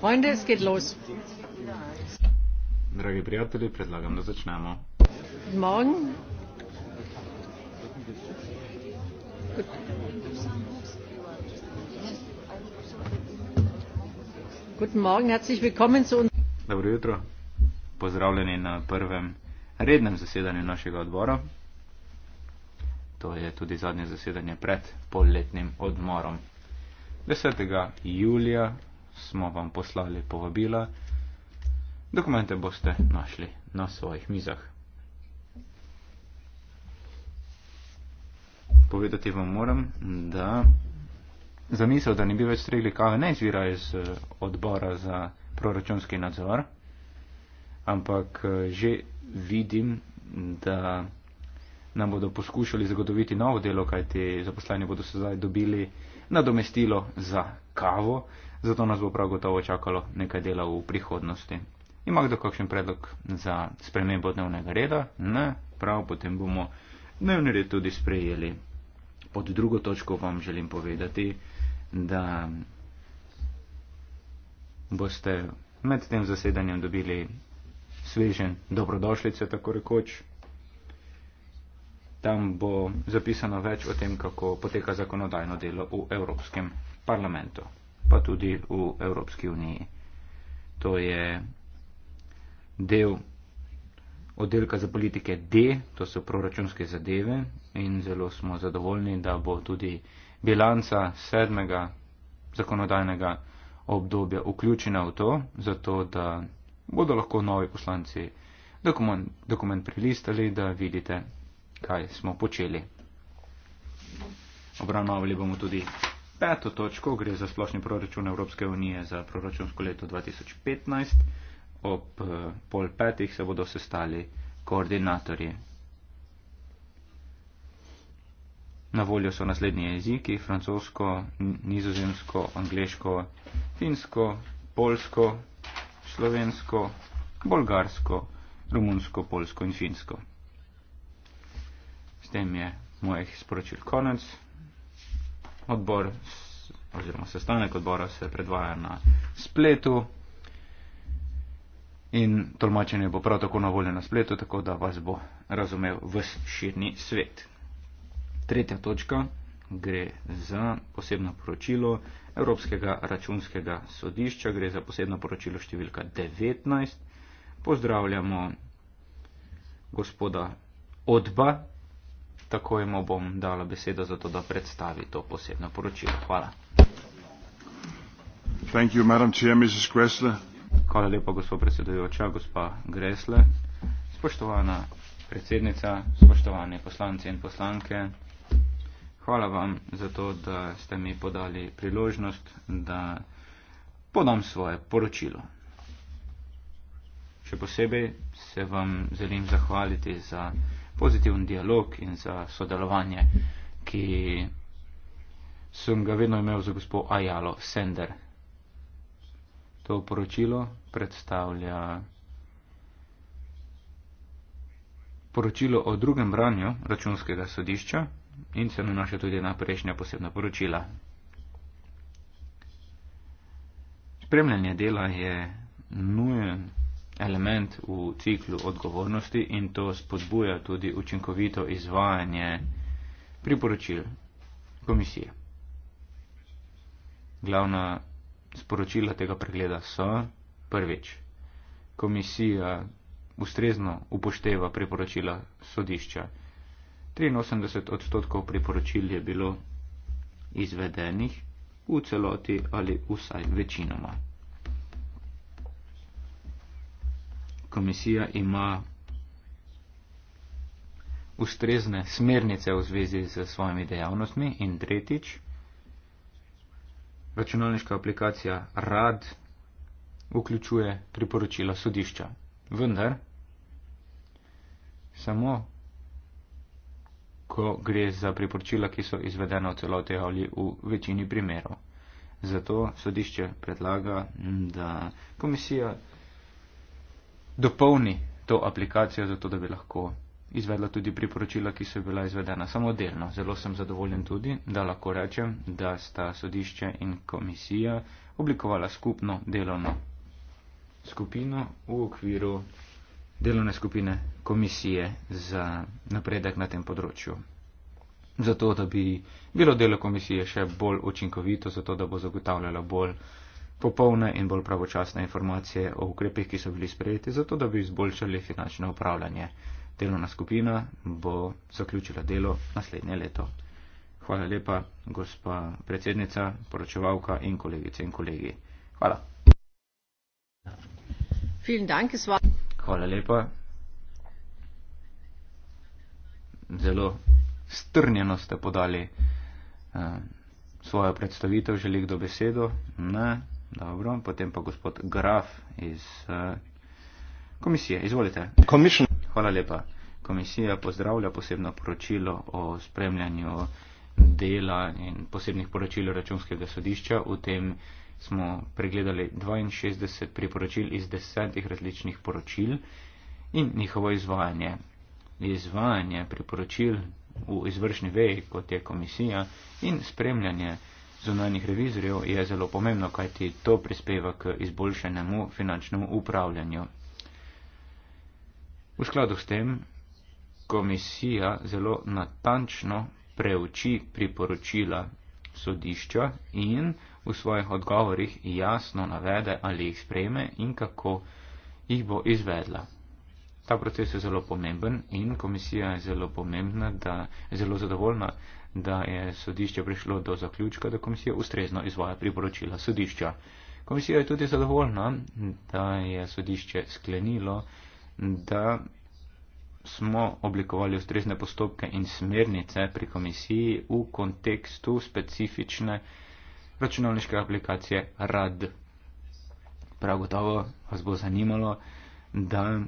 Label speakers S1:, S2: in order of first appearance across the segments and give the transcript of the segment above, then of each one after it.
S1: Freunde, es geht los.
S2: Drage prijatelji, predlagam, da začnemo.
S1: Morgen. Guten Morgen, herzlich willkommen zu uns. Dobro
S2: jutro. Pozdravljeni na prvem rednem zasedanju našega odbora to je tudi zadnje zasedanje pred polletnim odmorom. 10. julija smo vam poslali povabila, dokumente boste našli na svojih mizah. Povedati vam moram, da zamisel, da ne bi več stregli kave, ne izvira iz eh, odbora za proračunski nadzor, ampak eh, že vidim, da nam bodo poskušali zagotoviti novo delo, kajti zaposleni bodo se zdaj dobili nadomestilo za kavo, zato nas bo prav gotovo čakalo nekaj dela v prihodnosti. Ima kdo kakšen predlog za spremembo dnevnega reda? Ne, prav potem bomo dnevni red tudi sprejeli. Pod drugo točko vam želim povedati, da boste med tem zasedanjem dobili svežen dobrodošlice, tako rekoč. Tam bo zapisano več o tem, kako poteka zakonodajno delo v Evropskem parlamentu, pa tudi v Evropski uniji. To je del oddelka za politike D, to so proračunske zadeve in zelo smo zadovoljni, da bo tudi bilanca sedmega zakonodajnega obdobja vključena v to, zato da bodo lahko novi poslanci dokument, dokument prilistali, da vidite, kaj smo počeli. Obravnavali bomo tudi peto točko, gre za splošni proračun Evropske unije za proračunsko leto 2015. Ob eh, pol petih se bodo sestali koordinatorji. Na voljo so naslednji jeziki - francosko, nizozemsko, angliško, finsko, polsko, slovensko, bolgarsko, romunsko, polsko in finsko tem je mojih sporočil konec. Odbor oziroma sestanek odbora se predvaja na spletu in tolmačenje bo prav tako na voljo na spletu, tako da vas bo razumel ves širni svet. Tretja točka gre za posebno poročilo Evropskega računskega sodišča, gre za posebno poročilo številka 19. Pozdravljamo gospoda Odba, tako jim bom dala besedo za to, da predstavi to posebno poročilo. Hvala. Thank you, Chair, Mrs. Hvala lepa, gospod predsedujoča, gospa Gresle. Spoštovana predsednica, spoštovane poslanci in poslanke, hvala vam za to, da ste mi podali priložnost, da podam svoje poročilo. Še posebej se vam želim zahvaliti za pozitiven dialog in za sodelovanje, ki sem ga vedno imel za gospod Ajalo Sender. To poročilo predstavlja poročilo o drugem branju računskega sodišča in se nanaša tudi na prejšnja posebna poročila. Spremljanje dela je nujen element v ciklu odgovornosti in to spodbuja tudi učinkovito izvajanje priporočil komisije. Glavna sporočila tega pregleda so prvič. Komisija ustrezno upošteva priporočila sodišča. 83 odstotkov priporočil je bilo izvedenih v celoti ali vsaj večinoma. komisija ima ustrezne smernice v zvezi z svojimi dejavnostmi in tretjič, računalniška aplikacija RAD vključuje priporočila sodišča. Vendar, samo ko gre za priporočila, ki so izvedena v celoti ali v večini primerov. Zato sodišče predlaga, da komisija dopolni to aplikacijo, zato da bi lahko izvedla tudi priporočila, ki so bila izvedena samodelno. Zelo sem zadovoljen tudi, da lahko rečem, da sta sodišče in komisija oblikovala skupno delovno skupino v okviru delovne skupine komisije za napredek na tem področju. Zato, da bi bilo delo komisije še bolj učinkovito, zato, da bo zagotavljala bolj popolne in bolj pravočasne informacije o ukrepih, ki so bili sprejeti, zato da bi izboljšali finančno upravljanje. Delovna skupina bo zaključila delo naslednje leto. Hvala lepa, gospa predsednica, poročevalka in kolegice in kolegi. Hvala. Hvala lepa. Zelo strnjeno ste podali uh, svojo predstavitev. Želi kdo besedo? Ne. Dobro, potem pa gospod Graf iz uh, komisije. Izvolite. Commission. Hvala lepa. Komisija pozdravlja posebno poročilo o spremljanju dela in posebnih poročil računskega sodišča. V tem smo pregledali 62 priporočil iz desetih različnih poročil in njihovo izvajanje. Izvajanje priporočil v izvršni veji, kot je komisija, in spremljanje zunanjih revizorjev je zelo pomembno, kajti to prispeva k izboljšenemu finančnemu upravljanju. V skladu s tem komisija zelo natančno preuči priporočila sodišča in v svojih odgovorih jasno navede, ali jih sprejme in kako jih bo izvedla. Ta proces je zelo pomemben in komisija je zelo pomembna, da je zelo zadovoljna, da je sodišče prišlo do zaključka, da komisija ustrezno izvaja priporočila sodišča. Komisija je tudi zadovoljna, da je sodišče sklenilo, da smo oblikovali ustrezne postopke in smernice pri komisiji v kontekstu specifične računalniške aplikacije RAD. Prav gotovo vas bo zanimalo, da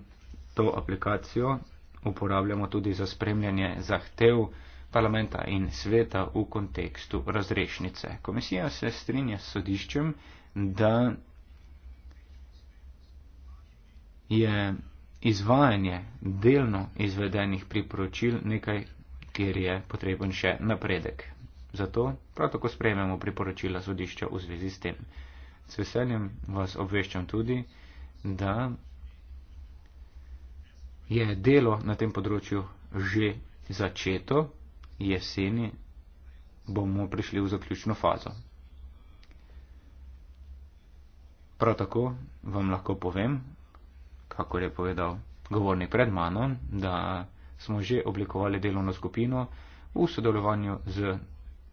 S2: to aplikacijo uporabljamo tudi za spremljanje zahtev parlamenta in sveta v kontekstu razrešnice. Komisija se strinja s sodiščem, da je izvajanje delno izvedenih priporočil nekaj, kjer je potreben še napredek. Zato prav tako sprejmemo priporočila sodišča v zvezi s tem. S veseljem vas obveščam tudi, da je delo na tem področju že začeto jeseni bomo prišli v zaključno fazo. Prav tako vam lahko povem, kako je povedal govornik pred mano, da smo že oblikovali delovno skupino v sodelovanju z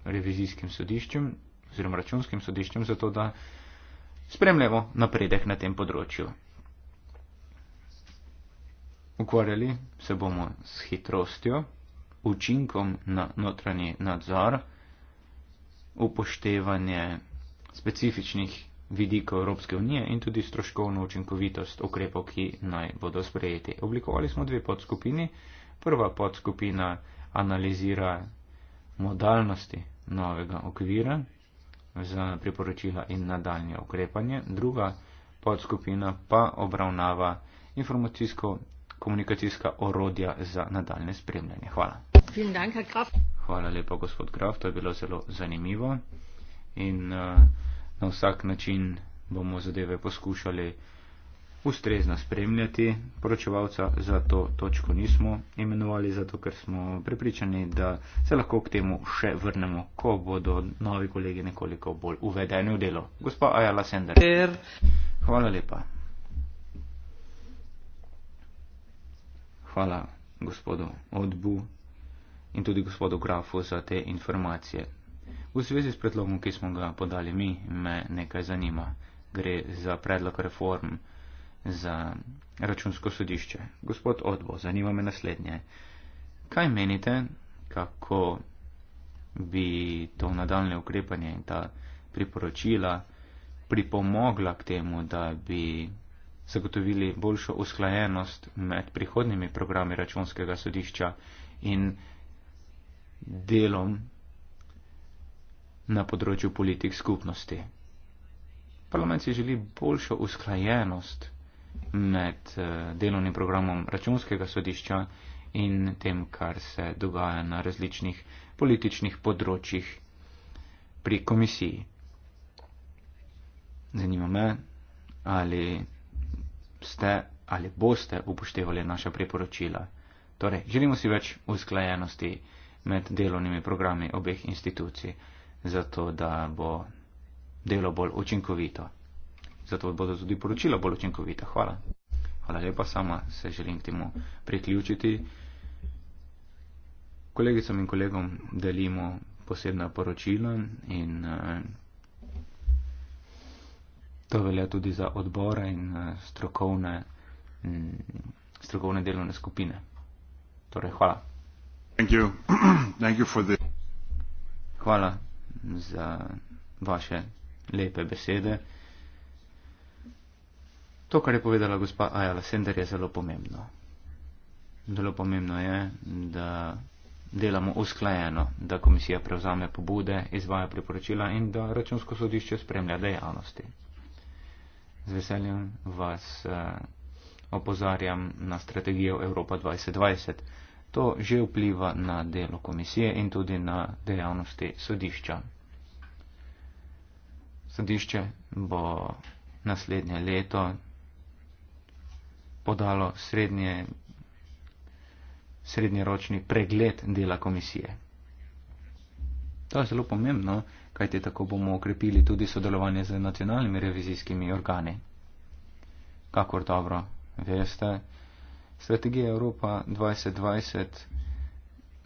S2: revizijskim sodiščem oziroma računskim sodiščem, zato da spremljamo napredek na tem področju. Ukvarjali se bomo s hitrostjo, učinkom na notranji nadzor, upoštevanje specifičnih vidikov Evropske unije in tudi stroškovno učinkovitost ukrepov, ki naj bodo sprejeti. Oblikovali smo dve podskupini. Prva podskupina analizira modalnosti novega okvira za priporočila in nadaljne ukrepanje. Druga podskupina pa obravnava informacijsko-komunikacijska orodja za nadaljne spremljanje. Hvala. Hvala lepa, gospod Graf, to je bilo zelo zanimivo. In uh, na vsak način bomo zadeve poskušali ustrezno spremljati. Poročevalca za to točko nismo imenovali, zato ker smo prepričani, da se lahko k temu še vrnemo, ko bodo novi kolegi nekoliko bolj uvedeni v delo. Gospa Ajala Sender. Ter. Hvala lepa. Hvala gospodu Odbu in tudi gospodu grafu za te informacije. V zvezi s predlogom, ki smo ga podali mi, me nekaj zanima. Gre za predlog reform za računsko sodišče. Gospod Odbo, zanima me naslednje. Kaj menite, kako bi to nadaljne ukrepanje in ta priporočila pripomogla k temu, da bi zagotovili boljšo usklajenost med prihodnimi programi računskega sodišča in delom na področju politik skupnosti. Parlament si želi boljšo usklajenost med eh, delovnim programom računskega sodišča in tem, kar se dogaja na različnih političnih področjih pri komisiji. Zanima me, ali ste ali boste upoštevali naša priporočila. Torej, želimo si več usklajenosti med delovnimi programi obeh institucij, zato da bo delo bolj učinkovito. Zato bodo tudi poročila bolj učinkovita. Hvala. Hvala lepa, sama se želim k temu priključiti. Kolegicam in kolegom delimo posebna poročila in eh, to velja tudi za odbore in eh, strokovne, mm, strokovne delovne skupine. Torej, hvala. Hvala za vaše lepe besede. To, kar je povedala gospa Ajala Sender, je zelo pomembno. Zelo pomembno je, da delamo usklajeno, da komisija prevzame pobude, izvaja priporočila in da računsko sodišče spremlja dejavnosti. Z veseljem vas eh, opozarjam na strategijo Evropa 2020. To že vpliva na delo komisije in tudi na dejavnosti sodišča. Sodišče bo naslednje leto podalo srednje, srednjeročni pregled dela komisije. To je zelo pomembno, kajti tako bomo okrepili tudi sodelovanje z nacionalnimi revizijskimi organi. Kakor dobro veste, strategija Evropa 2020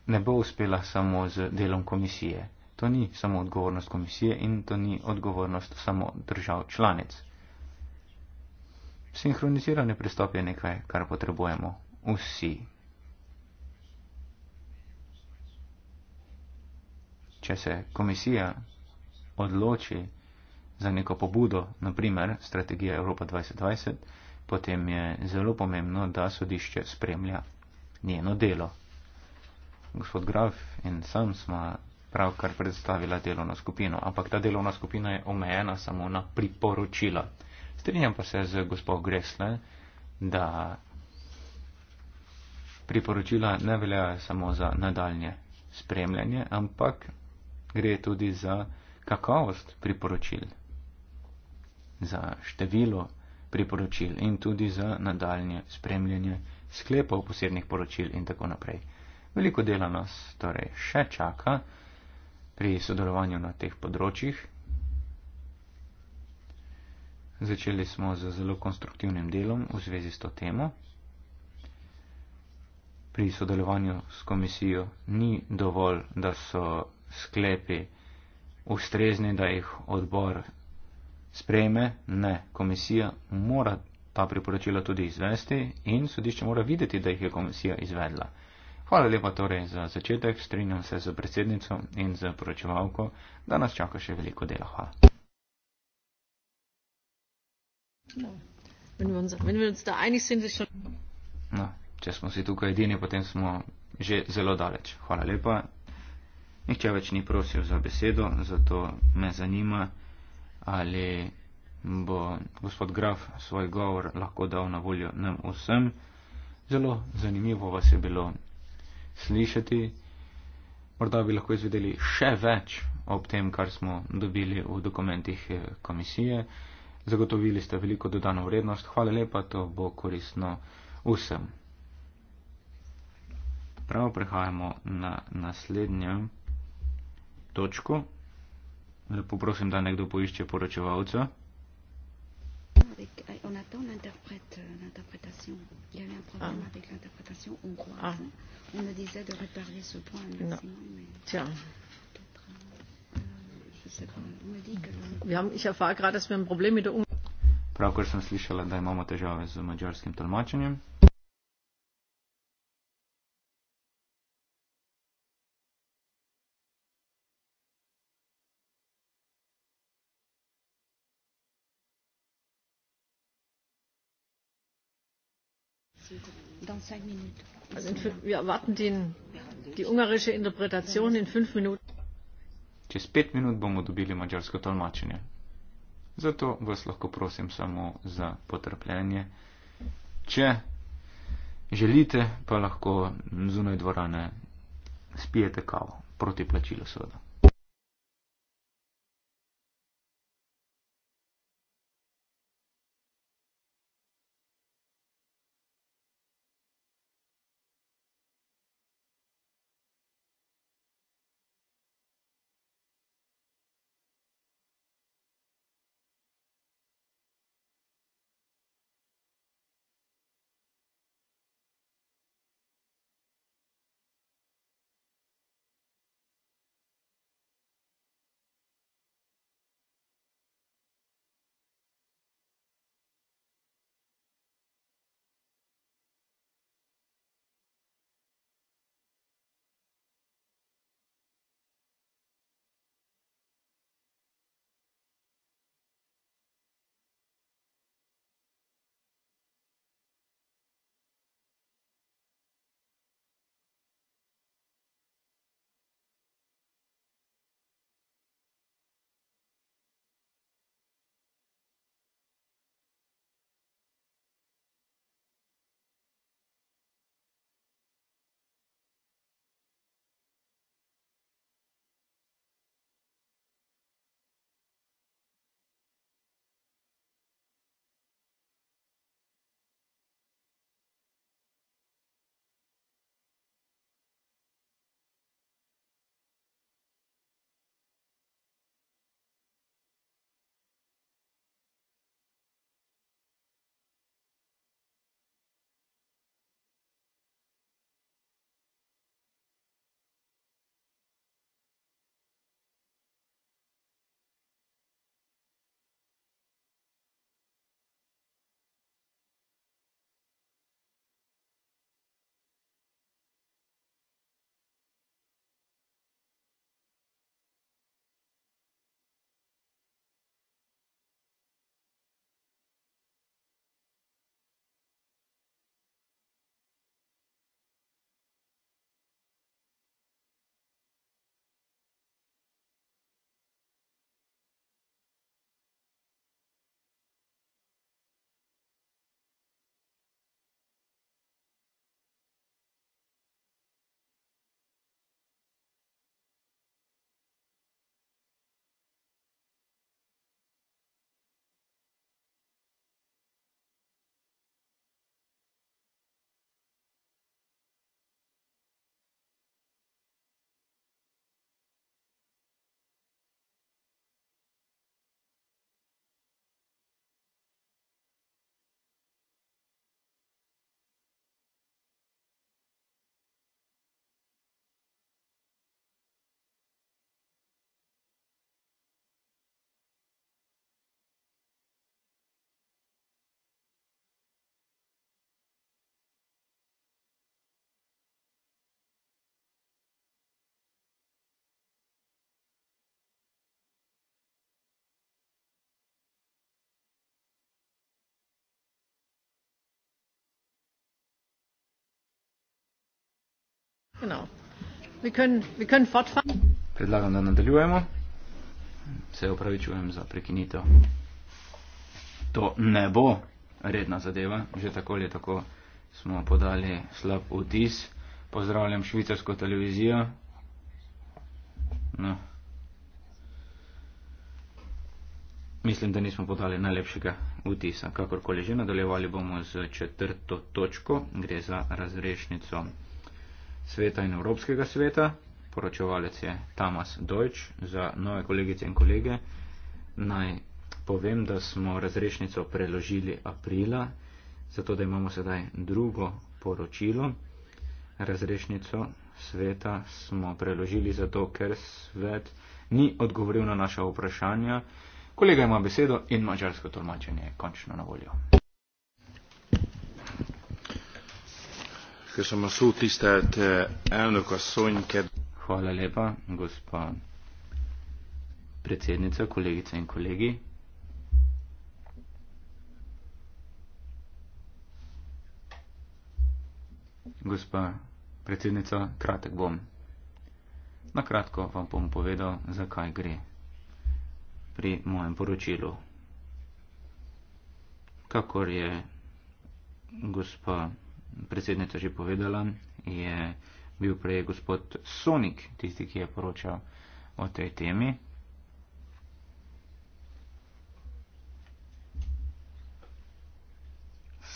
S2: ne bo uspela samo z delom komisije. To ni samo odgovornost komisije in to ni odgovornost samo držav članic. Sinhronizirane pristop je nekaj, kar potrebujemo vsi. Če se komisija odloči za neko pobudo, naprimer strategija Evropa 2020, potem je zelo pomembno, da sodišče spremlja njeno delo. Gospod Graf in sam sva pravkar predstavila delovno skupino, ampak ta delovna skupina je omejena samo na priporočila. Strinjam pa se z gospod Gresle, da priporočila ne veljajo samo za nadaljne spremljanje, ampak gre tudi za kakovost priporočil, za število priporočil in tudi za nadaljne spremljanje sklepov posebnih poročil in tako naprej. Veliko dela nas torej še čaka pri sodelovanju na teh področjih. Začeli smo z zelo konstruktivnim delom v zvezi s to temo. Pri sodelovanju s komisijo ni dovolj, da so sklepi ustrezni, da jih odbor sprejme, ne, komisija mora ta priporočila tudi izvesti in sodišče mora videti, da jih je komisija izvedla. Hvala lepa torej za začetek, strinjam se z predsednico in z poročevalko, da nas čaka še veliko dela. Hvala.
S1: No,
S2: no če smo si tukaj edini, potem smo že zelo daleč. Hvala lepa. Nihče več ni prosil za besedo, zato me zanima ali bo gospod Graf svoj govor lahko dal na voljo nam vsem. Zelo zanimivo vas je bilo slišati. Morda bi lahko izvedeli še več ob tem, kar smo dobili v dokumentih eh, komisije. Zagotovili ste veliko dodano vrednost. Hvala lepa, to bo koristno vsem. Prav prehajamo na naslednjo točko. Da poprosim, da nekdo poišče poročevalca.
S3: Euh,
S4: ah. ah.
S1: euh,
S2: Pravkar sem slišala, da imamo težave z mađarskim tolmačenjem.
S1: Also in, wir erwarten den, die ungarische Interpretation in fünf Minuten.
S2: Čez pet minut bomo dobili mačarsko tolmačenje. Zato vas lahko prosim samo za potrpljenje. Če želite, pa lahko zunaj dvorane spijete kavo proti plačilu soda.
S3: Genau. Wir
S1: können, wir können fortfahren.
S2: Predlagam, da nadaljujemo. Se opravičujem za prekinitev. To ne bo redna zadeva, že tako ali tako smo podali slab vtis. Pozdravljam švicarsko televizijo. No. Mislim, da nismo podali najlepšega vtisa. Kakorkoli že, nadaljevali bomo z četrto točko, gre za razrešnico sveta in Evropskega sveta. Poročevalec je Tamas Deutsch za nove kolegice in kolege. Naj povem, da smo razrešnico preložili aprila, zato da imamo sedaj drugo poročilo. Razrešnico sveta smo preložili zato, ker svet ni odgovoril na naša vprašanja. Kolega ima besedo in mačarsko tolmačenje je končno na voljo. Eh, Hvala lepa, gospa predsednica, kolegice in kolegi. Gospa predsednica, kratek bom. Na kratko vam bom povedal, zakaj gre pri mojem poročilu. Kakor je gospa predsednica, predsednica že povedala, je bil prej gospod Sonik, tisti, ki je poročal o tej temi.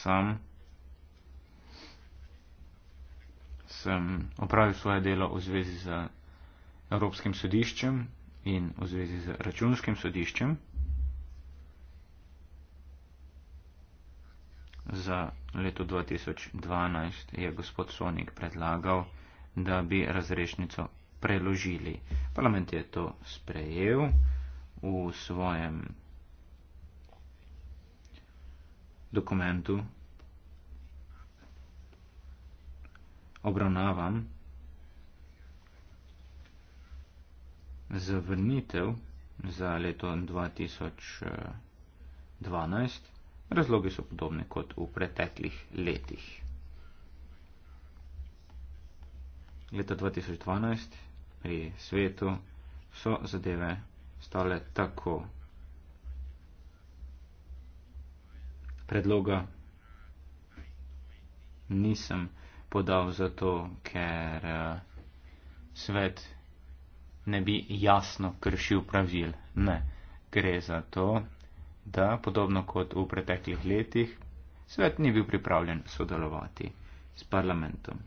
S2: Sam sem opravil svoje delo v zvezi z Evropskim sodiščem in v zvezi z Računskim sodiščem. za leto 2012 je gospod Sonik predlagal, da bi razrešnico preložili. Parlament je to sprejel v svojem dokumentu. Obravnavam zavrnitev za leto 2012. Razlogi so podobni kot v preteklih letih. Leta 2012 pri svetu so zadeve stale tako. Predloga nisem podal zato, ker eh, svet ne bi jasno kršil pravil. Ne, gre za to, da, podobno kot v preteklih letih, svet ni bil pripravljen sodelovati s parlamentom.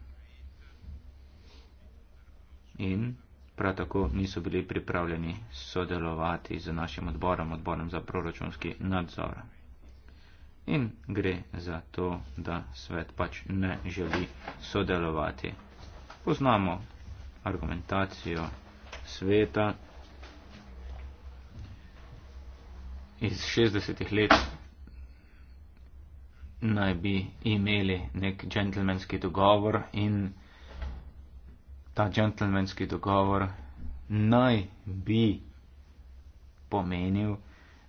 S2: In prav tako niso bili pripravljeni sodelovati z našim odborom, odborom za proračunski nadzor. In gre za to, da svet pač ne želi sodelovati. Poznamo argumentacijo sveta, iz 60-ih let naj bi imeli nek džentlmenski dogovor in ta džentlmenski dogovor naj bi pomenil,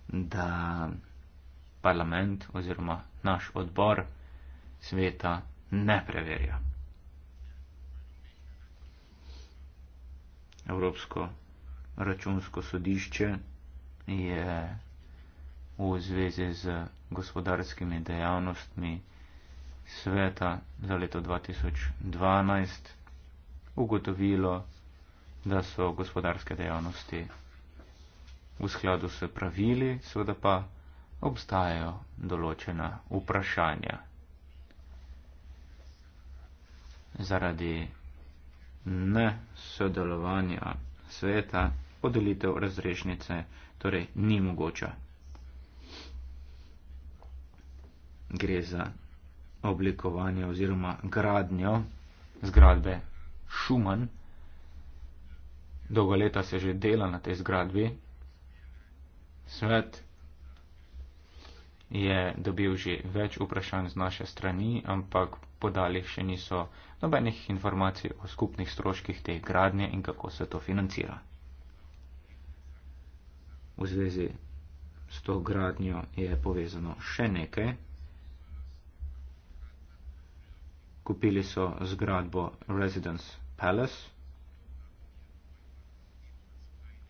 S2: da parlament oziroma naš odbor sveta ne preverja. Evropsko računsko sodišče je v zvezi z gospodarskimi dejavnostmi sveta za leto 2012 ugotovilo, da so gospodarske dejavnosti v skladu s pravili, seveda pa obstajajo določena vprašanja. Zaradi ne sodelovanja sveta podelitev razrešnice torej ni mogoča. gre za oblikovanje oziroma gradnjo zgradbe Šuman. Dolgo leta se že dela na tej zgradbi. Svet je dobil že več vprašanj z naše strani, ampak podali še niso nobenih informacij o skupnih stroških te gradnje in kako se to financira. V zvezi s to gradnjo je povezano še nekaj. kupili so zgradbo Residence Palace.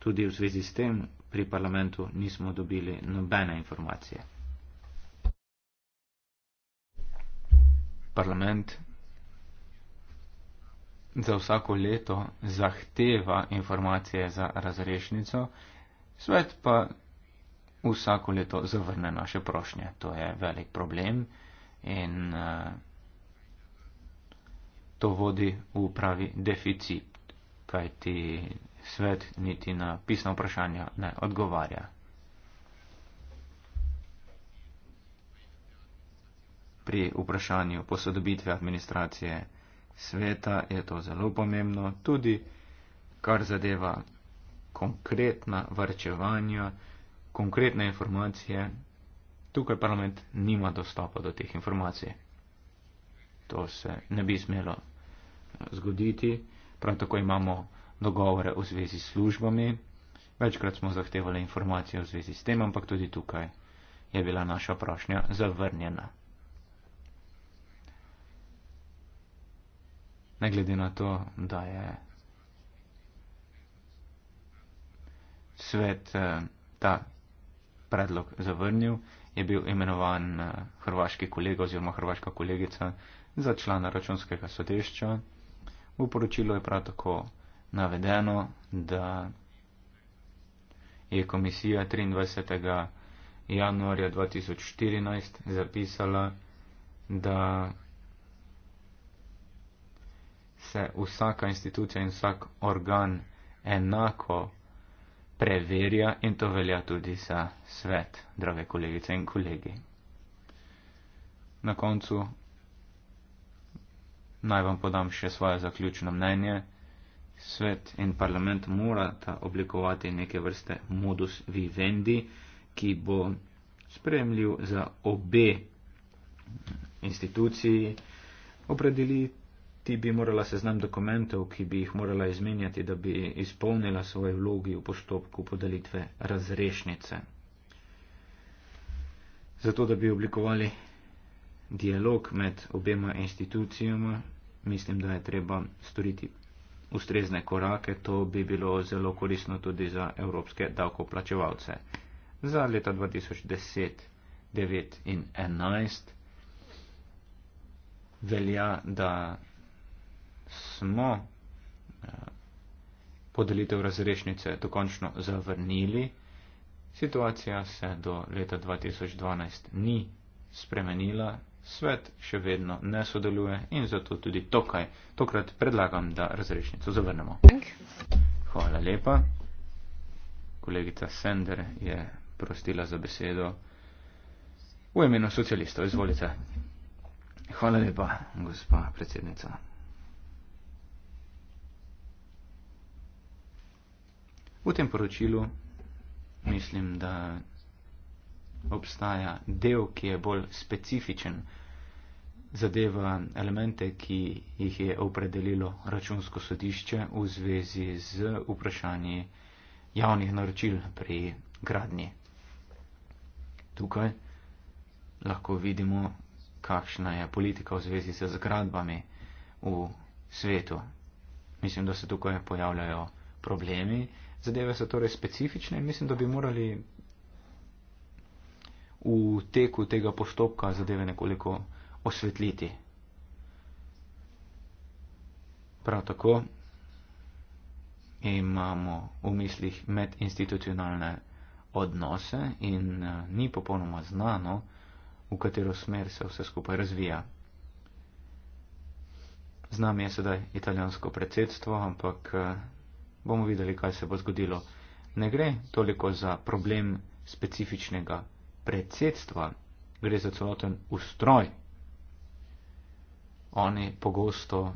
S2: Tudi v zvezi s tem pri parlamentu nismo dobili nobene informacije. Parlament za vsako leto zahteva informacije za razrešnico, svet pa vsako leto zavrne naše prošnje. To je velik problem in uh, to vodi v pravi deficit, kaj ti svet niti na pisna vprašanja ne odgovarja. Pri vprašanju posodobitve administracije sveta je to zelo pomembno, tudi kar zadeva konkretna vrčevanja, konkretne informacije. Tukaj parlament nima dostopa do teh informacij. To se ne bi smelo zgoditi. Prav tako imamo dogovore v zvezi s službami. Večkrat smo zahtevali informacije v zvezi s tem, ampak tudi tukaj je bila naša prošnja zavrnjena. Ne glede na to, da je svet eh, ta predlog zavrnil, je bil imenovan eh, hrvaški kolega oziroma hrvaška kolegica za člana računskega sodišča. V poročilu je prav tako navedeno, da je komisija 23. januarja 2014 zapisala, da se vsaka institucija in vsak organ enako preverja in to velja tudi za svet, drage kolegice in kolegi. Na koncu naj vam podam še svoje zaključno mnenje. Svet in parlament morata oblikovati neke vrste modus vivendi, ki bo spremljiv za obe instituciji. Opredeliti bi morala seznam dokumentov, ki bi jih morala izmenjati, da bi izpolnila svoje vlogi v postopku podelitve razrešnice. Zato, da bi oblikovali dialog med obema institucijama, mislim, da je treba storiti ustrezne korake, to bi bilo zelo korisno tudi za evropske davkoplačevalce. Za leta 2010, 2009 in 2011 velja, da smo eh, podelitev razrešnice dokončno zavrnili. Situacija se do leta 2012 ni spremenila, svet še vedno ne sodeluje in zato tudi tokaj, tokrat predlagam, da razrešnico zavrnemo. Hvala lepa. Kolegica Sender je prostila za besedo v imenu socialistov. Izvolite. Hvala lepa, gospa predsednica. V tem poročilu mislim, da obstaja del, ki je bolj specifičen, zadeva elemente, ki jih je opredelilo računsko sodišče v zvezi z vprašanji javnih naročil pri gradnji. Tukaj lahko vidimo, kakšna je politika v zvezi z zgradbami v svetu. Mislim, da se tukaj pojavljajo problemi. Zadeve so torej specifične in mislim, da bi morali v teku tega postopka zadeve nekoliko osvetliti. Prav tako imamo v mislih medinstitucionalne odnose in eh, ni popolnoma znano, v katero smer se vse skupaj razvija. Z nami je sedaj italijansko predsedstvo, ampak eh, bomo videli, kaj se bo zgodilo. Ne gre toliko za problem specifičnega predsedstva, gre za celoten ustroj. Oni pogosto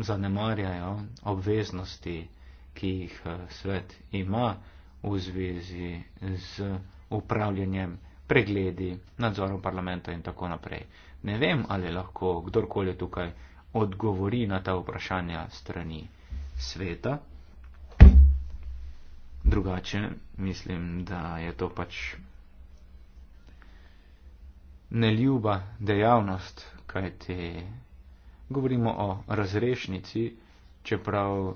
S2: zanemarjajo obveznosti, ki jih eh, svet ima v zvezi z upravljanjem, pregledi, nadzorom parlamenta in tako naprej. Ne vem, ali lahko kdorkoli tukaj odgovori na ta vprašanja strani sveta. Drugače, mislim, da je to pač neljuba dejavnost, kaj te. Govorimo o razrešnici, čeprav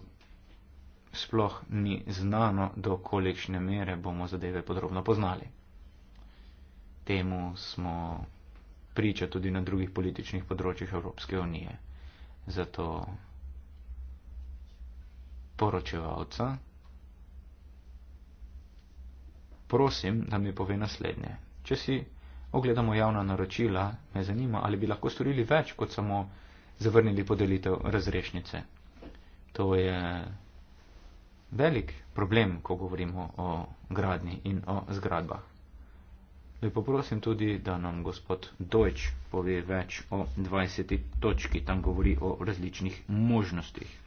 S2: sploh ni znano, do kolikšne mere bomo zadeve podrobno poznali. Temu smo priča tudi na drugih političnih področjih Evropske unije. Zato poročevalca prosim, da mi pove naslednje. Če si ogledamo javna naročila, me zanima, ali bi lahko storili več kot samo zavrnili podelitev razrešnice. To je velik problem, ko govorimo o gradni in o zgradbah. Lepo prosim tudi, da nam gospod Dojč pove več o 20. točki, tam govori o različnih možnostih.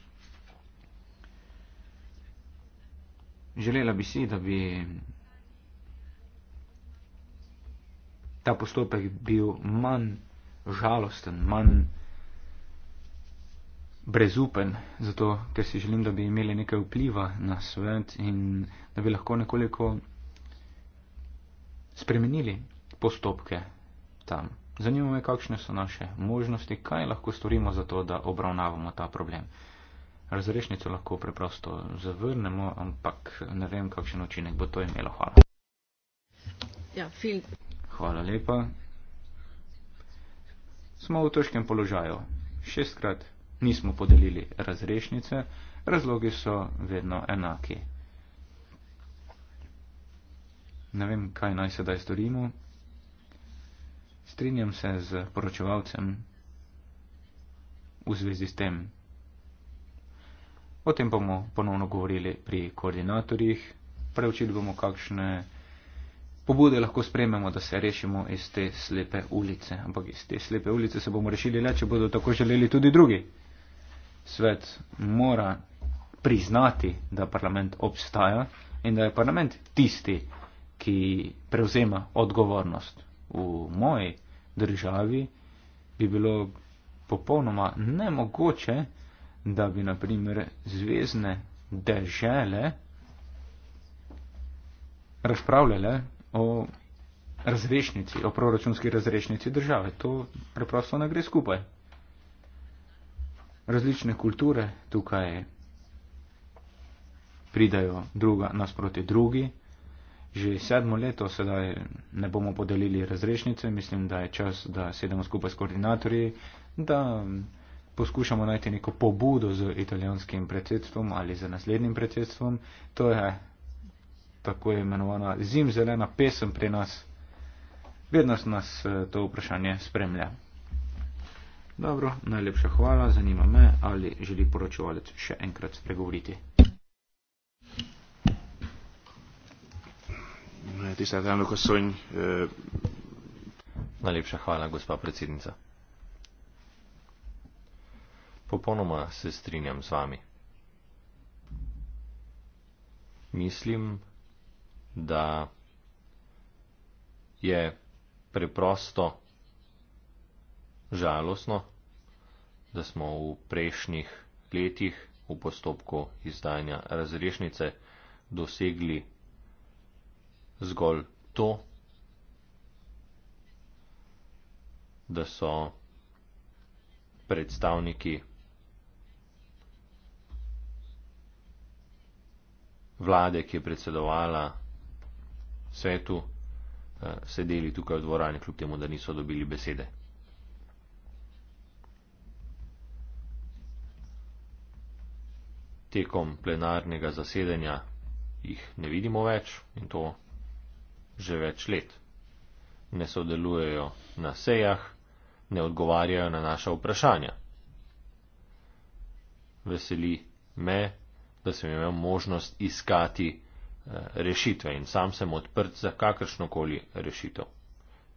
S2: Želela bi si, da bi ta postopek bil manj žalosten, manj brezupen, zato ker si želim, da bi imeli nekaj vpliva na svet in da bi lahko nekoliko spremenili postopke tam. Zanima me, kakšne so naše možnosti, kaj lahko storimo za to, da obravnavamo ta problem. Razrešnico lahko preprosto zavrnemo, ampak ne vem, kakšen učinek bo to imelo. Hvala. Ja, film. Hvala lepa. Smo v težkem položaju. Šestkrat nismo podelili razrešnice, razlogi so vedno enaki. Ne vem, kaj naj sedaj storimo. Strinjam se z poročevalcem v zvezi s tem. O tem bomo ponovno govorili pri koordinatorjih, preučili bomo kakšne pobude lahko sprememo, da se rešimo iz te slepe ulice. Ampak iz te slepe ulice se bomo rešili le, če bodo tako želeli tudi drugi. Svet mora priznati, da parlament obstaja in da je parlament tisti, ki prevzema odgovornost. V moji državi bi bilo popolnoma nemogoče, da bi naprimer zvezdne dežele razpravljale o razrešnici, o proračunski razrešnici države. To preprosto ne gre skupaj. Različne kulture tukaj pridajo druga nasproti drugi. Že sedmo leto sedaj ne bomo podelili razrešnice. Mislim, da je čas, da sedemo skupaj s koordinatorji, da poskušamo najti neko pobudo z italijanskim predsedstvom ali z naslednjim predsedstvom. To je tako imenovana zim zelena pesem pri nas. Vedno nas eh, to vprašanje spremlja. Dobro, najlepša hvala, zanima me, ali želi poročevalec še enkrat spregovoriti.
S5: Eh, najlepša hvala, gospa predsednica. Popolnoma se strinjam z vami. Mislim, da je preprosto žalostno, da smo v prejšnjih letih v postopku izdajanja razrešnice dosegli zgolj to, da so predstavniki vlade, ki je predsedovala svetu eh, sedeli tukaj v dvorani, kljub temu, da niso dobili besede. Tekom plenarnega zasedanja jih ne vidimo več in to že več let. Ne sodelujejo na sejah, ne odgovarjajo na naša vprašanja. Veseli me, da sem imel možnost iskati Eh, rešitve in sam sem odprt za kakršnokoli rešitev.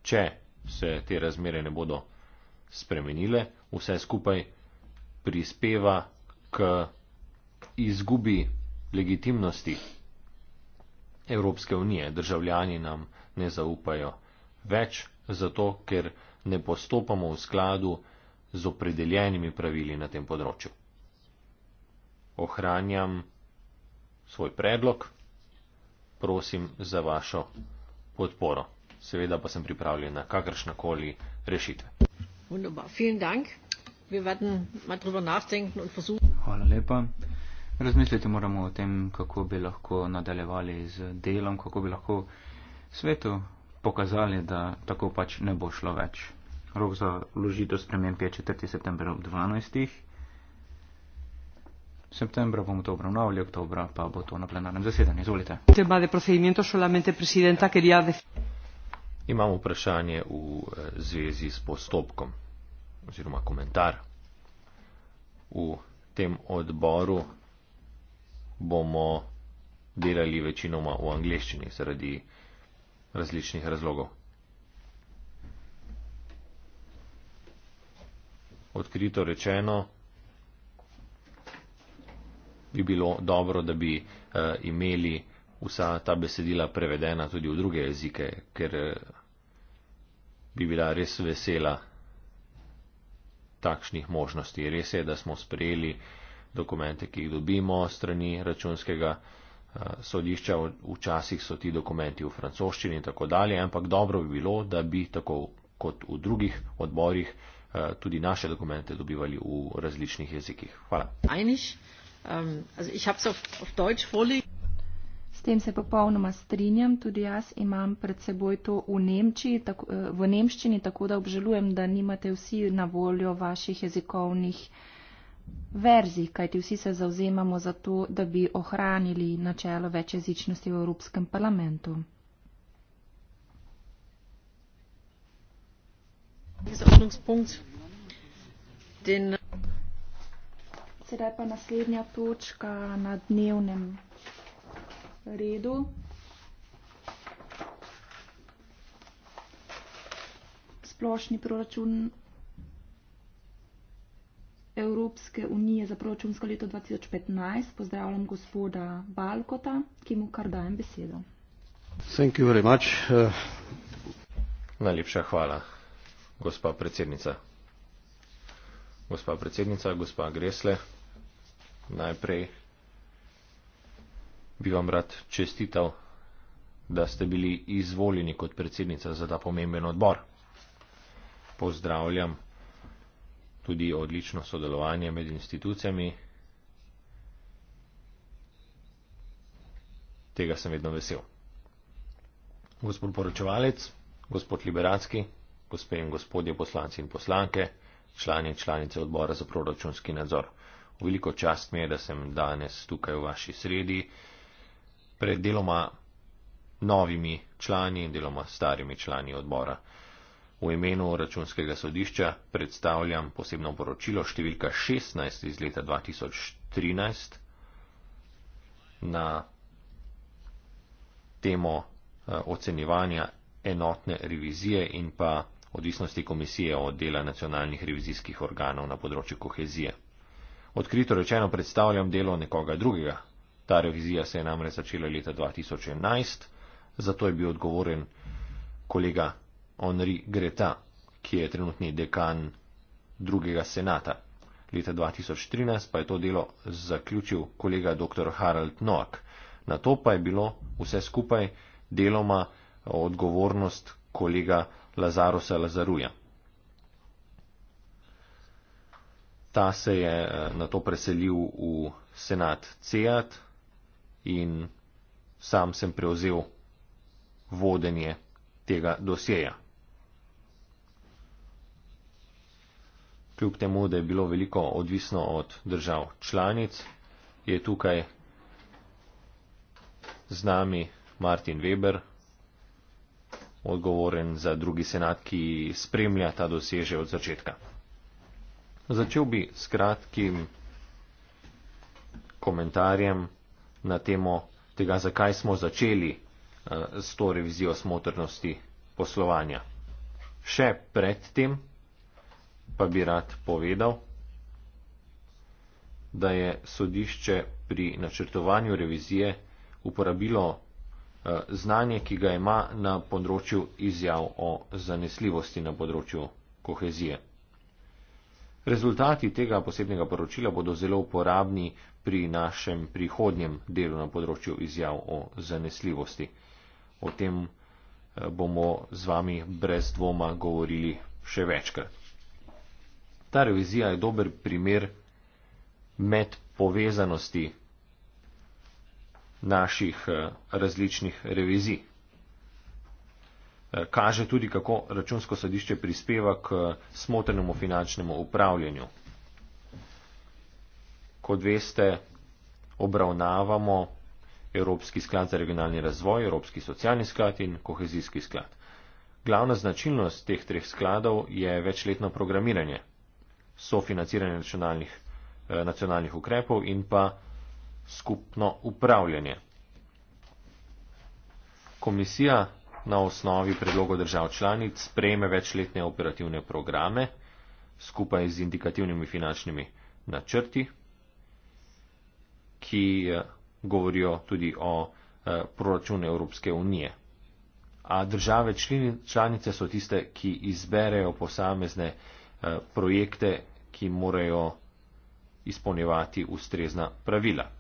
S5: Če se te razmere ne bodo spremenile, vse skupaj prispeva k izgubi legitimnosti Evropske unije. Državljani nam ne zaupajo več, zato ker ne postopamo v skladu z opredeljenimi pravili na tem področju. Ohranjam svoj predlog prosim za vašo podporo. Seveda pa sem pripravljen na kakršnakoli rešitve.
S2: Hvala lepa. Razmisliti moramo o tem, kako bi lahko nadaljevali z delom, kako bi lahko svetu pokazali, da tako pač ne bo šlo več. Rok za vložitev sprememb je 4. september ob 12. Septembra bomo to obravnavali, oktobra
S5: pa bo to na plenarnem zasedanju. Izvolite. Imamo vprašanje v eh, zvezi s postopkom oziroma komentar. V tem odboru bomo delali večinoma v angleščini zaradi različnih razlogov. Odkrito rečeno, bi bilo dobro, da bi uh, imeli vsa ta besedila prevedena tudi v druge jezike, ker eh, bi bila res vesela takšnih možnosti. Res je, da smo sprejeli dokumente, ki jih dobimo strani računskega uh, sodišča, včasih so ti dokumenti v francoščini in tako dalje, ampak dobro bi bilo, da bi tako kot v drugih odborih uh, tudi naše dokumente dobivali v različnih jezikih. Hvala. Einig. Ähm,
S4: S tem se popolnoma strinjam, tudi jaz imam pred seboj to v, Nemčiji, tako, eh, v nemščini, tako da obžalujem, da nimate vsi na voljo vaših jezikovnih verzij, kajti vsi se zauzemamo za to, da bi ohranili načelo večjezičnosti v Evropskem parlamentu. Den, sedaj pa naslednja točka na dnevnem redu. Splošni proračun Evropske unije za proračunsko leto 2015. Pozdravljam gospoda Balkota, ki mu kar dajem besedo.
S3: Thank you very much. Uh,
S5: Najlepša hvala, gospa predsednica. Gospa predsednica, gospa Gresle najprej bi vam rad čestital, da ste bili izvoljeni kot predsednica za ta pomemben odbor. Pozdravljam tudi odlično sodelovanje med institucijami. Tega sem vedno vesel. Gospod poročevalec, gospod liberacki, gospe in gospodje poslanci in poslanke, člani in članice odbora za proračunski nadzor. Veliko čast mi je, da sem danes tukaj v vaši sredi, pred deloma novimi člani in deloma starimi člani odbora. V imenu računskega sodišča predstavljam posebno poročilo številka 16 iz leta 2013 na temo eh, ocenjevanja enotne revizije in pa odvisnosti komisije od dela nacionalnih revizijskih organov na področju kohezije. Odkrito rečeno predstavljam delo nekoga drugega. Ta revizija se je namreč začela leta 2011, zato je bil odgovoren kolega Henri Greta, ki je trenutni dekan drugega senata. Leta 2013 pa je to delo zaključil kolega dr. Harald Noak. Na to pa je bilo vse skupaj deloma odgovornost kolega Lazarosa Lazaruja. Ta se je eh, na to preselil v senat CEAT in sam sem prevzel vodenje tega dosjeja. Kljub temu, da je bilo veliko odvisno od držav članic, je tukaj z nami Martin Weber, odgovoren za drugi senat, ki spremlja ta dosježe od začetka. Začel bi s kratkim komentarjem na temo tega, zakaj smo začeli eh, s to revizijo smotrnosti poslovanja. Še predtem pa bi rad povedal, da je sodišče pri načrtovanju revizije uporabilo eh, znanje, ki ga ima na področju izjav o zanesljivosti na področju kohezije. Rezultati tega posebnega poročila bodo zelo uporabni pri našem prihodnjem delu na področju izjav o zanesljivosti. O tem eh, bomo z vami brez dvoma govorili še večkrat. Ta revizija je dober primer med povezanosti naših eh, različnih revizij. Eh, kaže tudi, kako računsko sodišče prispeva k eh, smotrnemu finančnemu upravljanju. Kot veste, obravnavamo Evropski sklad za regionalni razvoj, Evropski socialni sklad in kohezijski sklad. Glavna značilnost teh treh skladov je večletno programiranje, sofinanciranje nacionalnih, eh, nacionalnih ukrepov in pa skupno upravljanje. Komisija na osnovi predlogov držav članic sprejme večletne operativne programe skupaj z indikativnimi finančnimi načrti, ki eh, govorijo tudi o eh, proračunu Evropske unije. A države članice so tiste, ki izberejo posamezne eh, projekte, ki morajo izpolnjevati ustrezna pravila.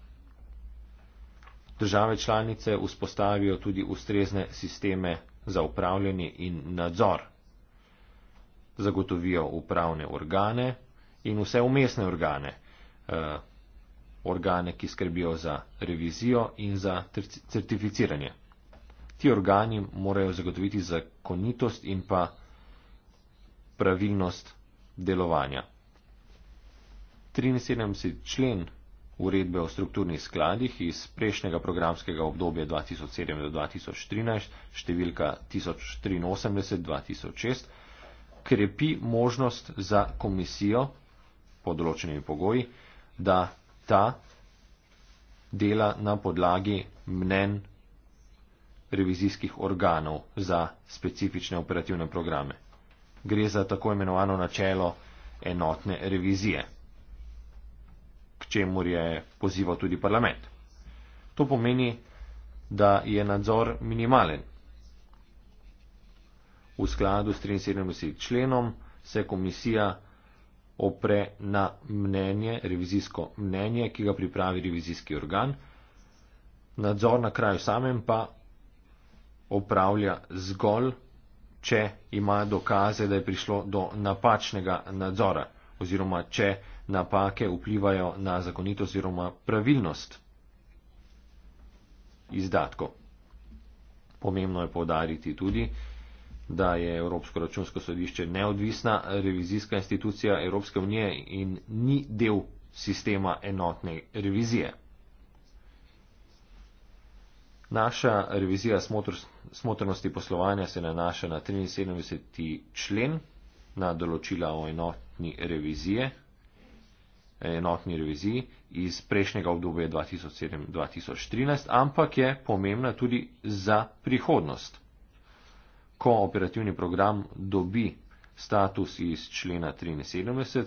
S5: Države članice vzpostavijo tudi ustrezne sisteme za upravljanje in nadzor, zagotovijo upravne organe in vse umestne organe, eh, organe, ki skrbijo za revizijo in za certificiranje. Ti organi morajo zagotoviti zakonitost in pa pravilnost delovanja. 73. člen uredbe o strukturnih skladih iz prejšnjega programskega obdobja 2007-2013 številka 1083-2006 krepi možnost za komisijo pod določenimi pogoji, da ta dela na podlagi mnen revizijskih organov za specifične operativne programe. Gre za tako imenovano načelo enotne revizije čemur je pozival tudi parlament. To pomeni, da je nadzor minimalen. V skladu s 73 členom se komisija opre na mnenje, revizijsko mnenje, ki ga pripravi revizijski organ, nadzor na kraju samem pa opravlja zgolj, če ima dokaze, da je prišlo do napačnega nadzora oziroma če napake vplivajo na zakonitost oziroma pravilnost izdatkov. Pomembno je povdariti tudi, da je Evropsko računsko sodišče neodvisna revizijska institucija Evropske unije in ni del sistema enotne revizije. Naša revizija smotrnosti poslovanja se nanaša na 73. člen, na določila o enotni revizije, enotni reviziji iz prejšnjega obdobja 2007-2013, ampak je pomembna tudi za prihodnost. Ko operativni program dobi status iz člena 73,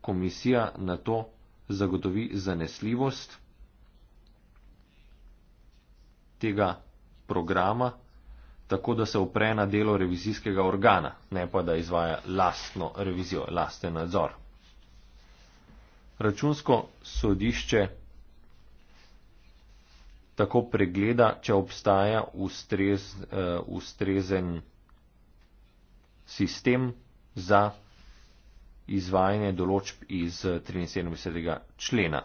S5: komisija na to zagotovi zanesljivost tega programa, tako da se opre na delo revizijskega organa, ne pa da izvaja lastno revizijo, lasten nadzor računsko sodišče tako pregleda, če obstaja ustrez, uh, ustrezen sistem za izvajanje določb iz 73. Eh, člena.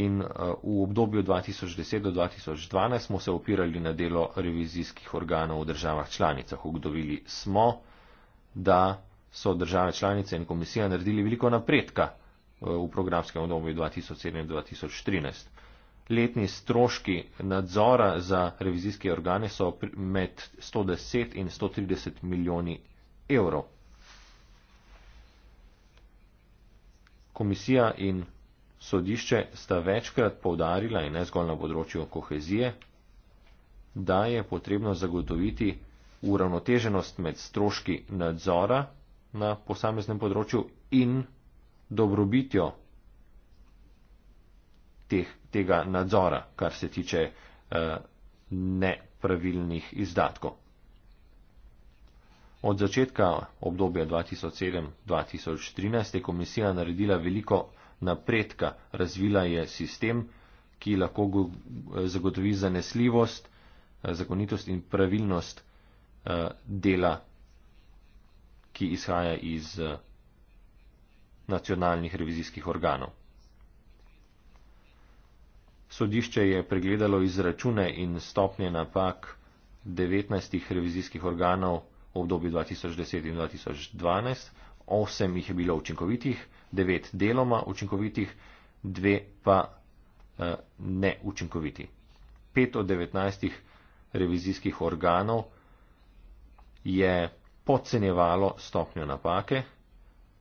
S5: In eh, v obdobju 2010 do 2012 smo se opirali na delo revizijskih organov v državah članicah. Ugotovili smo, da so države članice in komisija naredili veliko napredka eh, v programskem obdobju 2007-2013. Letni stroški nadzora za revizijske organe so med 110 in 130 milijoni evrov. Komisija in sodišče sta večkrat povdarila in ne zgolj na področju kohezije, da je potrebno zagotoviti uravnoteženost med stroški nadzora na posameznem področju in dobrobitjo teh, tega nadzora, kar se tiče eh, nepravilnih izdatkov. Od začetka obdobja 2007-2013 je komisija naredila veliko napredka, razvila je sistem, ki lahko zagotovi zanesljivost, eh, zakonitost in pravilnost eh, dela ki izhaja iz eh, nacionalnih revizijskih organov. Sodišče je pregledalo izračune in stopnje napak 19 revizijskih organov v obdobju 2010 in 2012, 8 jih je bilo učinkovitih, 9 deloma učinkovitih, 2 pa eh, neučinkoviti. 5 od 19 revizijskih organov je podcenjevalo stopnjo napake,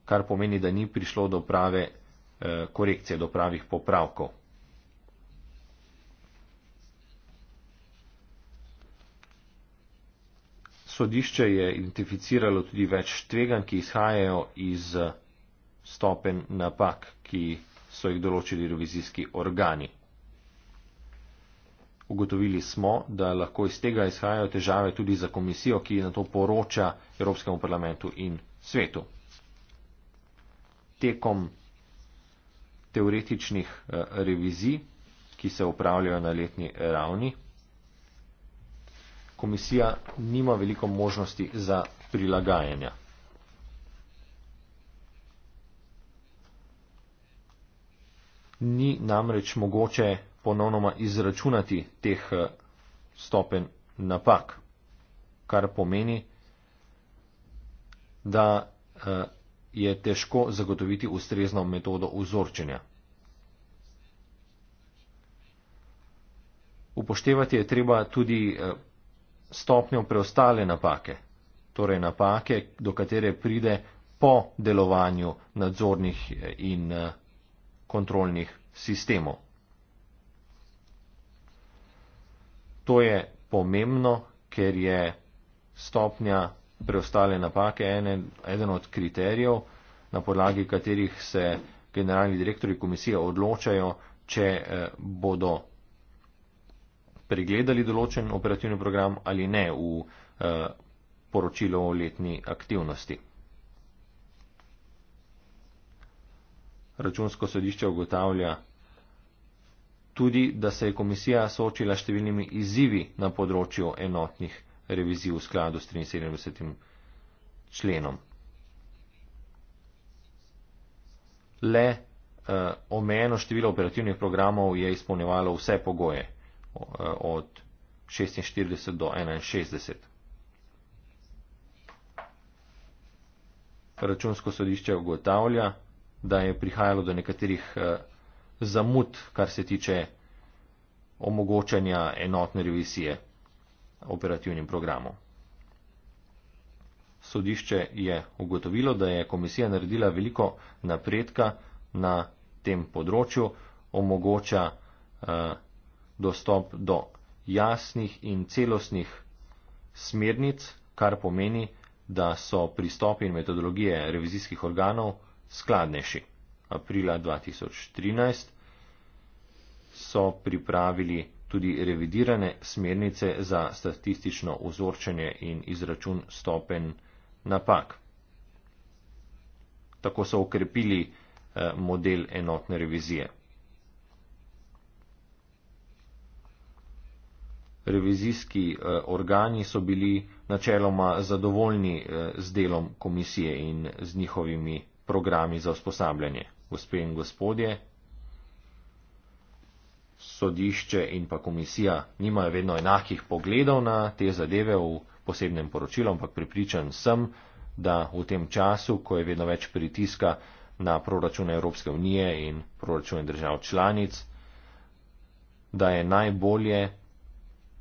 S5: kar pomeni, da ni prišlo do prave eh, korekcije, do pravih popravkov. Sodišče je identificiralo tudi več tveganj, ki izhajajo iz eh, stopen napak, ki so jih določili revizijski organi. Ugotovili smo, da lahko iz tega izhajajo težave tudi za komisijo, ki na to poroča Evropskemu parlamentu in svetu. Tekom teoretičnih eh, revizij, ki se upravljajo na letni ravni, komisija nima veliko možnosti za prilagajanja. Ni namreč mogoče ponovnoma izračunati teh eh, stopen napak, kar pomeni, da eh, je težko zagotoviti ustrezno metodo vzorčenja. Upoštevati je treba tudi eh, stopnjo preostale napake, torej napake, do katere pride po delovanju nadzornih in kontrolnih sistemov. To je pomembno, ker je stopnja preostale napake ene, eden od kriterijev, na podlagi katerih se generalni direktori komisije odločajo, če eh, bodo pregledali določen operativni program ali ne v eh, poročilo o letni aktivnosti. Računsko sodišče ugotavlja, tudi, da se je komisija soočila številnimi izzivi na področju enotnih revizij v skladu s 73. členom. Le uh, omejeno število operativnih programov je izpolnjevalo vse pogoje uh, od 46 do 61. Računsko sodišče ugotavlja, da je prihajalo do nekaterih uh, zamud, kar se tiče omogočanja enotne revizije operativnim programom. Sodišče je ugotovilo, da je komisija naredila veliko napredka na tem področju, omogoča eh, dostop do jasnih in celostnih smernic, kar pomeni, da so pristopi in metodologije revizijskih organov skladnejši. Aprila 2013 so pripravili tudi revidirane smernice za statistično ozorčenje in izračun stopen napak. Tako so ukrepili eh, model enotne revizije. Revizijski eh, organi so bili načeloma zadovoljni eh, z delom komisije in z njihovimi programi za usposabljanje. Gospe in gospodje, sodišče in pa komisija nimajo vedno enakih pogledov na te zadeve v posebnem poročilu, ampak pripričan sem, da v tem času, ko je vedno več pritiska na proračune Evropske unije in proračune držav članic, da je najbolje,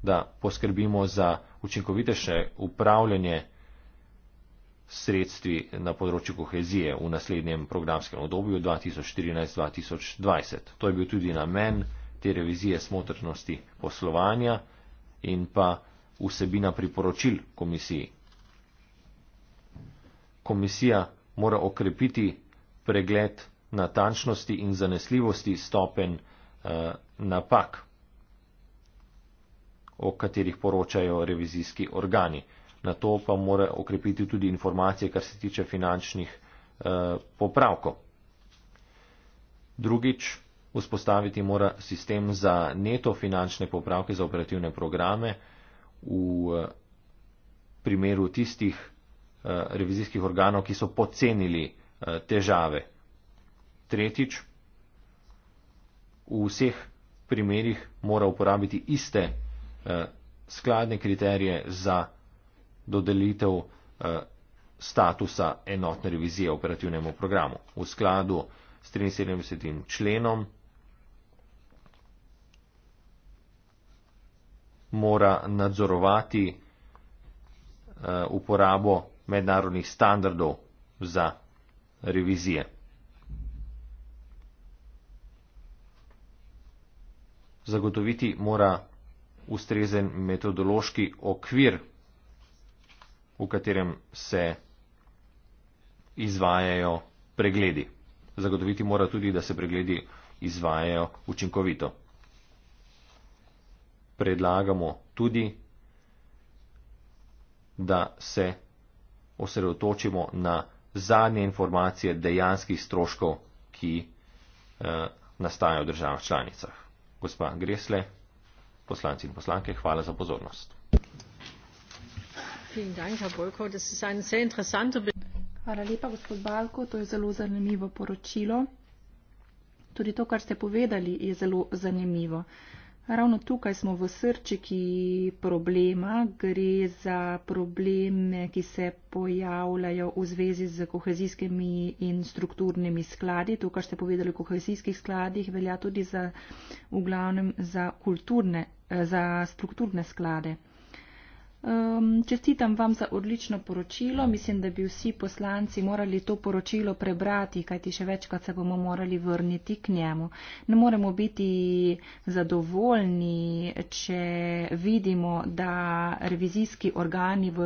S5: da poskrbimo za učinkovitejše upravljanje sredstvi na področju kohezije v naslednjem programskem obdobju 2014-2020. To je bil tudi namen, te revizije smotrnosti poslovanja in pa vsebina priporočil komisiji. Komisija mora okrepiti pregled natančnosti in zanesljivosti stopen eh, napak, o katerih poročajo revizijski organi. Na to pa mora okrepiti tudi informacije, kar se tiče finančnih eh, popravkov. Drugič, Vzpostaviti mora sistem za neto finančne popravke za operativne programe v eh, primeru tistih eh, revizijskih organov, ki so pocenili eh, težave. Tretjič, v vseh primerjih mora uporabiti iste skladne kriterije za dodelitev statusa enotne revizije operativnemu programu. V skladu s 73. členom mora nadzorovati eh, uporabo mednarodnih standardov za revizije. Zagotoviti mora ustrezen metodološki okvir, v katerem se izvajajo pregledi. Zagotoviti mora tudi, da se pregledi izvajajo učinkovito predlagamo tudi, da se osredotočimo na zadnje informacije dejanskih stroškov, ki eh, nastajajo v državah članicah. Gospa Gresle, poslanci in poslanke, hvala za pozornost.
S1: Hvala lepa, gospod Balko, to je zelo
S4: zanimivo poročilo. Tudi to, kar ste povedali, je zelo zanimivo. Ravno tukaj smo v srčiki problema, gre za probleme, ki se pojavljajo v zvezi z kohezijskimi in strukturnimi skladi. To, kar ste povedali o kohezijskih skladih, velja tudi za, v glavnem za, kulturne, za strukturne sklade. Um, čestitam vam za odlično poročilo. Mislim, da bi vsi poslanci morali to poročilo prebrati, kajti še večkrat se bomo morali vrniti k njemu. Ne moremo biti zadovoljni, če vidimo, da revizijski organi v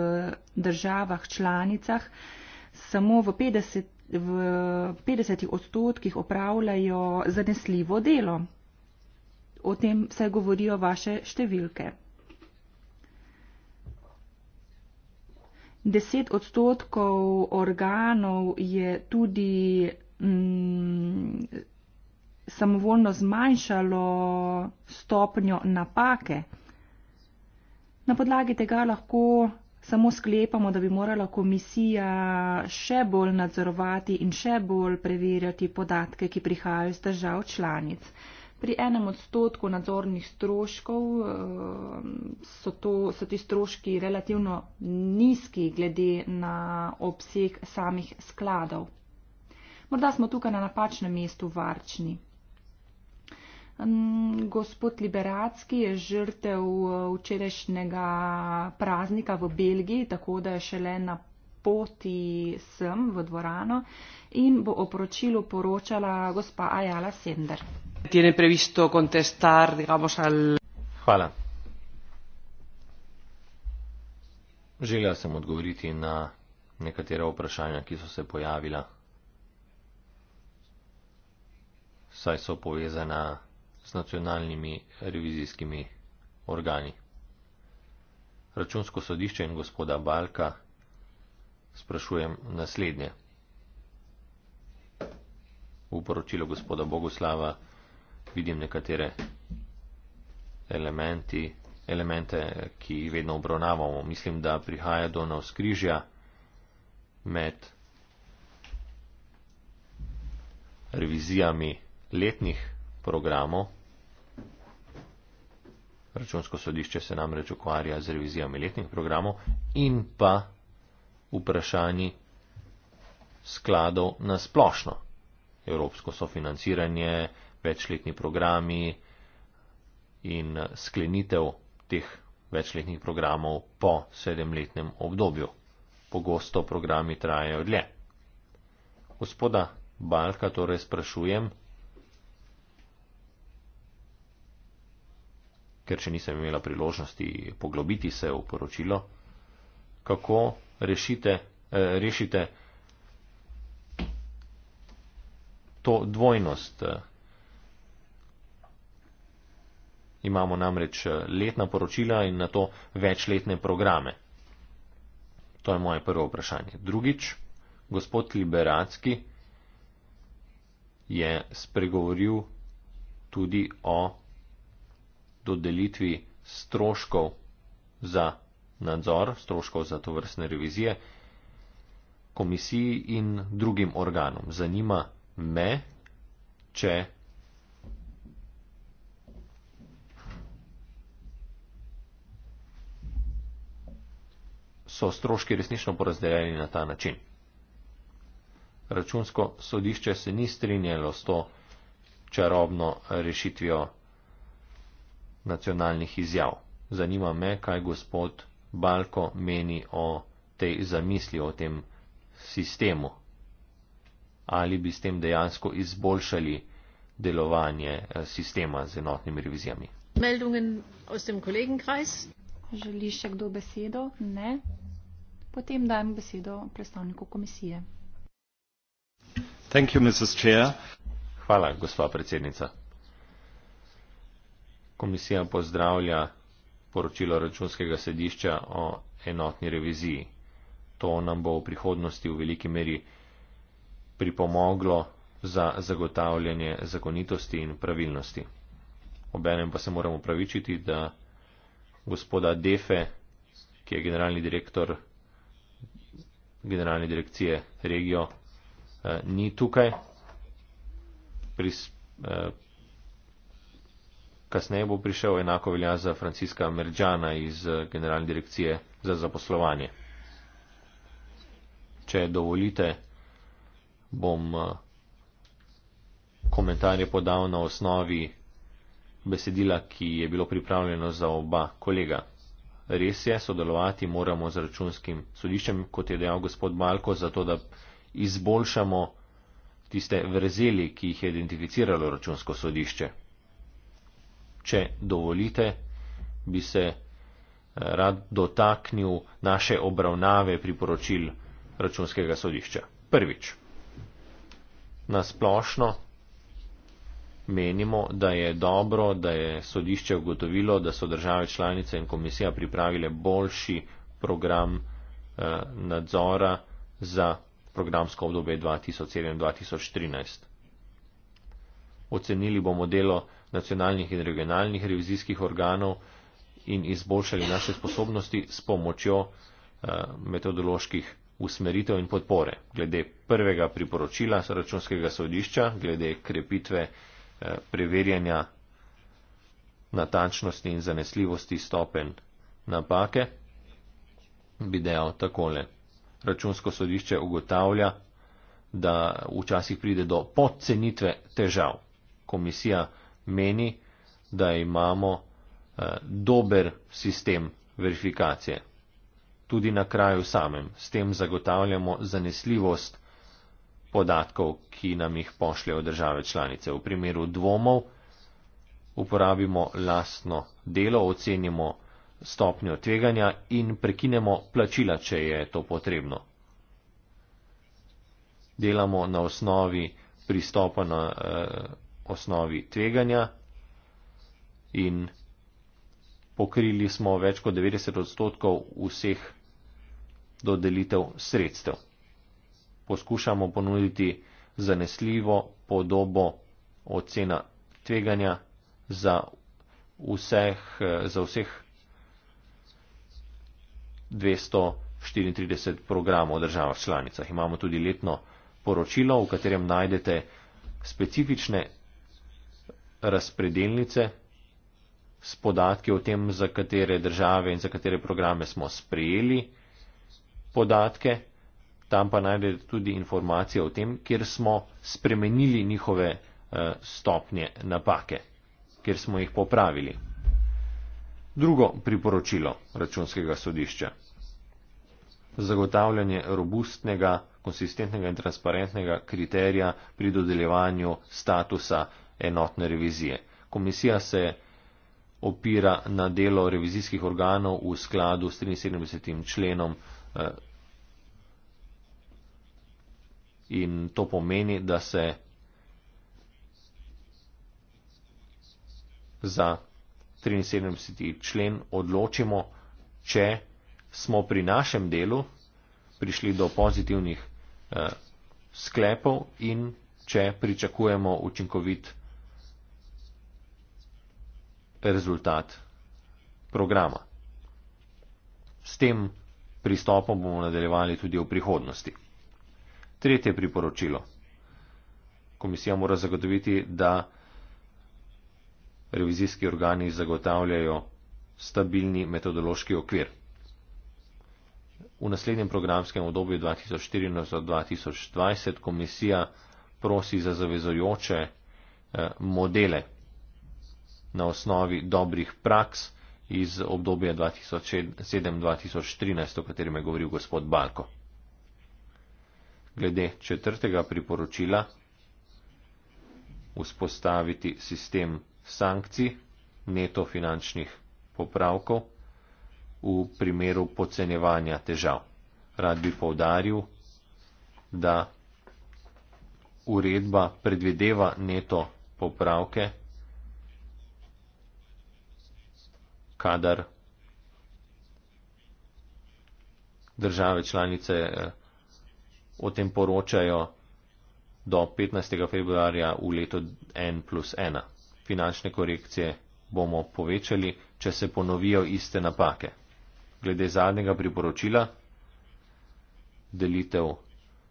S4: državah članicah samo v 50, v 50 odstotkih opravljajo zanesljivo delo. O tem vse govorijo vaše številke. 10 odstotkov organov je tudi mm, samovoljno zmanjšalo stopnjo napake. Na podlagi tega lahko samo sklepamo, da bi morala komisija še bolj nadzorovati in še bolj preverjati podatke, ki prihajajo iz držav članic. Pri enem odstotku nadzornih stroškov ehm, so, to, so ti stroški relativno nizki glede na obseg samih skladov. Morda smo tukaj na napačnem mestu varčni. Ehm, gospod Liberacki je žrtev eh, včerajšnjega praznika v Belgiji, tako da je šele na poti sem v dvorano in bo o poročilu poročala gospa Ajala Sender.
S5: Hvala. Želela sem odgovoriti na nekatera vprašanja, ki so se pojavila. Saj so povezana s nacionalnimi revizijskimi organi. Računsko sodišče in gospoda Balka sprašujem naslednje. V poročilu gospoda Bogoslava vidim nekatere elementi, elemente, ki jih vedno obravnavamo. Mislim, da prihaja do navskrižja med revizijami letnih programov. Računsko sodišče se namreč ukvarja z revizijami letnih programov in pa vprašanji skladov na splošno. Evropsko sofinanciranje, večletni programi in sklenitev teh večletnih programov po sedemletnem obdobju. Pogosto programi trajajo dlje. Gospoda Balka torej sprašujem, ker še nisem imela priložnosti poglobiti se v poročilo, kako rešite, eh, rešite to dvojnost. Imamo namreč eh, letna poročila in na to večletne programe. To je moje prvo vprašanje. Drugič, gospod Liberacki je spregovoril tudi o dodelitvi stroškov za nadzor stroškov za to vrstne revizije, komisiji in drugim organom. Zanima me, če so stroški resnično porazdeljeni na ta način. Računsko sodišče se ni strinjalo s to čarobno rešitvijo nacionalnih izjav. Zanima me, kaj gospod Balko meni o tej zamisli, o tem sistemu. Ali bi s tem dejansko izboljšali delovanje eh, sistema z enotnimi revizijami?
S1: Meldungen aus dem Kollegenkreis. Želi še kdo besedo? Ne.
S4: Potem dajem besedo predstavniku komisije.
S5: Thank you, Mrs. Chair. Hvala, gospa predsednica. Komisija pozdravlja poročilo računskega sedišča o enotni reviziji. To nam bo v prihodnosti v veliki meri pripomoglo za zagotavljanje zakonitosti in pravilnosti. Obenem pa se moramo pravičiti, da gospoda Defe, ki je generalni direktor generalne direkcije regijo, eh, ni tukaj. Pris, eh, kasneje bo prišel, enako velja za Franciska Merđana iz eh, Generalne direkcije za zaposlovanje. Če dovolite, bom eh, komentarje podal na osnovi besedila, ki je bilo pripravljeno za oba kolega. Res je, sodelovati moramo z računskim sodiščem, kot je dejal gospod Malko, zato da izboljšamo tiste vrzeli, ki jih je identificiralo računsko sodišče če dovolite, bi se eh, rad dotaknil naše obravnave priporočil računskega sodišča. Prvič. Nasplošno menimo, da je dobro, da je sodišče ugotovilo, da so države članice in komisija pripravile boljši program eh, nadzora za programsko obdobje 2007-2013. Ocenili bomo delo nacionalnih in regionalnih revizijskih organov in izboljšali naše sposobnosti s pomočjo eh, metodoloških usmeritev in podpore. Glede prvega priporočila računskega sodišča, glede krepitve eh, preverjanja natančnosti in zanesljivosti stopen napake, bi dejal takole. Računsko sodišče ugotavlja, da včasih pride do podcenitve težav. Komisija meni, da imamo eh, dober sistem verifikacije. Tudi na kraju samem s tem zagotavljamo zanesljivost podatkov, ki nam jih pošljejo države članice. V primeru dvomov uporabimo lastno delo, ocenimo stopnjo tveganja in prekinemo plačila, če je to potrebno. Delamo na osnovi pristopa na. Eh, osnovi tveganja in pokrili smo več kot 90 odstotkov vseh dodelitev sredstev. Poskušamo ponuditi zanesljivo podobo ocena tveganja za vseh, za vseh 234 programov v državah članicah. Imamo tudi letno poročilo, v katerem najdete specifične razpredelnice s podatki o tem, za katere države in za katere programe smo sprejeli podatke. Tam pa najdete tudi informacije o tem, kjer smo spremenili njihove eh, stopnje napake, kjer smo jih popravili. Drugo priporočilo računskega sodišča. Zagotavljanje robustnega, konsistentnega in transparentnega kriterija pri dodeljevanju statusa enotne revizije. Komisija se opira na delo revizijskih organov v skladu s 73. členom eh, in to pomeni, da se za 73. člen odločimo, če smo pri našem delu prišli do pozitivnih eh, sklepov in če pričakujemo učinkovit rezultat programa. S tem pristopom bomo nadaljevali tudi v prihodnosti. Tretje priporočilo. Komisija mora zagotoviti, da revizijski organi zagotavljajo stabilni metodološki okvir. V naslednjem programskem obdobju 2014-2020 komisija prosi za zavezojoče eh, modele na osnovi dobrih praks iz obdobja 2007-2013, o katerem je govoril gospod Balko. Glede četrtega priporočila vzpostaviti sistem sankcij neto finančnih popravkov v primeru podcenjevanja težav. Rad bi povdaril, da uredba predvideva neto popravke kadar države članice eh, o tem poročajo do 15. februarja v letu N plus 1. Finančne korekcije bomo povečali, če se ponovijo iste napake. Glede zadnjega priporočila, delitev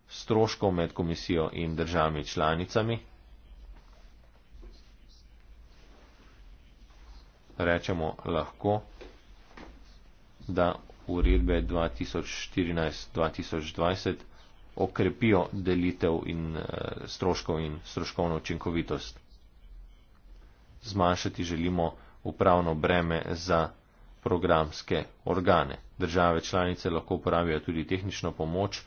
S5: stroškov med komisijo in državami članicami. rečemo lahko, da uredbe 2014-2020 okrepijo delitev in eh, stroškov in stroškovno učinkovitost. Zmanjšati želimo upravno breme za programske organe. Države članice lahko uporabijo tudi tehnično pomoč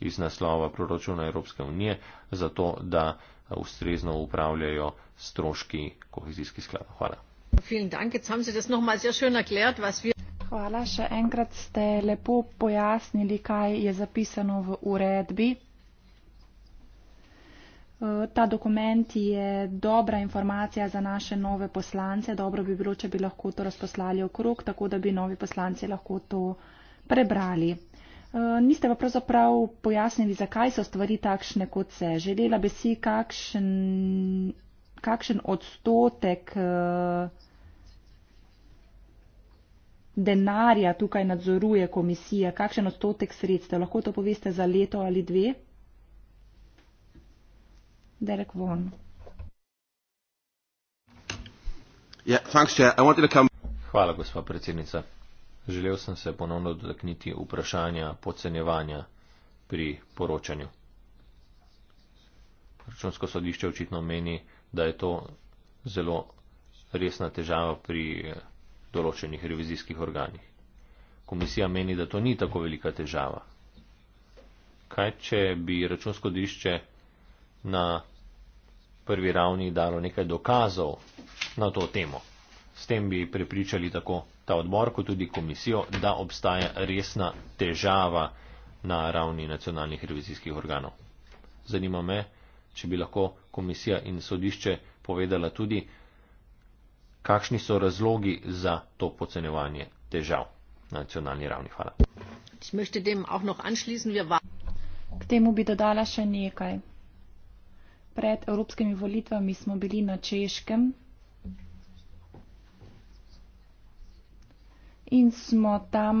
S5: iz naslova proračuna Evropske unije, zato da ustrezno upravljajo stroški kohezijskih skladov. Hvala.
S1: Hvala še enkrat. Ste lepo
S4: pojasnili, kaj je zapisano v uredbi. E, ta dokument je dobra informacija za naše nove poslance. Dobro bi bilo, če bi lahko to razposlali okrog, tako da bi novi poslanci lahko to prebrali. E, niste pa pravzaprav pojasnili, zakaj so stvari takšne, kot se. Želela bi si, kakšen, kakšen odstotek e, denarja tukaj nadzoruje komisija, kakšen odstotek sredstev. Lahko to poveste za leto ali dve? Derek Von.
S5: Hvala, gospa predsednica. Želel sem se ponovno dotakniti vprašanja podcenjevanja pri poročanju. Računsko sodišče očitno meni, da je to zelo resna težava pri določenih revizijskih organih. Komisija meni, da to ni tako velika težava. Kaj, če bi računsko dišče na prvi ravni dalo nekaj dokazov na to temo? S tem bi prepričali tako ta odbor, kot tudi komisijo, da obstaja resna težava na ravni nacionalnih revizijskih organov. Zanima me, če bi lahko komisija in sodišče povedala tudi, kakšni so razlogi za to pocenevanje težav na nacionalni ravni. Hvala.
S1: K temu bi dodala še nekaj.
S4: Pred evropskimi volitvami smo bili na Češkem in smo tam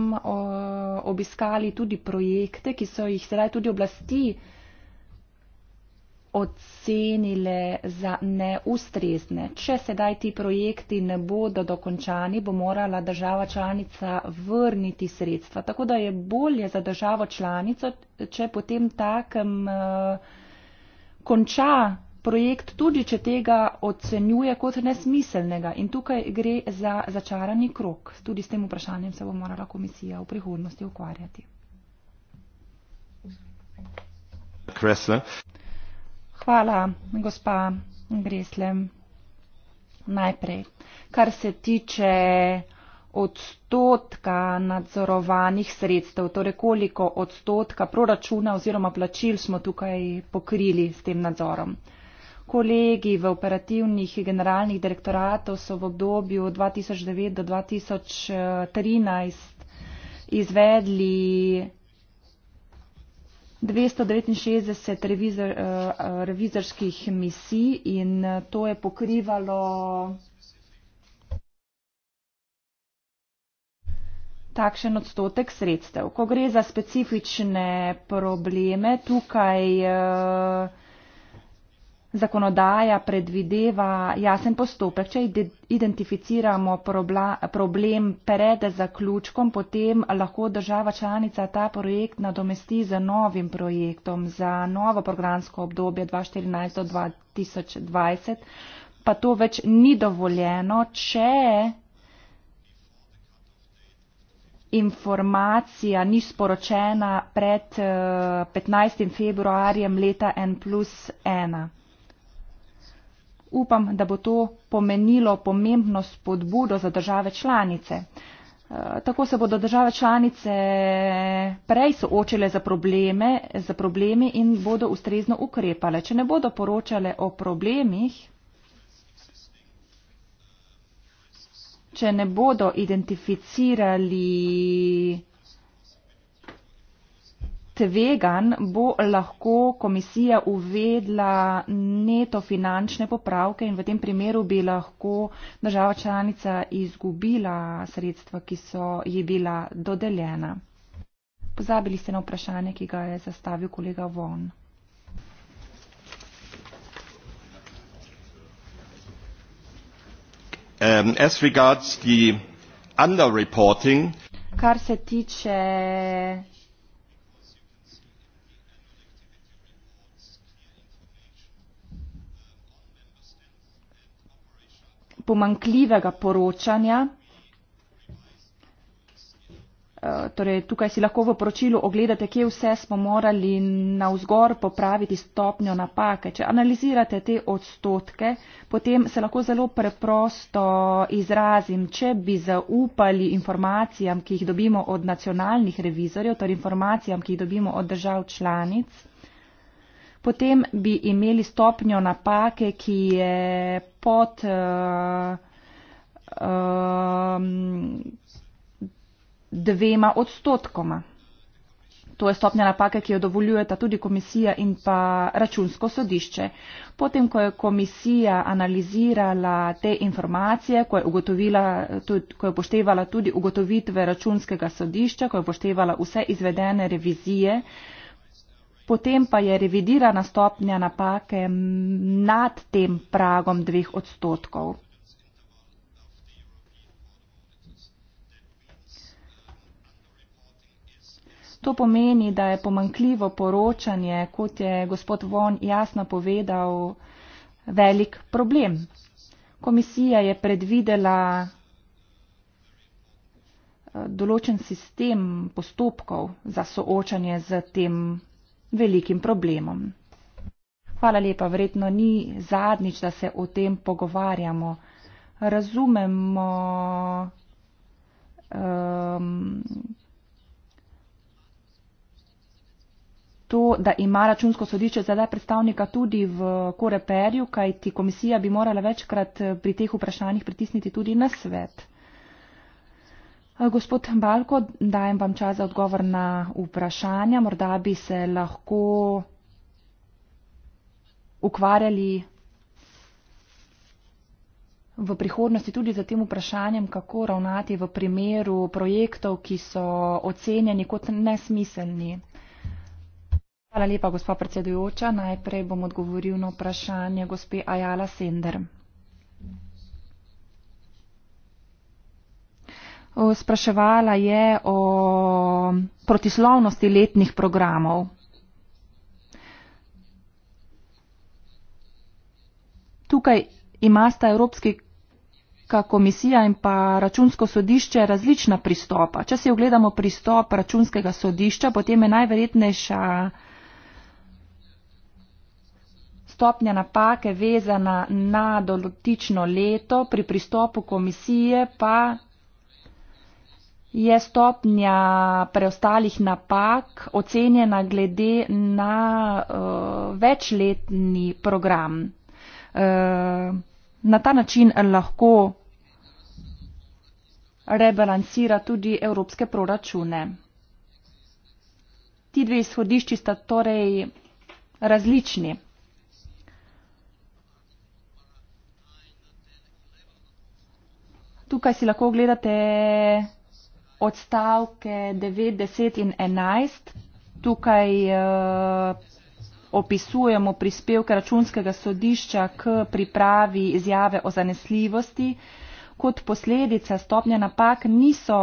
S4: obiskali tudi projekte, ki so jih sedaj tudi oblasti uh, ocenile za neustrezne. Če sedaj ti projekti ne bodo dokončani, bo morala država članica vrniti sredstva. Tako da je bolje za državo članico, če potem takem eh, konča projekt, tudi če tega ocenjuje kot nesmiselnega. In tukaj gre za začarani krok. Tudi s tem vprašanjem se bo morala komisija v prihodnosti ukvarjati. Kresla. Hvala, gospa Gresle. Najprej, kar se tiče odstotka nadzorovanih sredstev, torej koliko odstotka proračuna oziroma plačil smo tukaj pokrili s tem nadzorom. Kolegi v operativnih generalnih direktoratov so v obdobju 2009 do 2013 izvedli 269 revizor, eh, eh, revizorskih misij in eh, to je pokrivalo takšen odstotek sredstev. Ko gre za specifične probleme, tukaj uh, zakonodaja predvideva jasen postopek. Če identificiramo problem pred zaključkom, potem lahko država članica ta projekt nadomesti z novim projektom za novo programsko obdobje 2014 do 2020, pa to več ni dovoljeno, če informacija ni sporočena pred 15. Eh, februarjem leta N plus 1 upam, da bo to pomenilo pomembno spodbudo za države članice. Eh, tako se bodo države članice prej soočile za probleme, za problemi in bodo ustrezno ukrepale. Če ne bodo poročale o problemih, če ne bodo identificirali tvegan, bo lahko komisija uvedla neto finančne popravke in v tem primeru bi lahko država članica izgubila sredstva, ki so ji bila dodeljena. Pozabili ste na vprašanje, ki ga je zastavil kolega Von. Um, Kar se tiče pomankljivega poročanja. Eh, torej, tukaj si lahko v poročilu ogledate, kje vse smo morali na vzgor popraviti stopnjo napake. Če analizirate te odstotke, potem se lahko zelo preprosto izrazim, če bi zaupali informacijam, ki jih dobimo od nacionalnih revizorjev, torej informacijam, ki jih dobimo od držav članic potem bi imeli stopnjo napake, ki je pod. Uh, um, dvema odstotkoma. To je stopnja napake, ki jo dovoljujeta tudi komisija in pa računsko sodišče. Potem, ko je komisija analizirala te informacije, ko je, ko je poštevala tudi ugotovitve računskega sodišča, ko je poštevala vse izvedene revizije, uh, potem pa je revidirana stopnja napake nad tem pragom dveh odstotkov. To pomeni, da je pomankljivo poročanje, kot je gospod Von jasno povedal, velik problem. Komisija je predvidela eh, določen sistem postopkov za soočanje z tem velikim problemom. Hvala lepa, verjetno ni zadnjič, da se o tem pogovarjamo. Razumemo, um, To, da ima računsko sodišče zdaj predstavnika tudi v koreperju, kajti komisija bi morala večkrat pri teh vprašanjih pritisniti tudi na svet. Eh, gospod Balko, dajem vam čas za odgovor na vprašanja. Morda bi se lahko ukvarjali v prihodnosti tudi za tem vprašanjem, kako ravnati v primeru projektov, ki so ocenjeni kot nesmiselni. Hvala lepa, gospod predsedujoča. Najprej bom odgovoril na vprašanje gospe Ajala Sender. Spraševala je o protislovnosti letnih programov. Tukaj imasta Evropska komisija in pa računsko sodišče različna pristopa. Če si ogledamo pristop računskega sodišča, potem je najverjetnejša stopnja napake vezana na dolotično leto, pri pristopu komisije pa je stopnja preostalih napak ocenjena glede na uh, večletni program. Uh, na ta način lahko rebalansira tudi evropske proračune. Ti dve izhodišči sta torej različni. Tukaj si lahko gledate odstavke 9, 10 in 11. Tukaj eh, opisujemo prispevke računskega sodišča k pripravi izjave o zanesljivosti kot posledica stopnje napak niso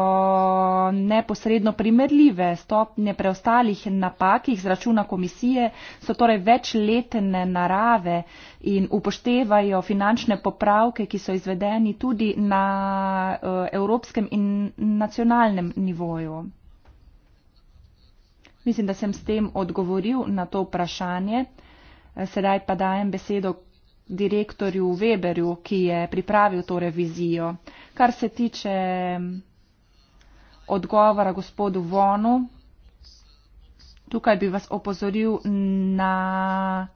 S4: neposredno primerljive. Stopnje preostalih napak iz računa komisije so torej večletne narave in upoštevajo finančne popravke, ki so izvedeni tudi na eh, evropskem in nacionalnem nivoju. Mislim, da sem s tem odgovoril na to vprašanje. Eh, sedaj pa dajem besedo direktorju Weberju, ki je pripravil to revizijo. Kar se tiče mm, odgovora gospodu Vonu, tukaj bi vas opozoril na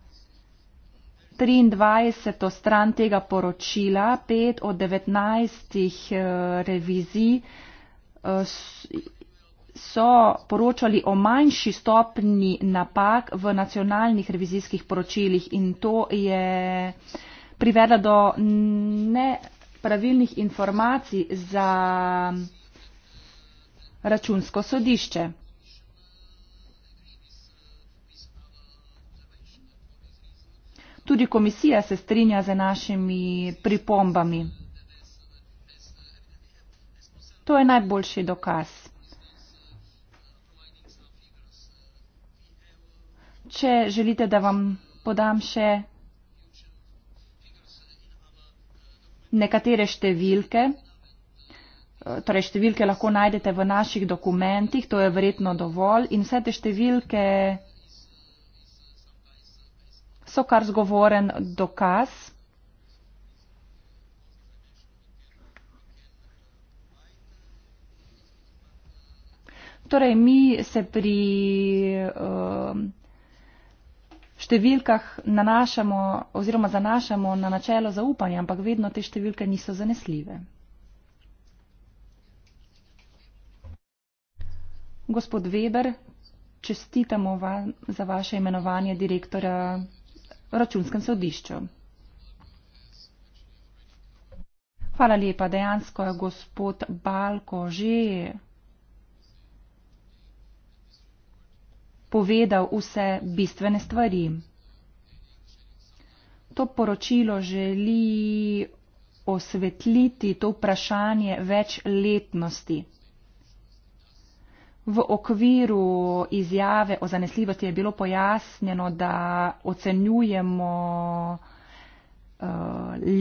S4: 23. stran tega poročila, 5 od 19 eh, revizij eh, so poročali o manjši stopni napak v nacionalnih revizijskih poročilih in to je privedlo do nepravilnih informacij za računsko sodišče. Tudi komisija se strinja za našimi pripombami. To je najboljši dokaz. Če želite, da vam podam še nekatere številke, torej številke lahko najdete v naših dokumentih, to je verjetno dovolj in vse te številke so kar zgovoren dokaz. Torej, mi se pri uh, številkah nanašamo oziroma zanašamo na načelo zaupanja, ampak vedno te številke niso zanesljive. Gospod Weber, čestitamo vam za vaše imenovanje direktorja računskem sodišču. Hvala lepa, dejansko je gospod Balko že povedal vse bistvene stvari. To poročilo želi osvetliti to vprašanje večletnosti. V okviru izjave o zanesljivosti je bilo pojasnjeno, da ocenjujemo uh,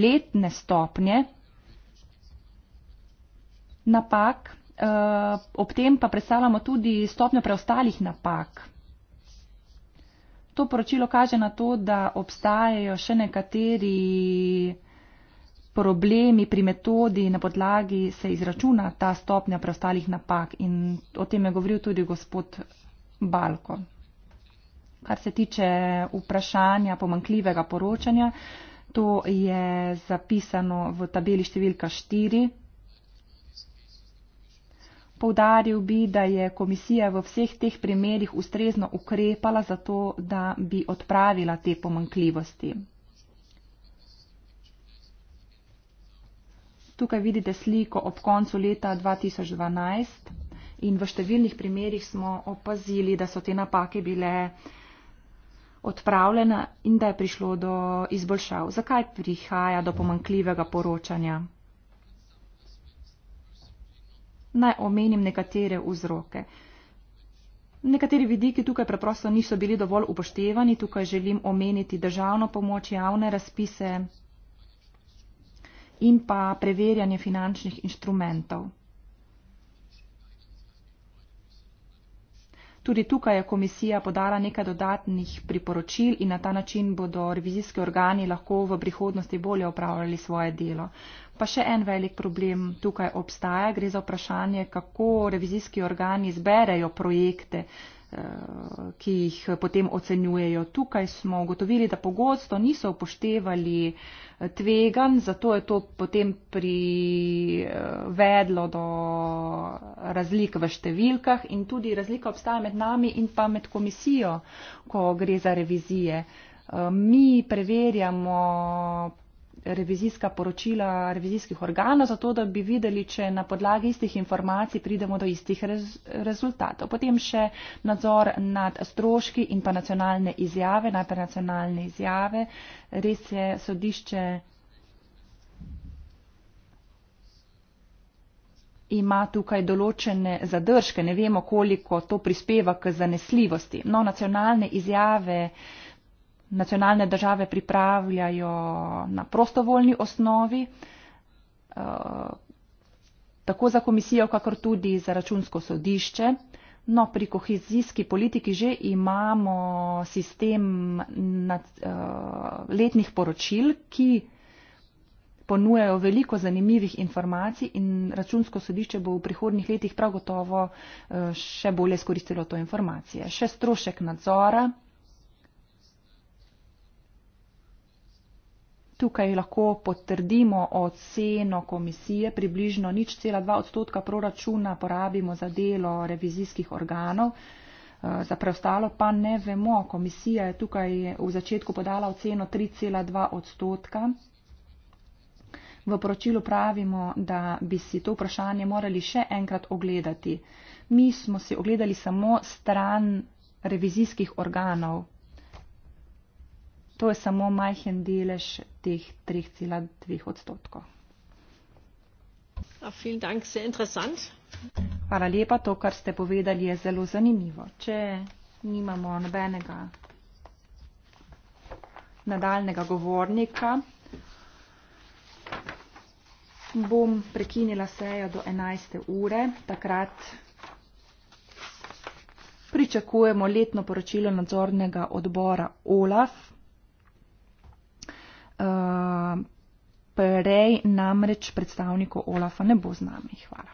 S4: letne stopnje napak, uh, ob tem pa predstavljamo tudi stopnjo preostalih napak to poročilo kaže na to, da obstajajo še nekateri problemi pri metodi, na podlagi se izračuna ta stopnja preostalih napak in o tem je govoril tudi gospod Balko. Kar se tiče vprašanja pomankljivega poročanja, to je zapisano v tabeli številka 4. Poudaril bi, da je komisija v vseh teh primerjih ustrezno ukrepala za to, da bi odpravila te pomankljivosti. Tukaj vidite sliko ob koncu leta 2012 in v številnih primerjih smo opazili, da so te napake bile odpravljene in da je prišlo do izboljšav. Zakaj prihaja do pomankljivega poročanja? naj omenim nekatere vzroke. Nekateri vidiki tukaj preprosto niso bili dovolj upoštevani, tukaj želim omeniti državno pomoč, javne razpise in pa preverjanje finančnih inštrumentov. Tudi tukaj je komisija podala nekaj dodatnih priporočil in na ta način bodo revizijski organi lahko v prihodnosti bolje upravljali svoje delo. Pa še en velik problem tukaj obstaja, gre za vprašanje, kako revizijski organi zberejo projekte, ki jih potem ocenjujejo. Tukaj smo ugotovili, da pogosto niso upoštevali eh, tvegan, zato je to potem privedlo do eh, razlik v številkah in tudi razlika obstaja med nami in pa med komisijo, ko gre za revizije. Eh, mi preverjamo revizijska poročila revizijskih organov, zato da bi videli, če na podlagi istih informacij pridemo do istih rez, rezultatov. Potem še nadzor nad stroški in pa nacionalne izjave, najprej nacionalne izjave. Res je sodišče. ima tukaj določene zadržke, ne vemo, koliko to prispeva k zanesljivosti. No, nacionalne izjave eh, nacionalne države pripravljajo na prostovoljni osnovi, eh, tako za komisijo, kakor tudi za računsko sodišče. No, pri kohezijski politiki že imamo sistem eh, letnih poročil, ki ponujajo veliko zanimivih informacij in računsko sodišče bo v prihodnjih letih prav gotovo eh, še bolje skoristilo to informacije. Še strošek nadzora Tukaj lahko potrdimo oceno komisije, približno nič cela dva odstotka proračuna porabimo za delo revizijskih organov. Eh, za preostalo pa ne vemo. Komisija je tukaj v začetku podala oceno 3,2 odstotka. V poročilu pravimo, da bi si to vprašanje morali še enkrat ogledati. Mi smo si ogledali samo stran revizijskih organov, To je samo majhen delež teh 3,2 odstotkov. Ja, Hvala lepa, to, kar ste povedali, je zelo zanimivo.
S1: Če nimamo nobenega
S4: nadaljnega govornika, bom prekinila sejo do 11. ure. Takrat pričakujemo letno poročilo nadzornega odbora OLAF Eh, prej namreč predstavnikov Olafa ne bo z
S3: nami. Hvala.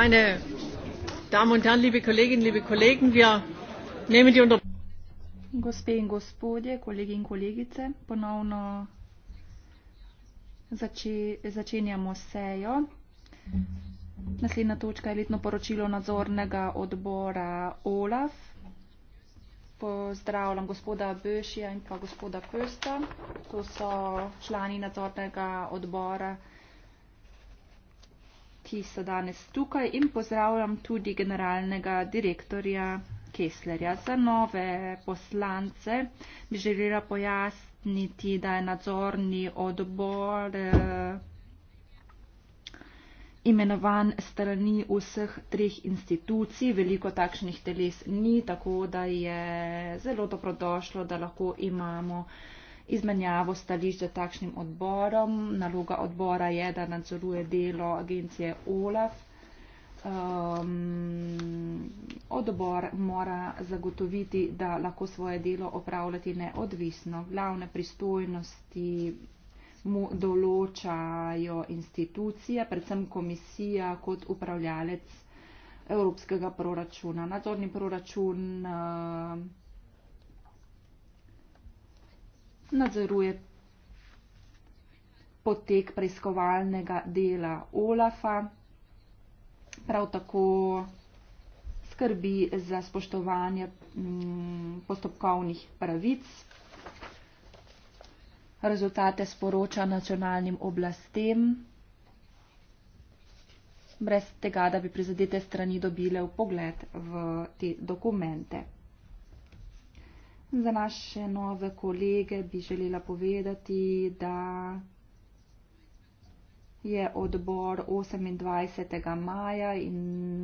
S1: meine Damen und Herren, liebe Kolleginnen, liebe Kollegen, wir nehmen die Unterbrechung. Gospe in gospodje,
S4: kolegi in kolegice, ponovno zači, začenjamo sejo. Naslednja točka je letno poročilo nadzornega odbora OLAF. Pozdravljam gospoda Bešija in pa gospoda Krsta. To so člani nadzornega odbora OLAF ki so danes tukaj in pozdravljam tudi generalnega direktorja Keslerja. Za nove poslance bi želela pojasniti, da je nadzorni odbor eh, imenovan strani vseh treh institucij. Veliko takšnih teles ni, tako da je zelo dobrodošlo, da lahko imamo izmenjavo stališč z takšnim odborom. Naloga odbora je, da nadzoruje delo agencije OLAF. Um, odbor mora zagotoviti, da lahko svoje delo opravljati neodvisno. Glavne pristojnosti mu določajo institucije, predvsem komisija kot upravljalec evropskega proračuna. Nadzorni proračun uh, nadzoruje potek preiskovalnega dela OLAFA, prav tako skrbi za spoštovanje mm, postopkovnih pravic. Rezultate sporoča nacionalnim oblastem, brez tega, da bi prizadete strani dobile v pogled v te dokumente. Za naše nove kolege bi želela povedati, da je odbor 28. maja in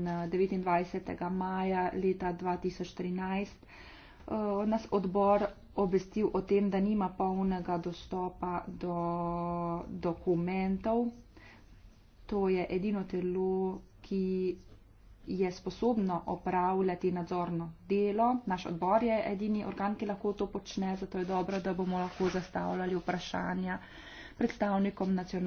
S4: 29. maja leta 2013 eh, nas odbor obvestil o tem, da nima polnega dostopa do dokumentov. To je edino telo, ki je sposobno opravljati nadzorno delo. Naš odbor je edini organ, ki lahko to počne, zato je dobro, da bomo lahko zastavljali vprašanja predstavnikom eh,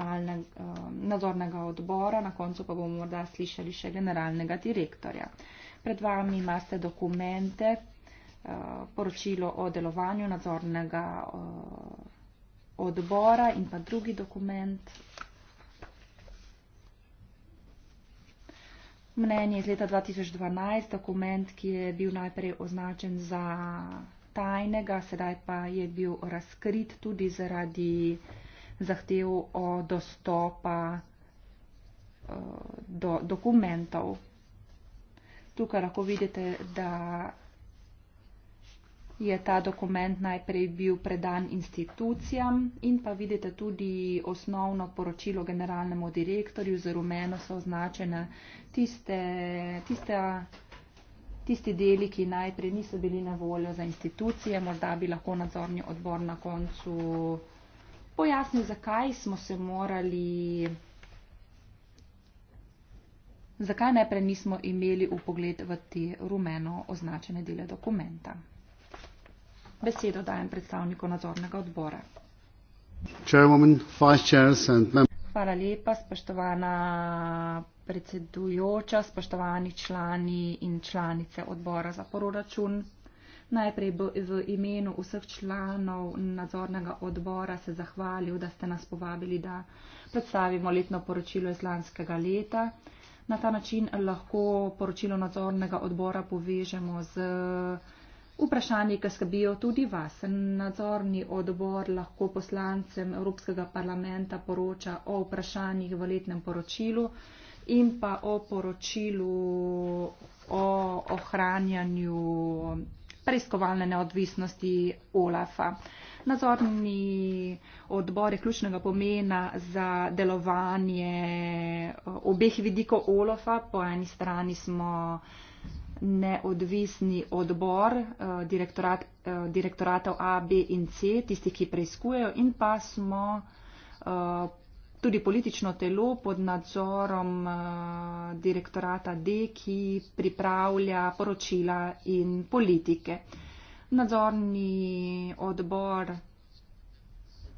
S4: nadzornega odbora, na koncu pa bomo morda slišali še generalnega direktorja. Pred vami imate dokumente, eh, poročilo o delovanju nadzornega eh, odbora in pa drugi dokument. mnenje iz leta 2012, dokument, ki je bil najprej označen za tajnega, sedaj pa je bil razkrit tudi zaradi zahtev o dostopa eh, do dokumentov. Tukaj lahko vidite, da je ta dokument najprej bil predan institucijam in pa vidite tudi osnovno poročilo generalnemu direktorju, z rumeno so označene tiste, tiste, tisti deli, ki najprej niso bili na voljo za institucije, morda bi lahko nadzorni odbor na koncu pojasnil, zakaj smo se morali. Zakaj najprej nismo imeli v pogled v te rumeno označene dele dokumenta? Besedo dajem predstavniku nadzornega odbora. Hvala lepa, spoštovana predsedujoča, spoštovani člani in članice odbora za proračun. Najprej v imenu vseh članov nadzornega odbora se zahvalil, da ste nas povabili, da predstavimo letno poročilo iz lanskega leta. Na ta način lahko poročilo nadzornega odbora povežemo z Vprašanje, ki skrbijo tudi vas. Nadzorni odbor lahko poslancem Evropskega parlamenta poroča o vprašanjih v letnem poročilu in pa o poročilu o ohranjanju preiskovalne neodvisnosti OLAF-a. Nadzorni odbor je ključnega pomena za delovanje eh, obeh vidikov OLAF-a. Po eni strani smo neodvisni odbor eh, direktorat, eh, direktoratov A, B in C, tisti, ki preizkujejo in pa smo eh, tudi politično telo pod nadzorom direktorata D, ki pripravlja poročila in politike. Nadzorni odbor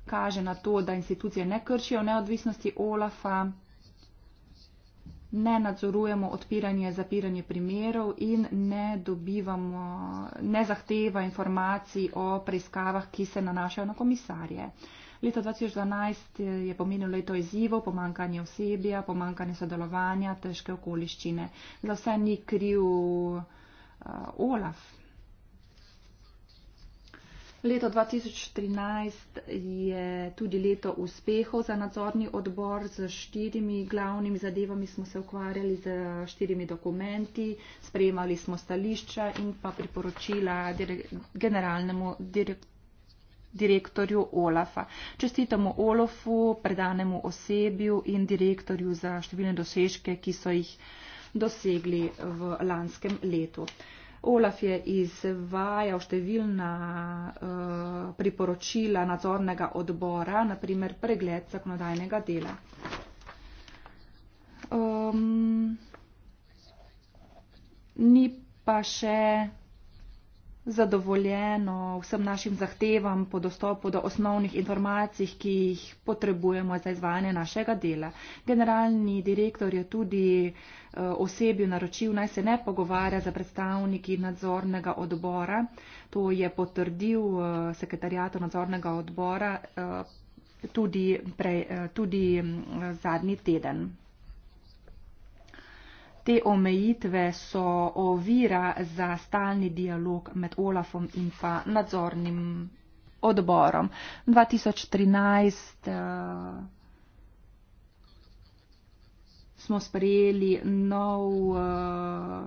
S4: kaže na to, da institucije ne kršijo neodvisnosti OLAFA ne nadzorujemo odpiranje, zapiranje primerov in ne dobivamo, ne zahteva informacij o preiskavah, ki se nanašajo na komisarje. Leto 2012 je pomenilo leto izzivov, pomankanje osebja, pomankanje sodelovanja, težke okoliščine. Za vse ni kriv uh, Olaf, Leto 2013 je tudi leto uspehov za nadzorni odbor. Z štirimi glavnimi zadevami smo se ukvarjali, z štirimi dokumenti, sprejemali smo stališča in pa priporočila dire generalnemu direktorju direktorju Olafa. Čestitamo Olofu, predanemu osebju in direktorju za številne dosežke, ki so jih dosegli v lanskem letu. Olaf je izvajal številna uh, priporočila nadzornega odbora, naprimer pregled zakonodajnega dela. Um, ni pa še zadovoljeno vsem našim zahtevam po dostopu do osnovnih informacij, ki jih potrebujemo za izvajanje našega dela. Generalni direktor je tudi eh, osebju naročil, naj se ne pogovarja za predstavniki nadzornega odbora. To je potrdil eh, sekretarjato nadzornega odbora eh, tudi, pre, tudi mm, zadnji teden. Te omejitve so ovira za stalni dialog med Olafom in pa nadzornim odborom. 2013 uh, eh, smo sprejeli nov, uh,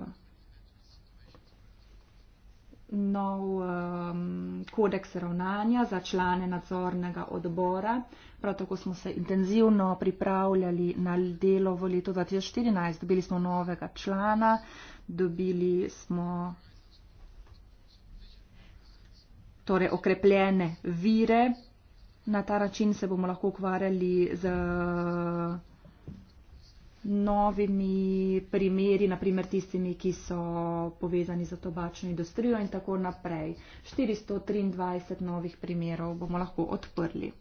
S4: nov um, kodeks ravnanja za člane nadzornega odbora, Prav tako smo se intenzivno pripravljali na delo v letu 2014. Dobili smo novega člana, dobili smo torej okrepljene vire. Na ta način se bomo lahko ukvarjali z novimi primeri, naprimer tistimi, ki so povezani z tobačno industrijo in tako naprej. 423 novih primerov bomo lahko odprli.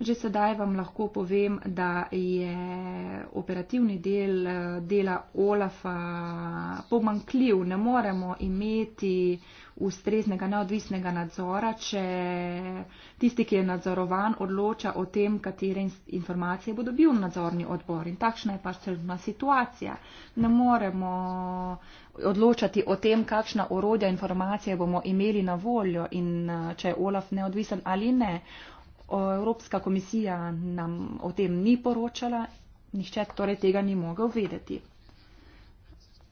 S4: Že sedaj vam lahko povem, da je operativni del eh, dela OLAF-a pomankljiv. Ne moremo imeti ustreznega neodvisnega nadzora, če tisti, ki je nadzorovan, odloča o tem, katere informacije bo dobil nadzorni odbor. In takšna je pač trenutna situacija. Ne moremo odločati o tem, kakšna orodja informacije bomo imeli na voljo in eh, če je OLAF neodvisen ali ne. Evropska komisija nam o tem ni poročala, nišče torej tega ni mogel vedeti.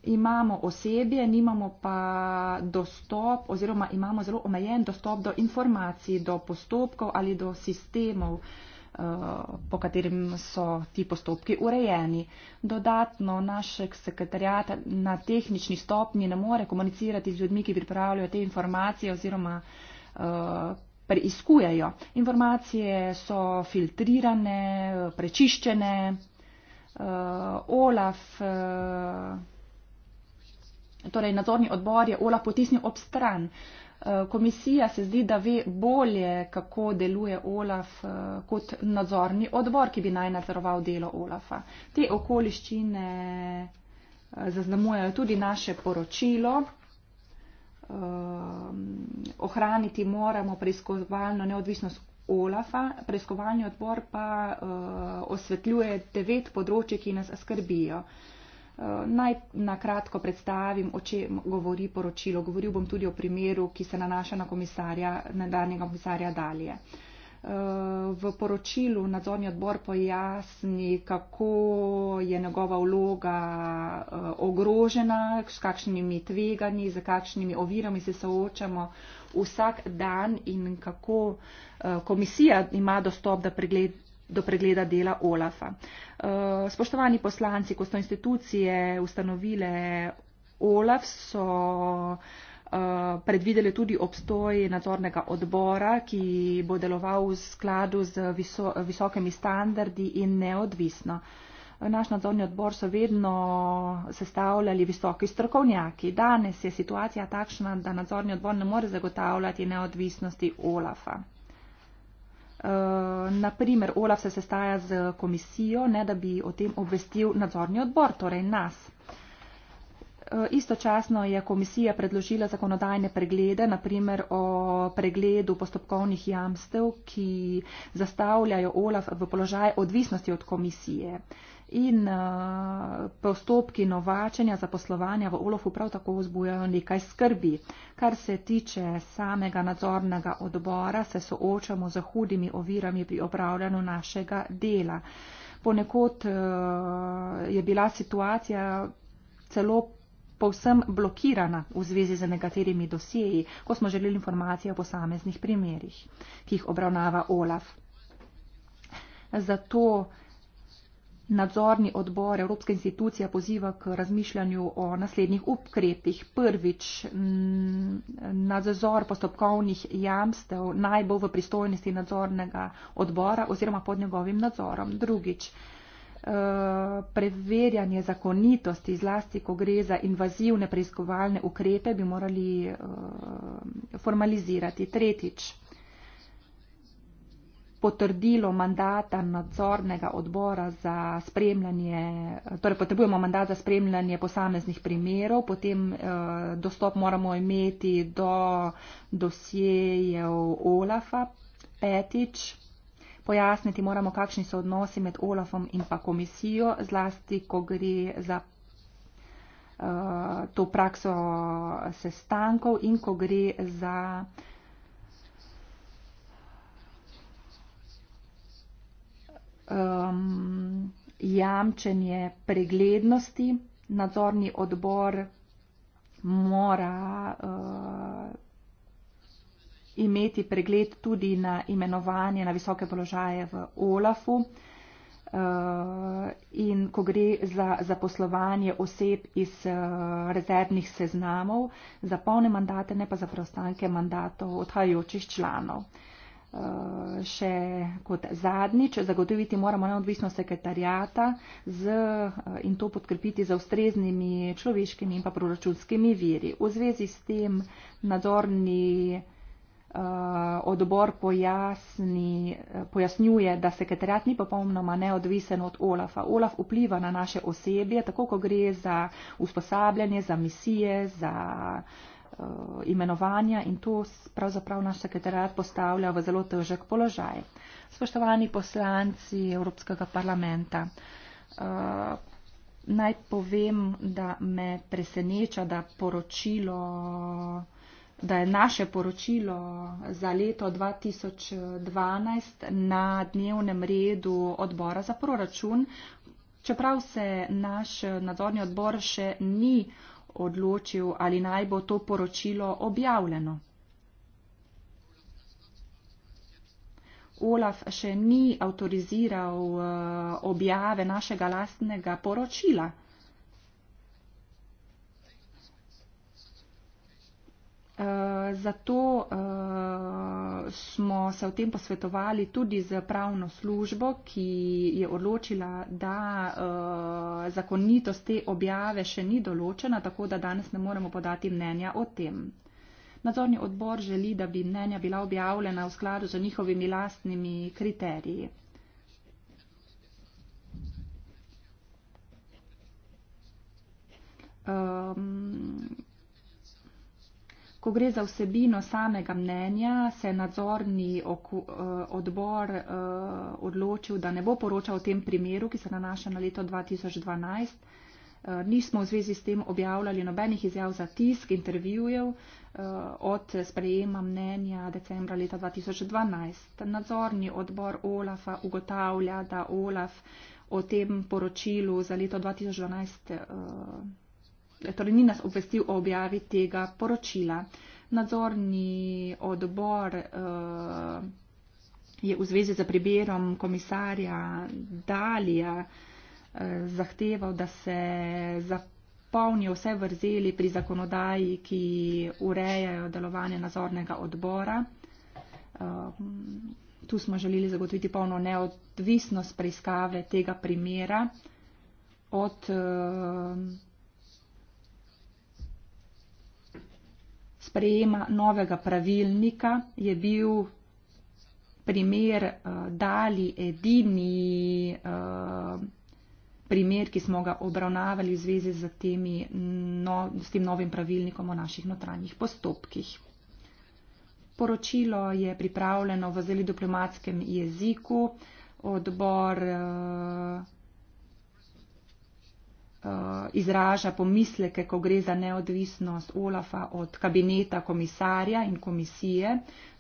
S4: Imamo osebje, nimamo pa dostop oziroma imamo zelo omejen dostop do informacij, do postopkov ali do sistemov, eh, po katerim so ti postopki urejeni. Dodatno naš sekretarjat na tehnični stopnji ne more komunicirati z ljudmi, ki pripravljajo te informacije oziroma eh, preiskujejo. Informacije so filtrirane, prečiščene. Uh, Olaf, uh, torej nadzorni odbor je Olaf potisnil ob stran. Uh, komisija se zdi, da ve bolje, kako deluje Olaf uh, kot nadzorni odbor, ki bi naj nadzoroval delo Olafa. Te okoliščine uh, zaznamujejo tudi naše poročilo. Um, ohraniti moramo preiskovalno neodvisnost OLAFA, preiskovalni odbor pa uh, osvetljuje devet področji, ki nas skrbijo. Uh, naj na kratko predstavim, o čem govori poročilo. Govoril bom tudi o primeru, ki se nanaša na komisarja, nadaljnega komisarja Dalje. Uh, V poročilu nadzorni odbor pojasni, kako je njegova vloga eh, ogrožena, s kakšnimi tveganji, z kakšnimi ovirami se soočamo vsak dan in kako eh, komisija ima dostop do, pregled, do pregleda dela OLAFA. Eh, spoštovani poslanci, ko so institucije ustanovile OLAF, so. Eh, predvideli tudi obstoj nadzornega odbora, ki bo deloval v skladu z visokimi standardi in neodvisno. Naš nadzorni odbor so vedno sestavljali visoki strokovnjaki. Danes je situacija takšna, da nadzorni odbor ne more zagotavljati neodvisnosti OLAFA. Eh, Naprimer, OLAF se sestaja z komisijo, ne da bi o tem obvestil nadzorni odbor, torej nas. Istočasno je komisija predložila zakonodajne preglede, naprimer o pregledu postopkovnih jamstev, ki zastavljajo OLAF v položaj odvisnosti od komisije. In uh, postopki novačenja zaposlovanja v OLAF-u prav tako vzbujajo nekaj skrbi. Kar se tiče samega nadzornega odbora, se soočamo z hudimi ovirami pri opravljanju našega dela. Ponekod uh, je bila situacija celo povsem blokirana v zvezi z nekaterimi dosjeji, ko smo želeli informacije o posameznih primerjih, ki jih obravnava Olaf. Zato nadzorni odbor Evropske institucije poziva k razmišljanju o naslednjih ukrepih. Prvič, nadzor postopkovnih jamstev naj bo v pristojnosti nadzornega odbora oziroma pod njegovim nadzorom. Drugič, Eh, preverjanje zakonitosti, zlasti ko gre za invazivne preiskovalne ukrepe, bi morali eh, formalizirati. Tretjič, potrdilo mandata nadzornega odbora za spremljanje, torej potrebujemo mandat za spremljanje posameznih primerov, potem eh, dostop moramo imeti do dosjejev OLAFA. Petič, Pojasniti moramo, kakšni so odnosi med Olafom in pa komisijo, zlasti, ko gre za uh, to prakso sestankov in ko gre za um, jamčenje preglednosti. Nadzorni odbor mora. Uh, imeti pregled tudi na imenovanje na visoke položaje v OLAF-u eh, in ko gre za zaposlovanje oseb iz eh, rezervnih seznamov za polne mandate, ne pa za preostanke mandatov odhajajočih članov. Eh, še kot zadnjič, zagotoviti moramo neodvisnost sekretarjata z, in to podkrpiti z ustreznimi človeškimi in pa proračunskimi viri. V zvezi s tem nadzorni uh, odbor pojasni, eh, pojasnjuje, da sekretarjat ni popolnoma neodvisen od OLAF-a. OLAF vpliva na naše osebje, tako ko gre za usposabljanje, za misije, za uh, imenovanja in to pravzaprav naš sekretarjat postavlja v zelo težek položaj. Spoštovani poslanci Evropskega parlamenta. Uh, naj povem, da me preseneča, da poročilo da je naše poročilo za leto 2012 na dnevnem redu odbora za proračun, čeprav se naš nadzorni odbor še ni odločil, ali naj bo to poročilo objavljeno. Olaf še ni avtoriziral eh, objave našega lastnega poročila. Eh, zato eh, smo se o tem posvetovali tudi z pravno službo, ki je odločila, da eh, zakonitost te objave še ni določena, tako da danes ne moremo podati mnenja o tem. Nadzorni odbor želi, da bi mnenja bila objavljena v skladu z njihovimi lastnimi kriteriji. Um, Ko gre za vsebino samega mnenja, se je nadzorni oku, eh, odbor eh, odločil, da ne bo poročal o tem primeru, ki se nanaša na leto 2012. Eh, nismo v zvezi s tem objavljali nobenih izjav za tisk, intervjujev od sprejema mnenja decembra leta 2012. Nadzorni odbor OLAFA ugotavlja, da OLAF o tem poročilu za leto 2012 torej ni nas obvestil o objavi tega poročila. Nadzorni odbor uh, je v zvezi za priberom komisarja Dalija uh, zahteval, da se zapolnijo vse vrzeli pri zakonodaji, ki urejajo delovanje nadzornega odbora. Uh, tu smo želeli zagotoviti polno neodvisnost preiskave tega primera od. Uh, sprejema novega pravilnika je bil primer uh, Dali edini uh, primer, ki smo ga obravnavali v zvezi z, temi, no, z tem novim pravilnikom o naših notranjih postopkih. Poročilo je pripravljeno v zelo diplomatskem jeziku. Odbor uh, Eh, izraža pomisleke, ko gre za neodvisnost Olafa od kabineta komisarja in komisije.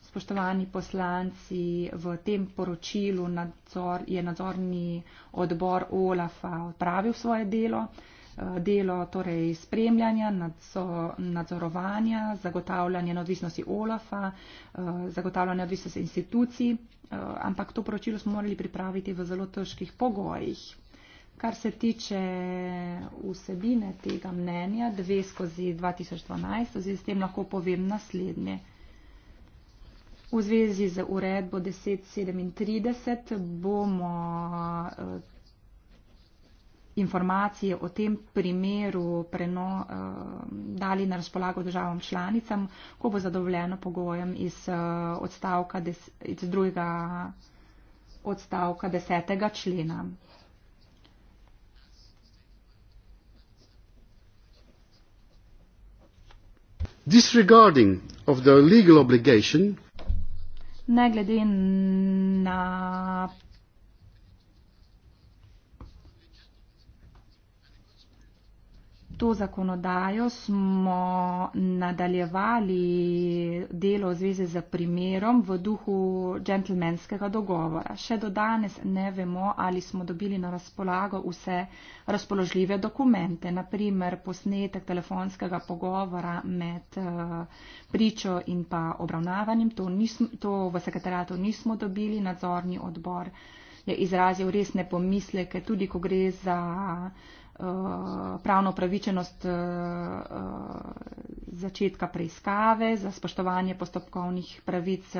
S4: Spoštovani poslanci, v tem poročilu nadzor, je nadzorni odbor Olafa odpravil svoje delo, eh, delo torej spremljanja, nadzorovanja, zagotavljanja neodvisnosti Olafa, eh, zagotavljanja neodvisnosti institucij, ampak to poročilo smo morali pripraviti v zelo težkih pogojih. Kar se tiče vsebine tega mnenja, 2 skozi 2012, v zvezi s tem lahko povem naslednje. V zvezi z uredbo 1037 bomo eh, informacije o tem primeru preno, eh, dali na razpolago državam članicam, ko bo zadovoljeno pogojem iz, eh, odstavka des, iz drugega odstavka desetega člena.
S3: disregarding of their legal obligation
S4: ne glede na to zakonodajo smo nadaljevali delo v zvezi z primerom v duhu džentlmenskega dogovora. Še do danes ne vemo, ali smo dobili na razpolago vse razpoložljive dokumente, naprimer posnetek telefonskega pogovora med eh, pričo in pa obravnavanjem. To, nismo, to v sekretariatu nismo dobili, nadzorni odbor je izrazil resne pomisleke, tudi ko gre za Eh, pravno pravičenost eh, eh, začetka preiskave, za spoštovanje postopkovnih pravic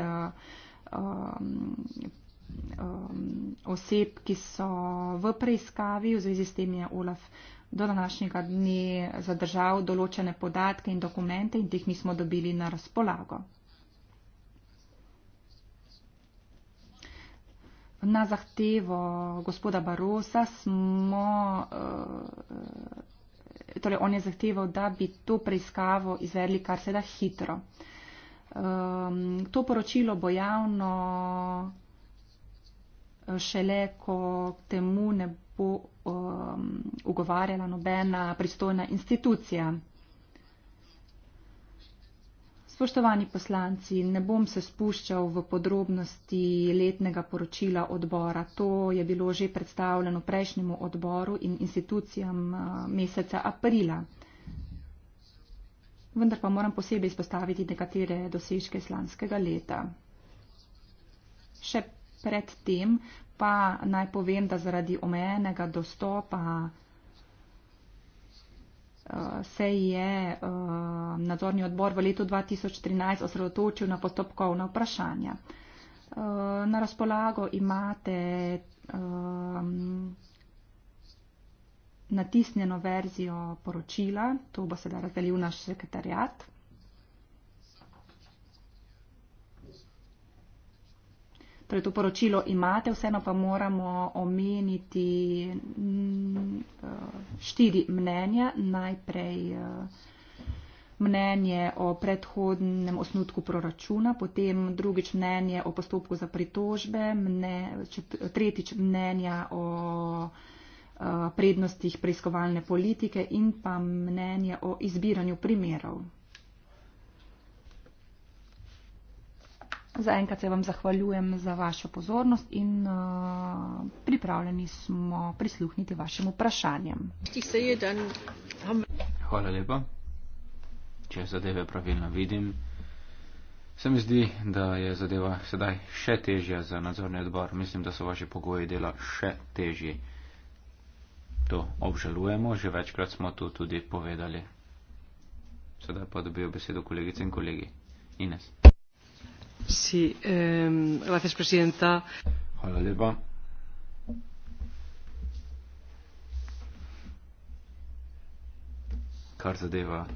S4: oseb, ki so v preiskavi. V zvezi s tem je Olaf do današnjega dne zadržal določene podatke in dokumente in teh nismo dobili na razpolago. na zahtevo gospoda Barosa smo, eh, torej on je zahteval, da bi to preiskavo izvedli kar se da hitro. Ehm, to poročilo bo javno eh, šele, ko temu ne bo ehm, ugovarjala nobena pristojna institucija. Spoštovani poslanci, ne bom se spuščal v podrobnosti letnega poročila odbora. To je bilo že predstavljeno prejšnjemu odboru in institucijam eh, meseca aprila. Vendar pa moram posebej izpostaviti nekatere dosežke slanskega leta. Še predtem pa naj povem, da zaradi omejenega dostopa Eh, se je eh, nadzorni odbor v letu 2013 osredotočil na postopkovna vprašanja. Eh, na razpolago imate ehm, natisnjeno verzijo poročila, to bo sedaj razdelil naš sekretarjat. torej to poročilo imate, vseeno pa moramo omeniti eh, štiri mnenja. Najprej eh, mnenje o predhodnem osnutku proračuna, potem drugič mnenje o postopku za pritožbe, tretjič mnenja o eh, prednostih preiskovalne politike in pa mnenje o izbiranju primerov. Zaenkrat se vam zahvaljujem za vašo pozornost in uh, pripravljeni smo prisluhniti vašim vprašanjem.
S2: Hvala lepa. Če zadeve pravilno vidim, se mi zdi, da je zadeva sedaj še težja za nadzorni odbor. Mislim, da so vaše pogoje dela še težji. To obžalujemo, že večkrat smo to tudi povedali. Sedaj pa dobijo besedo kolegice in kolegi. Ines
S1: gospa predsednica
S2: hvala lepa kar zadeva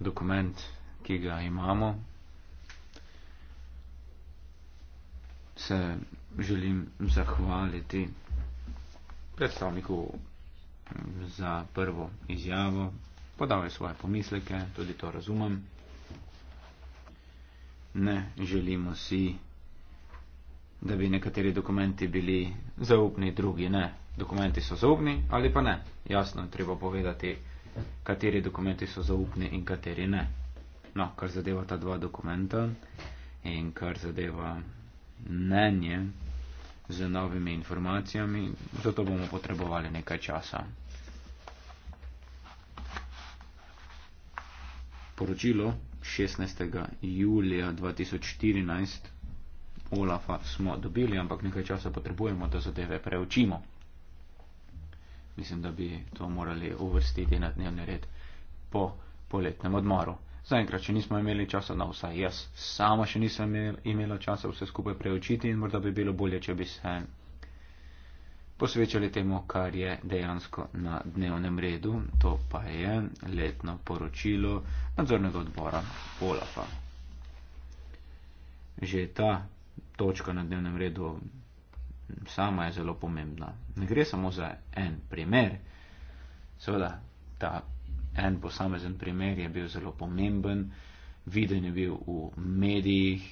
S2: dokument ki ga imamo se želim zahvaliti predstavniku za prvo izjavo podal je svoje pomisleke tudi to razumem ne želimo si, da bi nekateri dokumenti bili zaupni, drugi ne. Dokumenti so zaupni ali pa ne. Jasno je treba povedati, kateri dokumenti so zaupni in kateri ne. No, kar zadeva ta dva dokumenta in kar zadeva mnenje z novimi informacijami, zato bomo potrebovali nekaj časa. Poročilo 16. julija 2014 Olafa smo dobili, ampak nekaj časa potrebujemo, da zadeve preučimo. Mislim, da bi to morali uvrstiti na dnevni red po poletnem odmoru. Zaenkrat, če nismo imeli časa na no, vsaj jaz, sama še nisem imela časa vse skupaj preučiti in morda bi bilo bolje, če bi se posvečali temu, kar je dejansko na dnevnem redu, to pa je letno poročilo nadzornega odbora Olafa. Že ta točka na dnevnem redu sama je zelo pomembna. Ne gre samo za en primer. Seveda, ta en posamezen primer je bil zelo pomemben, viden je bil v medijih,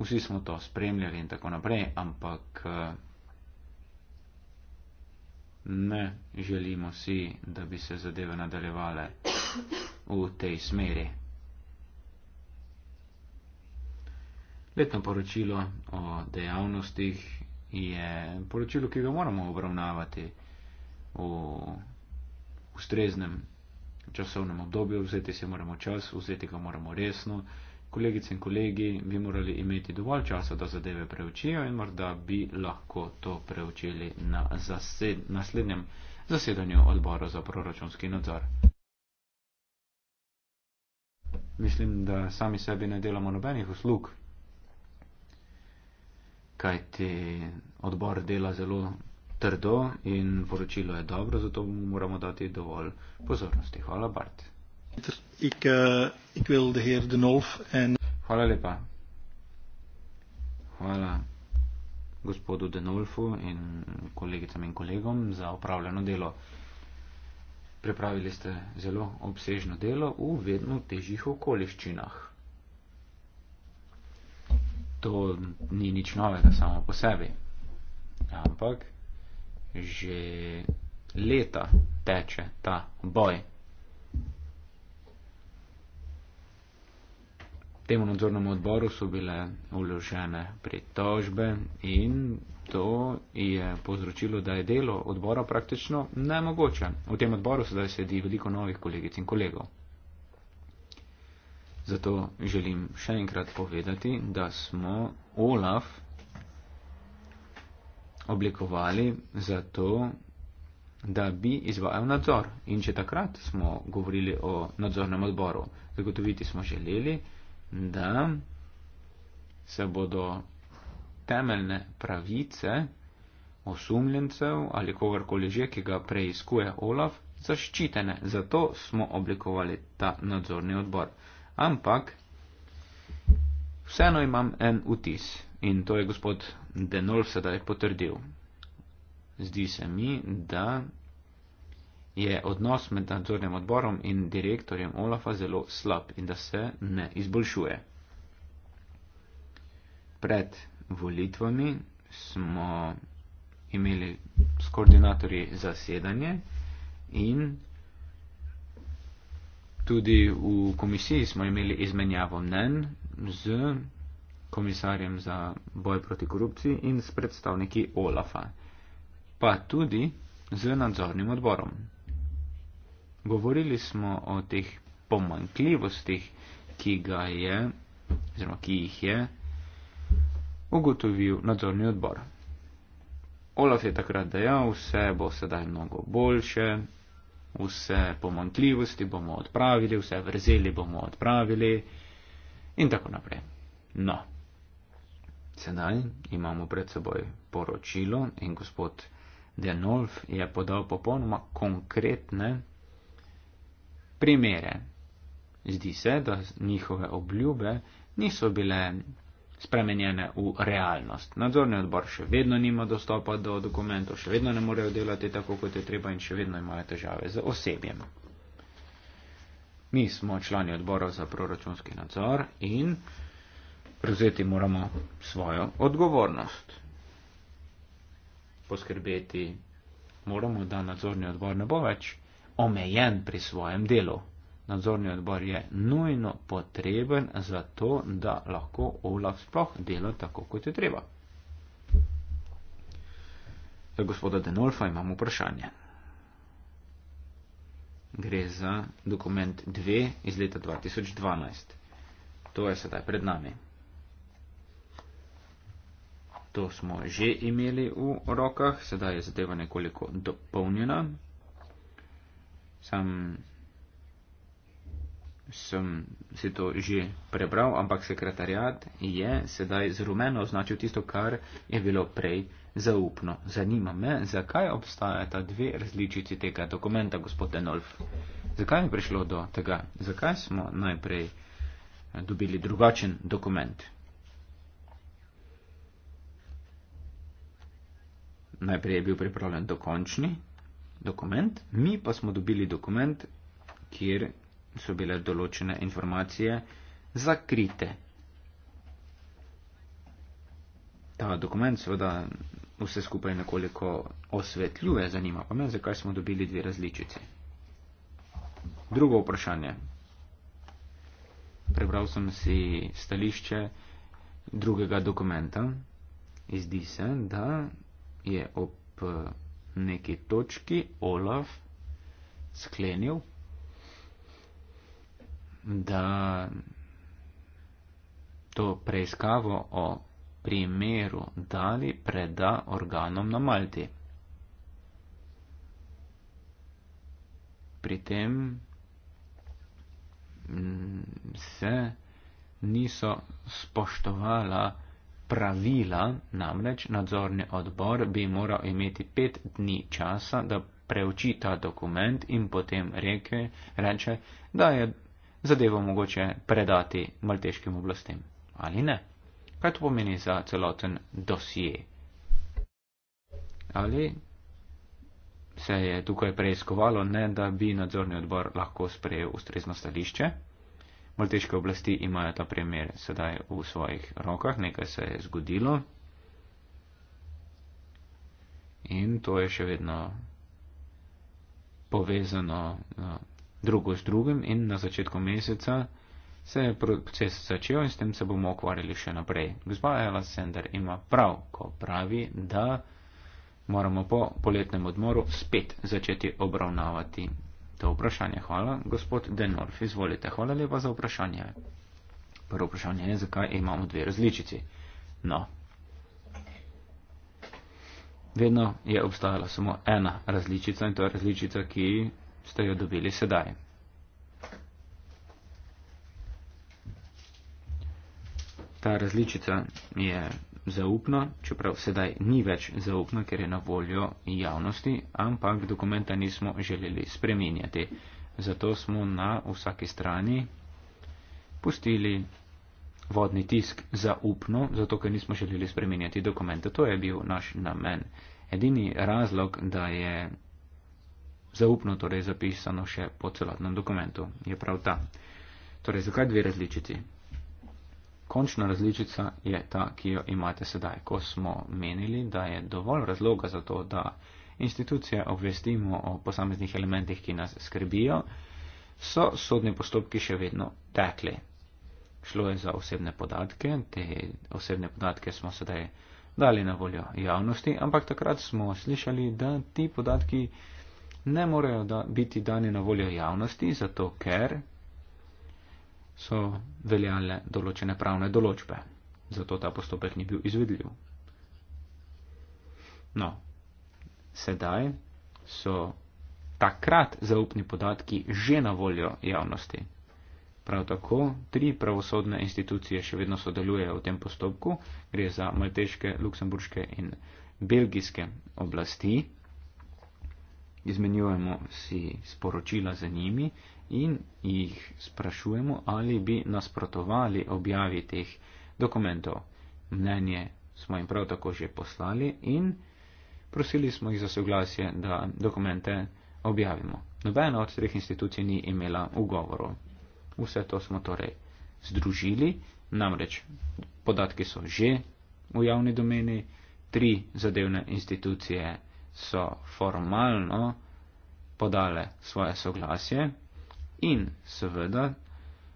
S2: vsi smo to spremljali in tako naprej, ampak eh, ne želimo si, da bi se zadeve nadaljevale v tej smeri. Letno poročilo o dejavnostih je poročilo, ki ga moramo obravnavati v ustreznem časovnem obdobju, vzeti se moramo čas, vzeti ga moramo resno kolegice in kolegi bi morali imeti dovolj časa, da zadeve preučijo in morda bi lahko to preučili na zased, naslednjem zasedanju odbora za proračunski nadzor. Mislim, da sami sebi ne delamo nobenih uslug, kajti odbor dela zelo trdo in poročilo je dobro, zato mu moramo dati dovolj pozornosti. Hvala, Bart.
S3: Ik, uh, ik wil de heer De
S2: Nolf en. Hvala lepa. Hvala gospodu Denolfu in kolegicam in kolegom za opravljeno delo. Pripravili ste zelo obsežno delo v vedno težjih okoliščinah. To ni nič novega samo po sebi, ampak že leta teče ta boj temu nadzornemu odboru so bile uložene pritožbe in to je povzročilo, da je delo odbora praktično nemogoče. V tem odboru sedaj sedi veliko novih kolegic in kolegov. Zato želim še enkrat povedati, da smo OLAF oblikovali zato, da bi izvajal nadzor. In če takrat smo govorili o nadzornem odboru, zagotoviti smo želeli, da se bodo temeljne pravice osumljencev ali kogarkoli že, ki ga preiskuje Olaf, zaščitene. Zato smo oblikovali ta nadzorni odbor. Ampak vseeno imam en vtis in to je gospod Denolf sedaj potrdil. Zdi se mi, da je odnos med nadzornim odborom in direktorjem Olafa zelo slab in da se ne izboljšuje. Pred volitvami smo imeli s koordinatorji zasedanje in tudi v komisiji smo imeli izmenjavo mnen z komisarjem za boj proti korupciji in s predstavniki Olafa, pa tudi z nadzornim odborom. Govorili smo o teh pomankljivostih, ki ga je, oziroma ki jih je, ugotovil nadzorni odbor. Olaf je takrat dejal, vse bo sedaj mnogo boljše, vse pomankljivosti bomo odpravili, vse vrzeli bomo odpravili in tako naprej. No, sedaj imamo pred seboj poročilo in gospod Denolf je podal popolnoma konkretne primere. Zdi se, da njihove obljube niso bile spremenjene v realnost. Nadzorni odbor še vedno nima dostopa do dokumentov, še vedno ne morejo delati tako, kot je treba in še vedno imajo težave z osebjem. Mi smo člani odbora za proračunski nadzor in prevzeti moramo svojo odgovornost. Poskrbeti moramo, da nadzorni odbor ne bo več omejen pri svojem delu. Nadzorni odbor je nujno potreben za to, da lahko OLAF sploh dela tako, kot je treba. Za gospoda Denolfa imamo vprašanje. Gre za dokument 2 iz leta 2012. To je sedaj pred nami. To smo že imeli v rokah, sedaj je zadeva nekoliko dopolnjena sem, sem si to že prebral, ampak sekretarjat je sedaj z rumeno označil tisto, kar je bilo prej zaupno. Zanima me, zakaj obstajata dve različici tega dokumenta, gospod Enolf. Zakaj je prišlo do tega? Zakaj smo najprej dobili drugačen dokument? Najprej je bil pripravljen dokončni dokument, mi pa smo dobili dokument, kjer so bile določene informacije zakrite. Ta dokument seveda vse skupaj nekoliko osvetljuje, zanima pa me, zakaj smo dobili dve različici. Drugo vprašanje. Prebral sem si stališče drugega dokumenta. Izdi se, da je ob neki točki Olaf sklenil, da to preiskavo o primeru Dali preda organom na Malti. Pri tem se niso spoštovala pravila, namreč nadzorni odbor bi moral imeti pet dni časa, da preuči ta dokument in potem reke, reče, da je zadevo mogoče predati malteškim oblastem ali ne. Kaj to pomeni za celoten dosije? Ali se je tukaj preiskovalo ne, da bi nadzorni odbor lahko sprejel ustrezno stališče? Malteške oblasti imajo ta primer sedaj v svojih rokah, nekaj se je zgodilo in to je še vedno povezano eh, drugo z drugim in na začetku meseca se je proces začel in s tem se bomo ukvarjali še naprej. Gospa Eva Sender ima prav, ko pravi, da moramo po poletnem odmoru spet začeti obravnavati to vprašanje. Hvala, gospod Denorf, izvolite. Hvala lepa za vprašanje. Prvo vprašanje je, zakaj imamo dve različici. No, vedno je obstajala samo ena različica in to je različica, ki ste jo dobili sedaj. Ta različica je zaupno, čeprav sedaj ni več zaupno, ker je na voljo javnosti, ampak dokumenta nismo želeli spremenjati. Zato smo na vsaki strani pustili vodni tisk zaupno, zato ker nismo želeli spremenjati dokumenta. To je bil naš namen. Edini razlog, da je zaupno torej zapisano še po celotnem dokumentu, je prav ta. Torej, zakaj dve različici? Končna različica je ta, ki jo imate sedaj, ko smo menili, da je dovolj razloga za to, da institucije obvestimo o posameznih elementih, ki nas skrbijo, so sodni postopki še vedno tekli. Šlo je za osebne podatke, te osebne podatke smo sedaj dali na voljo javnosti, ampak takrat smo slišali, da ti podatki ne morejo da biti dani na voljo javnosti, zato ker so veljale določene pravne določbe, zato ta postopek ni bil izvedljiv. No, sedaj so takrat zaupni podatki že na voljo javnosti. Prav tako tri pravosodne institucije še vedno sodelujejo v tem postopku, gre za malteške, luksemburške in belgijske oblasti. Izmenjujemo si sporočila za njimi, in jih sprašujemo, ali bi nasprotovali objavi teh dokumentov. Mnenje smo jim prav tako že poslali in prosili smo jih za soglasje, da dokumente objavimo. Nobena od treh institucij ni imela ugovorov. Vse to smo torej združili, namreč podatki so že v javni domeni, tri zadevne institucije so formalno podale svoje soglasje, In seveda,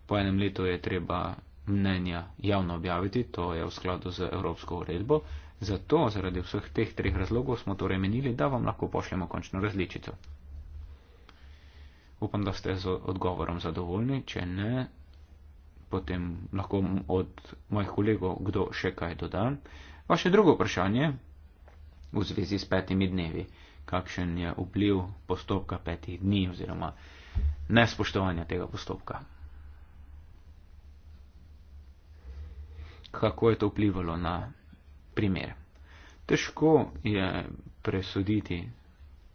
S2: po enem letu je treba mnenja javno objaviti, to je v skladu z Evropsko uredbo. Zato, zaradi vseh teh treh razlogov, smo torej menili, da vam lahko pošljemo končno različico. Upam, da ste z odgovorom zadovoljni, če ne, potem lahko od mojih kolegov kdo še kaj doda. Vaše drugo vprašanje v zvezi s petimi dnevi. Kakšen je vpliv postopka petih dni oziroma nespoštovanja tega postopka. Kako je to vplivalo na primer? Težko je presuditi,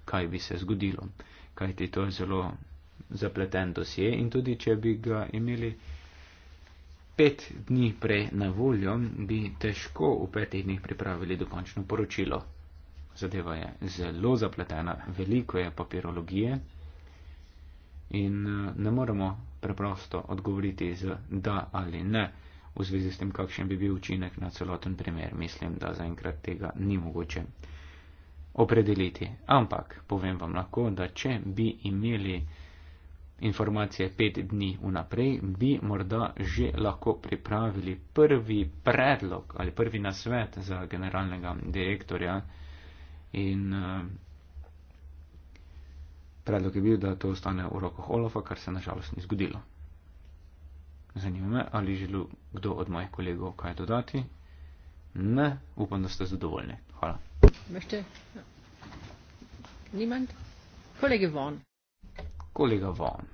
S2: kaj bi se zgodilo, kajti to je zelo zapleten dosje in tudi, če bi ga imeli pet dni prej na voljo, bi težko v petih dneh pripravili dokončno poročilo. Zadeva je zelo zapletena, veliko je papirologije in eh, ne moremo preprosto odgovoriti z da ali ne v zvezi s tem, kakšen bi bil učinek na celoten primer. Mislim, da zaenkrat tega ni mogoče opredeliti. Ampak povem vam lahko, da če bi imeli informacije pet dni vnaprej, bi morda že lahko pripravili prvi predlog ali prvi nasvet za generalnega direktorja in uh, Predlog je bil, da to ostane v rokah Olofa, kar se nažalost ni zgodilo. Zanima me, ali želi kdo od mojih kolegov kaj dodati. Ne, upam, da ste zadovoljni. Hvala.
S1: Mešte? Nimand? Kolege von.
S2: Kolega von.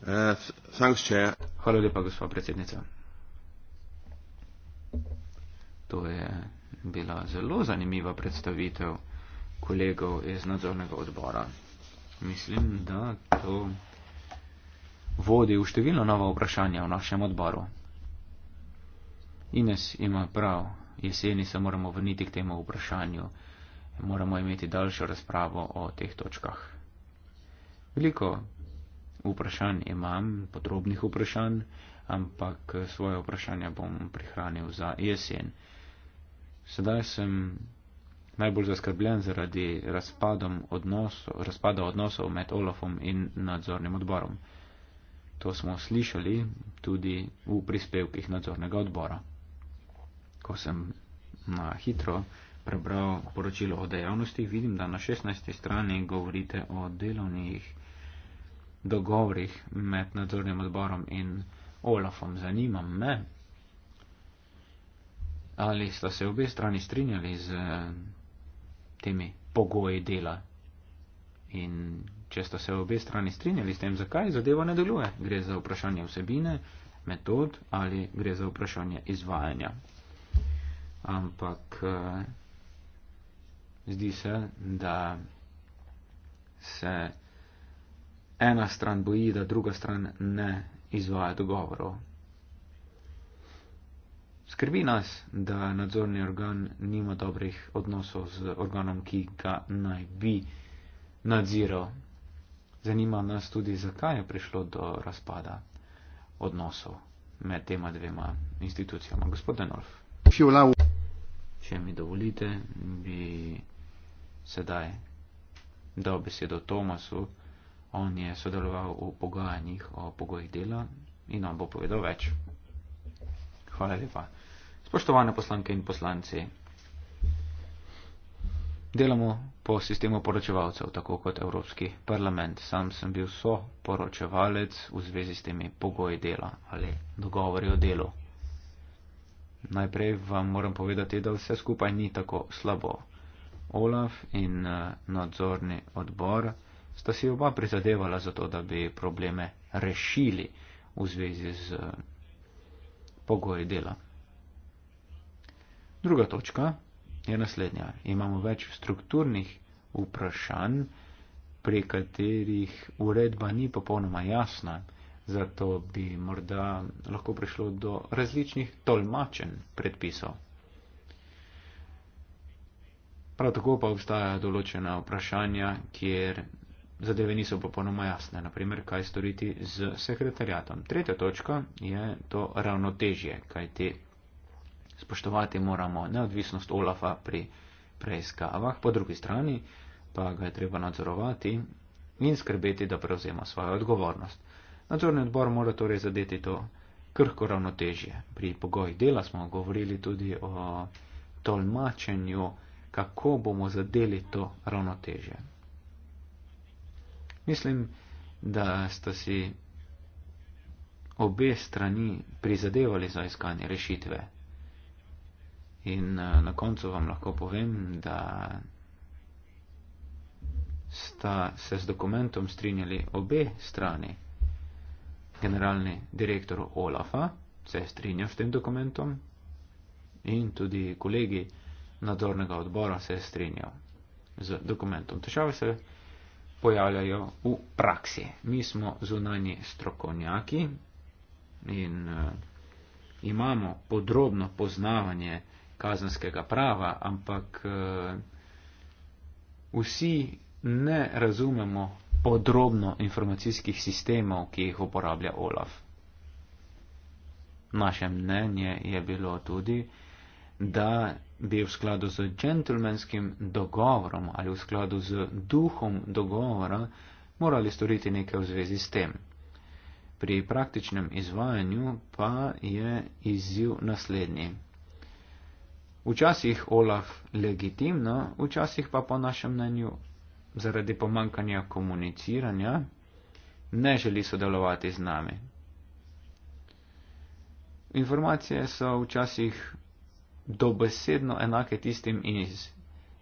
S2: Uh, eh, thanks, chair. Hvala lepa, gospod predsednica. To je bila zelo zanimiva predstavitev kolegov iz nadzornega odbora. Mislim, da to vodi v številno novo vprašanje v našem odboru. Ines ima prav, jeseni se moramo vrniti k temu vprašanju, moramo imeti daljšo razpravo o teh točkah. Veliko vprašanj imam, podrobnih vprašanj, ampak svoje vprašanje bom prihranil za jesen. Sedaj sem najbolj zaskrbljen zaradi odnosov, razpada odnosov med Olafom in nadzornim odborom. To smo slišali tudi v prispevkih nadzornega odbora. Ko sem na hitro prebral poročilo o dejavnostih, vidim, da na 16. strani govorite o delovnih dogovorih med nadzornim odborom in Olafom. Zanima me, ali sta se obe strani strinjali z temi pogoji dela. In če sta se obe strani strinjali s tem, zakaj zadeva ne deluje, gre za vprašanje vsebine, metod ali gre za vprašanje izvajanja. Ampak eh, zdi se, da se ena stran boji, da druga stran ne izvaja dogovorov, Skrbi nas, da nadzorni organ nima dobrih odnosov z organom, ki ga naj bi nadziral. Zanima nas tudi, zakaj je prišlo do razpada odnosov med tema dvema institucijama. Gospod Denolf, če mi dovolite, bi sedaj dal besedo Tomasu. On je sodeloval v pogajanjih o pogojih dela in nam bo povedal več. Hvala lepa. Spoštovane poslanke in poslanci, delamo po sistemu poročevalcev, tako kot Evropski parlament. Sam sem bil soporočevalec v zvezi s temi pogoji dela ali dogovori o delu. Najprej vam moram povedati, da vse skupaj ni tako slabo. Olaf in eh, nadzorni odbor sta si oba prizadevala za to, da bi probleme rešili v zvezi z eh, pogoji dela. Druga točka je naslednja. Imamo več strukturnih vprašanj, pri katerih uredba ni popolnoma jasna, zato bi morda lahko prišlo do različnih tolmačen predpisov. Prav tako pa obstajajo določena vprašanja, kjer zadeve niso popolnoma jasne, naprimer, kaj storiti z sekretarjatom. Tretja točka je to ravnotežje, kaj te spoštovati moramo neodvisnost Olafa pri preiskavah, po drugi strani pa ga je treba nadzorovati in skrbeti, da prevzema svojo odgovornost. Nadzorni odbor mora torej zadeti to krhko ravnotežje. Pri pogojih dela smo govorili tudi o tolmačenju, kako bomo zadeli to ravnotežje. Mislim, da sta si obe strani prizadevali za iskanje rešitve. In eh, na koncu vam lahko povem, da sta se z dokumentom strinjali obe strani. Generalni direktor Olafa se je strinjal s tem dokumentom in tudi kolegi nadzornega odbora se je strinjal z dokumentom. Težave se pojavljajo v praksi. Mi smo zunani strokovnjaki in eh, imamo podrobno poznavanje, kazenskega prava, ampak eh, vsi ne razumemo podrobno informacijskih sistemov, ki jih uporablja Olaf. Naše mnenje je bilo tudi, da bi v skladu z džentlmenskim dogovorom ali v skladu z duhom dogovora morali storiti nekaj v zvezi s tem. Pri praktičnem izvajanju pa je izziv naslednji včasih Olaf legitimno, včasih pa po našem mnenju zaradi pomankanja komuniciranja ne želi sodelovati z nami. Informacije so včasih dobesedno enake tistim iz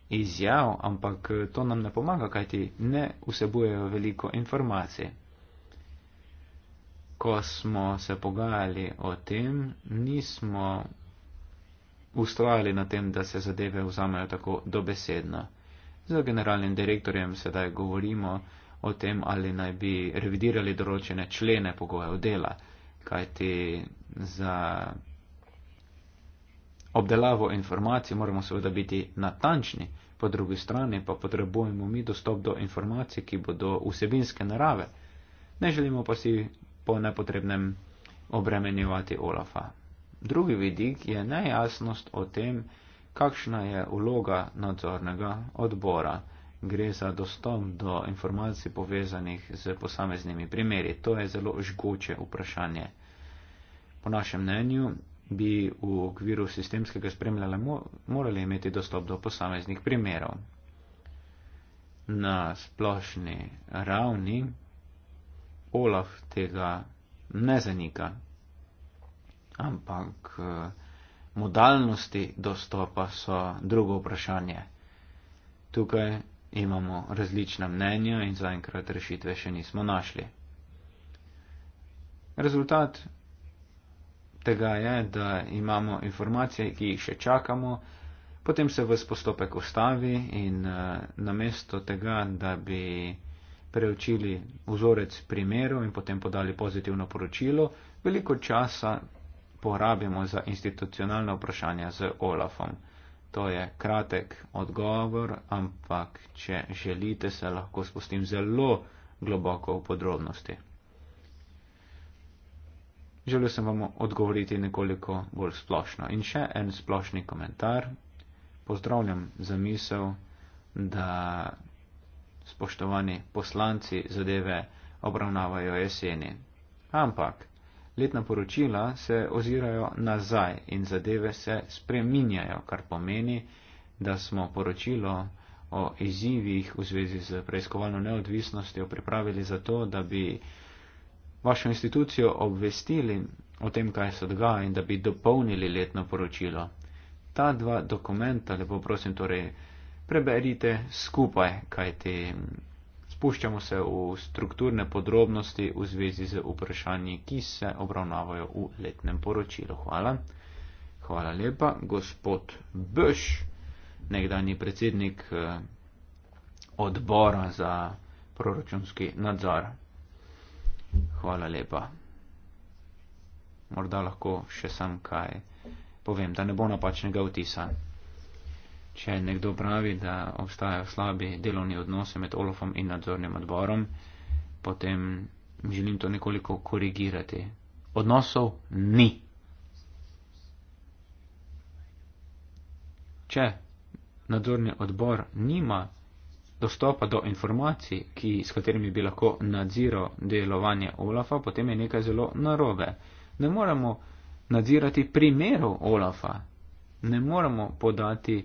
S2: izjav, ampak eh, to nam ne pomaga, kajti ne vsebujejo veliko informacije. Ko smo se pogajali o tem, nismo ustrajali na tem, da se zadeve vzamejo tako dobesedno. Z generalnim direktorjem sedaj govorimo o tem, ali naj bi revidirali določene člene pogojev dela, kajti za obdelavo informacij moramo seveda biti natančni, po drugi strani pa potrebujemo mi dostop do informacij, ki bodo vsebinske narave. Ne želimo pa si po nepotrebnem obremenjevati Olafa. Drugi vidik je nejasnost o tem, kakšna je vloga nadzornega odbora. Gre za dostop do informacij povezanih z posameznimi primeri. To je zelo žgoče vprašanje. Po našem mnenju bi v okviru sistemskega spremljala morali imeti dostop do posameznih primerov. Na splošni ravni Olaf tega ne zanika ampak eh, modalnosti dostopa so drugo vprašanje. Tukaj imamo različna mnenja in zaenkrat rešitve še nismo našli. Rezultat tega je, da imamo informacije, ki jih še čakamo, potem se vse postopek ustavi in eh, namesto tega, da bi preučili vzorec primerov in potem podali pozitivno poročilo, veliko časa porabimo za institucionalna vprašanja z Olafom. To je kratek odgovor, ampak če želite, se lahko spustim zelo globoko v podrobnosti. Želel sem vam odgovoriti nekoliko bolj splošno. In še en splošni komentar. Pozdravljam zamisel, da spoštovani poslanci zadeve obravnavajo jeseni. Ampak letna poročila se ozirajo nazaj in zadeve se spreminjajo, kar pomeni, da smo poročilo o izzivih v zvezi z preiskovalno neodvisnostjo pripravili zato, da bi vašo institucijo obvestili o tem, kaj se dogaja in da bi dopolnili letno poročilo. Ta dva dokumenta lepo prosim torej preberite skupaj, kaj te spuščamo se v strukturne podrobnosti v zvezi z vprašanji, ki se obravnavajo v letnem poročilu. Hvala. Hvala lepa, gospod Bush, nekdani predsednik eh, odbora za proračunski nadzor. Hvala lepa. Morda lahko še sam kaj povem, da ne bo napačnega vtisa. Če nekdo pravi, da obstajajo slabi delovni odnosi med Olofom in nadzornim odborom, potem želim to nekoliko korigirati. Odnosov ni. Če nadzorni odbor nima dostopa do informacij, ki, s katerimi bi lahko nadziral delovanje Olafa, potem je nekaj zelo narobe. Ne moremo nadzirati primerov Olafa. Ne moremo podati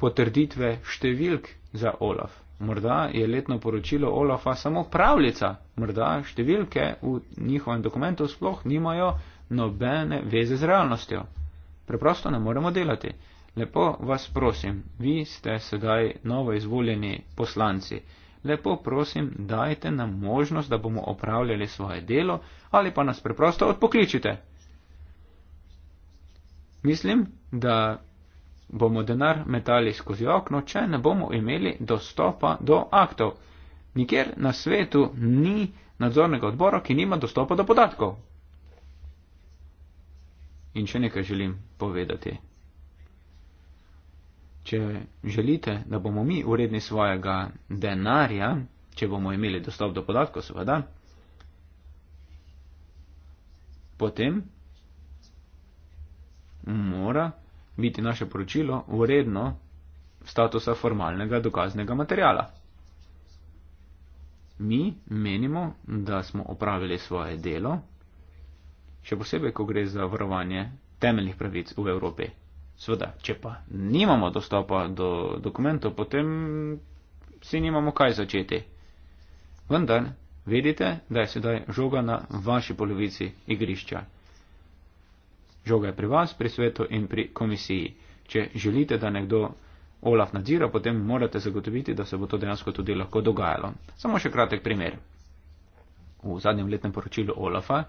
S2: potrditve številk za Olaf. Morda je letno poročilo Olafa samo pravljica, morda številke v njihovem dokumentu sploh nimajo nobene veze z realnostjo. Preprosto ne moremo delati. Lepo vas prosim, vi ste sedaj novo izvoljeni poslanci. Lepo prosim, dajte nam možnost, da bomo opravljali svoje delo ali pa nas preprosto odpokličite. Mislim, da bomo denar metali skozi okno, če ne bomo imeli dostopa do aktov. Nikjer na svetu ni nadzornega odbora, ki nima dostopa do podatkov. In še nekaj želim povedati. Če želite, da bomo mi uredni svojega denarja, če bomo imeli dostop do podatkov, seveda, potem mora biti naše poročilo uredno statusa formalnega dokaznega materijala. Mi menimo, da smo opravili svoje delo, še posebej, ko gre za varovanje temeljnih pravic v Evropi. Sveda, če pa nimamo dostopa do dokumentov, potem si nimamo kaj začeti. Vendar, vedite, da je sedaj žoga na vaši polovici igrišča Žoga je pri vas, pri svetu in pri komisiji. Če želite, da nekdo Olaf nadzira, potem morate zagotoviti, da se bo to dejansko tudi lahko dogajalo. Samo še kratek primer. V zadnjem letnem poročilu Olafa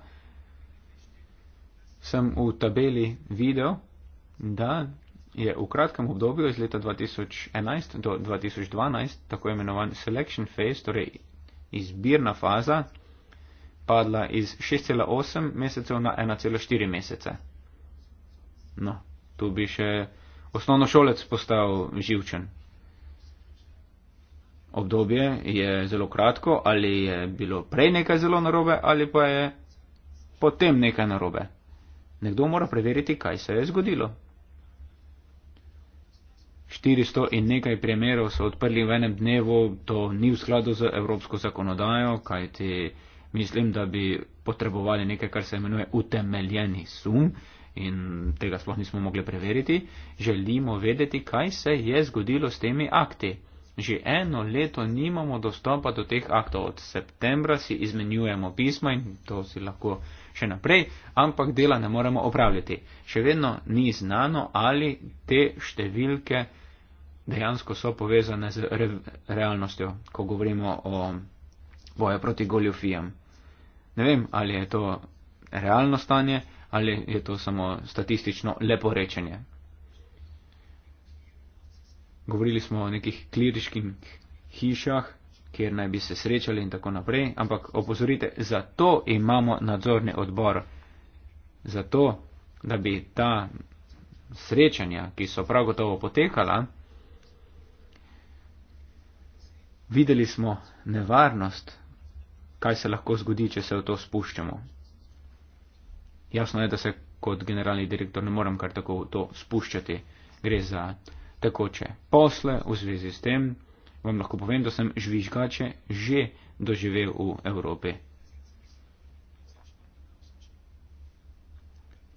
S2: sem v tabeli videl, da je v kratkem obdobju iz leta 2011 do 2012 tako imenovan selection phase, torej izbirna faza, padla iz 6,8 mesecev na 1,4 mesece. No, tu bi še osnovno šolec postal živčen. Obdobje je zelo kratko, ali je bilo prej nekaj zelo narobe, ali pa je potem nekaj narobe. Nekdo mora preveriti, kaj se je zgodilo. 400 in nekaj primerov so odprli v enem dnevu, to ni v skladu z evropsko zakonodajo, kajti mislim, da bi potrebovali nekaj, kar se imenuje utemeljeni sum, in tega sploh nismo mogli preveriti, želimo vedeti, kaj se je zgodilo s temi akti. Že eno leto nimamo dostopa do teh aktov, od septembra si izmenjujemo pisma in to si lahko še naprej, ampak dela ne moremo opravljati. Še vedno ni znano, ali te številke dejansko so povezane z re realnostjo, ko govorimo o boju proti goljofijam. Ne vem, ali je to realno stanje ali je to samo statistično leporečenje. Govorili smo o nekih kliriških hišah, kjer naj bi se srečali in tako naprej, ampak opozorite, zato imamo nadzorni odbor, zato, da bi ta srečanja, ki so prav gotovo potekala, videli smo nevarnost, kaj se lahko zgodi, če se v to spuščamo. Jasno je, da se kot generalni direktor ne morem kar tako to spuščati. Gre za tekoče posle v zvezi s tem. Vam lahko povem, da sem žvižgače že doživel v Evropi.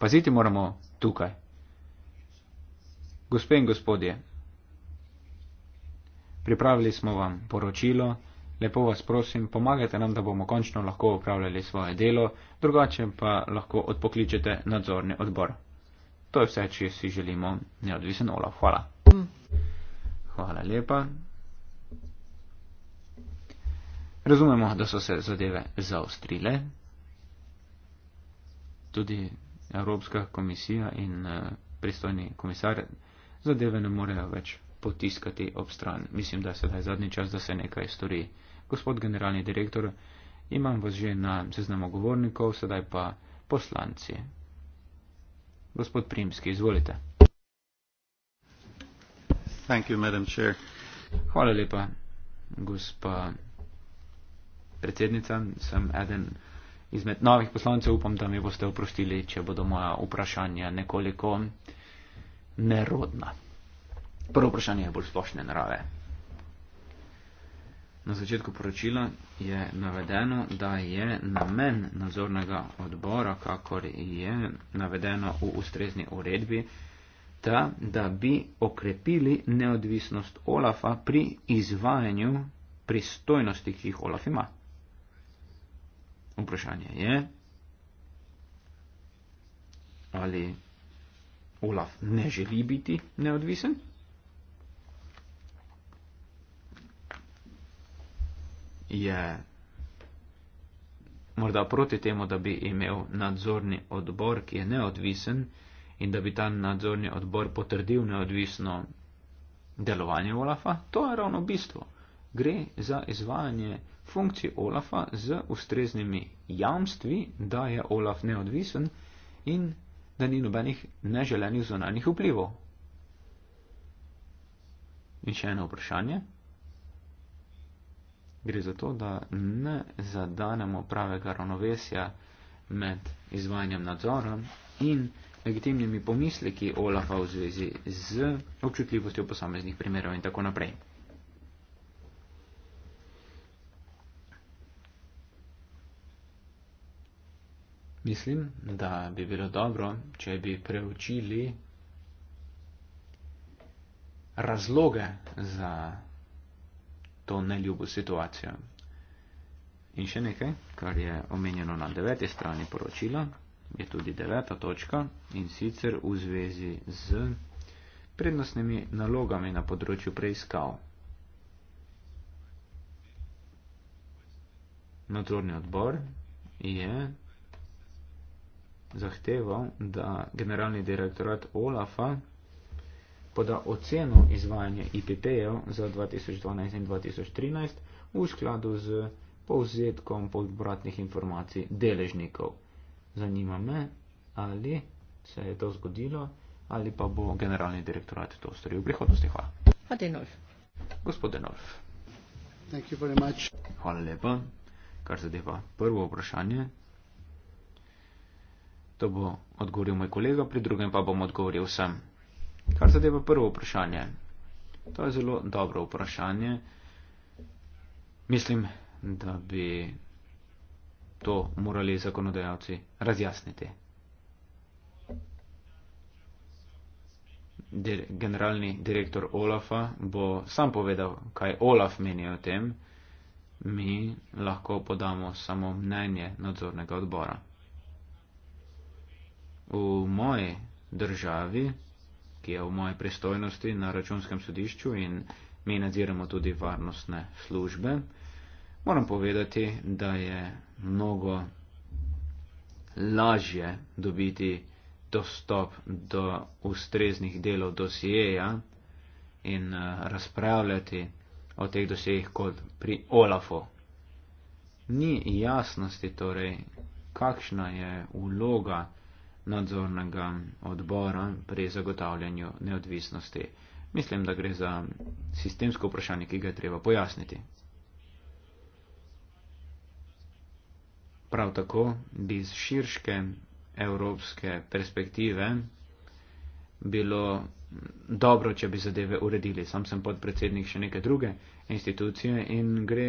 S2: Paziti moramo tukaj. Gospe in gospodje, pripravili smo vam poročilo. Lepo vas prosim, pomagajte nam, da bomo končno lahko upravljali svoje delo, drugače pa lahko odpokličete nadzorni odbor. To je vse, če si želimo neodvisen Olaf. Hvala. Hvala lepa. Razumemo, da so se zadeve zaostrile. Tudi Evropska komisija in eh, pristojni komisar zadeve ne morejo več potiskati ob stran. Mislim, da je sedaj zadnji čas, da se nekaj stori. Gospod generalni direktor, imam vas že na seznamu govornikov, sedaj pa poslanci. Gospod Primski, izvolite. You, Hvala lepa, gospa predsednica. Sem eden izmed novih poslancev. Upam, da mi boste oprostili, če bodo moja vprašanja nekoliko nerodna. Prvo vprašanje je bolj splošne narave. Na začetku poročila je navedeno, da je namen nadzornega odbora, kakor je navedeno v ustrezni uredbi, ta, da bi okrepili neodvisnost Olafa pri izvajanju pristojnosti, ki jih Olaf ima. Vprašanje je, ali Olaf ne želi biti neodvisen je morda proti temu, da bi imel nadzorni odbor, ki je neodvisen in da bi ta nadzorni odbor potrdil neodvisno delovanje Olafa. To je ravno bistvo. Gre za izvajanje funkcij Olafa z ustreznimi jamstvi, da je Olaf neodvisen in da ni nobenih neželenih zonalnih vplivov. In še eno vprašanje. Gre za to, da ne zadanemo pravega ravnovesja med izvajanjem nadzora in legitimnimi pomisleki Olafa v zvezi z občutljivostjo posameznih primerov in tako naprej. Mislim, da bi bilo dobro, če bi preučili razloge za to neljubo situacijo. In še nekaj, kar je omenjeno na deveti strani poročila, je tudi deveta točka in sicer v zvezi z prednostnimi nalogami na področju preiskav. Nadzorni odbor je zahteval, da generalni direktorat Olafa poda oceno izvajanja IPP-jev za 2012 in 2013 v skladu z povzetkom podbratnih informacij deležnikov. Zanima me, ali se je to zgodilo, ali pa bo generalni direktorat to storil v prihodnosti. Hvala. Adenolf. Gospod Adenolf.
S1: Thank you very much.
S2: Hvala lepa. Kar zadeva prvo vprašanje, to bo odgovoril moj kolega, pri drugem pa bom odgovoril sem. Kar zadeva prvo vprašanje. To je zelo dobro vprašanje. Mislim, da bi to morali zakonodajalci razjasniti. Dir generalni direktor Olafa bo sam povedal, kaj Olaf meni o tem. Mi lahko podamo samo mnenje nadzornega odbora. V moji državi ki je v moje pristojnosti na računskem sodišču in mi nadziramo tudi varnostne službe, moram povedati, da je mnogo lažje dobiti dostop do ustreznih delov dosjeja in eh, razpravljati o teh dosjejih kot pri Olafu. Ni jasnosti torej, kakšna je vloga nadzornega odbora pri zagotavljanju neodvisnosti. Mislim, da gre za sistemsko vprašanje, ki ga je treba pojasniti. Prav tako bi iz širške evropske perspektive bilo dobro, če bi zadeve uredili. Sam sem podpredsednik še neke druge institucije in gre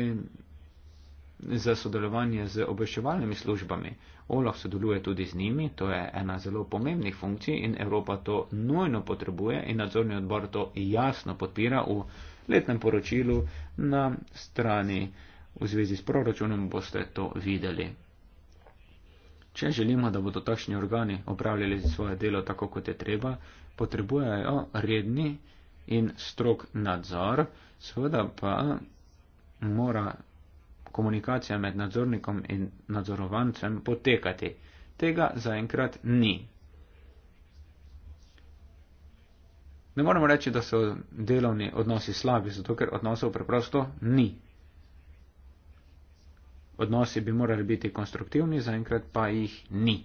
S2: za sodelovanje z obveščevalnimi službami. Olaf sodeluje tudi z njimi, to je ena zelo pomembnih funkcij in Evropa to nujno potrebuje in nadzorni odbor to jasno podpira v letnem poročilu na strani v zvezi s proračunom boste to videli. Če želimo, da bodo takšni organi opravljali svoje delo tako, kot je treba, potrebujejo redni in strok nadzor, seveda pa mora komunikacija med nadzornikom in nadzorovancem potekati. Tega zaenkrat ni. Ne moremo reči, da so delovni odnosi slabi, zato ker odnosov preprosto ni. Odnosi bi morali biti konstruktivni, zaenkrat pa jih ni.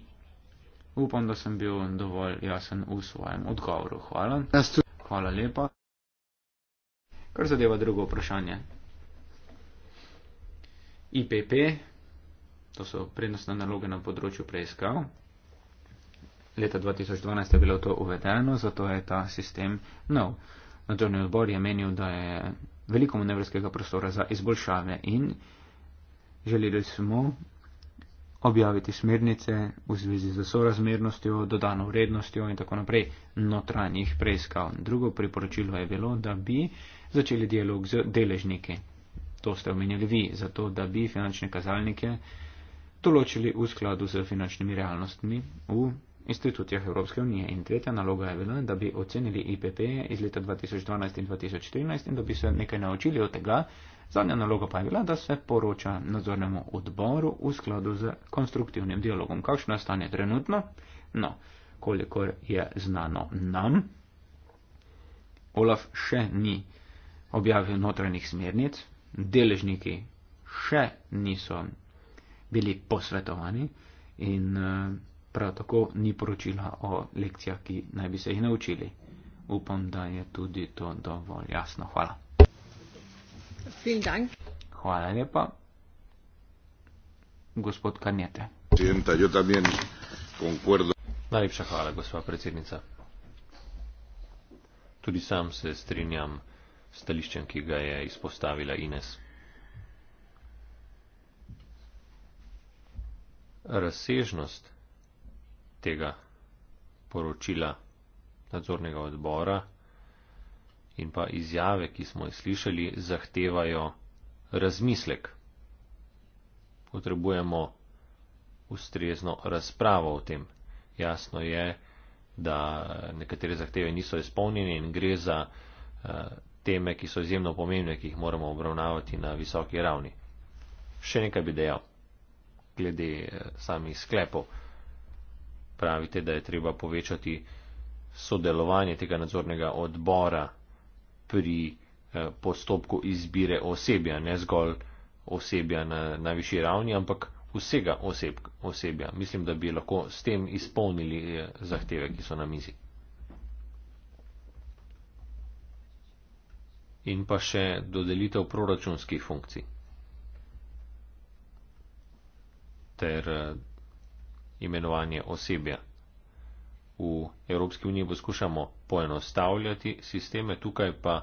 S2: Upam, da sem bil dovolj jasen v svojem odgovoru. Hvala. Hvala lepa. Kar zadeva drugo vprašanje. IPP, to so prednostne naloge na področju preiskav. Leta 2012 je bilo to uvedeno, zato je ta sistem nov. Nadzorni odbor je menil, da je veliko manevrskega prostora za izboljšave in želeli smo objaviti smernice v zvezi z sorazmernostjo, dodano vrednostjo in tako naprej notranjih preiskav. Drugo priporočilo je bilo, da bi začeli dialog z deležniki to ste omenjali vi, zato da bi finančne kazalnike določili v skladu z finančnimi realnostmi v institucijah Evropske unije. In tretja naloga je bila, da bi ocenili IPP iz leta 2012 in 2014 in da bi se nekaj naučili od tega. Zadnja naloga pa je bila, da se poroča nadzornemu odboru v skladu z konstruktivnim dialogom. Kakšno je stanje trenutno? No, kolikor je znano nam, Olaf še ni objavil notranjih smernic, deležniki še niso bili posvetovani in eh, prav tako ni poročila o lekcijah, ki naj bi se jih naučili. Upam, da je tudi to dovolj jasno. Hvala. Hvala lepa.
S5: Gospod Karnjete. Najlepša hvala, gospa predsednica. Tudi sam se strinjam stališčem, ki ga je izpostavila Ines. Razsežnost tega poročila nadzornega odbora in pa izjave, ki smo jih slišali, zahtevajo razmislek. Potrebujemo ustrezno razpravo o tem. Jasno je, da nekatere zahteve niso izpolnjene in gre za uh, teme, ki so izjemno pomembne, ki jih moramo obravnavati na visoki ravni. Še nekaj bi dejal, glede eh, samih sklepov. Pravite, da je treba povečati sodelovanje tega nadzornega odbora pri eh, postopku izbire osebja, ne zgolj osebja na, na višji ravni, ampak vsega oseb, osebja. Mislim, da bi lahko s tem izpolnili eh, zahteve, ki so na mizi. in pa še dodelitev proračunskih funkcij. Ter eh, imenovanje osebja. V Evropski uniji poskušamo poenostavljati sisteme, tukaj pa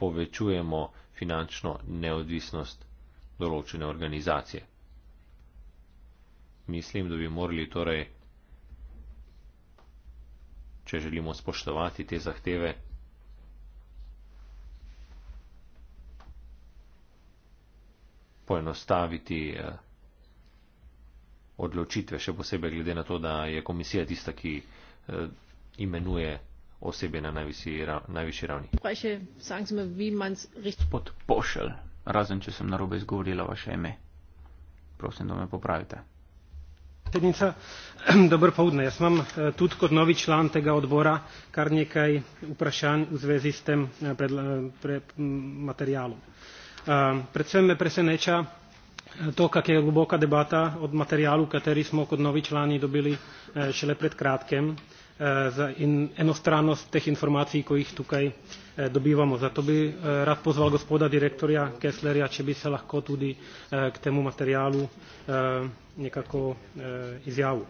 S5: povečujemo finančno neodvisnost določene organizacije. Mislim, da bi morali torej, če želimo spoštovati te zahteve, poenostaviti eh, odločitve, še posebej glede na to, da je komisija tista, ki eh, imenuje osebe na najvišji ravni. Gospod Pošelj, razen če sem narobe izgovorila vaše
S2: ime, prosim, da me popravite.
S3: Predsednica, dobro povdne. Jaz imam eh, tudi kot novi član tega odbora kar nekaj vprašanj v zvezi s tem materialom. Pre, pre, pre, pre, pre, pre, pre, pre, Ehm, predvsem me preseneča eh, to, kak je globoka debata od materialu, kateri smo kot novi člani dobili eh, šele pred kratkem eh, in enostranost teh informacij, ko jih tukaj dobivamo. Zato bi rad pozval gospoda direktorja Kesslerja, če bi se lahko tudi k temu materialu nekako izjavil.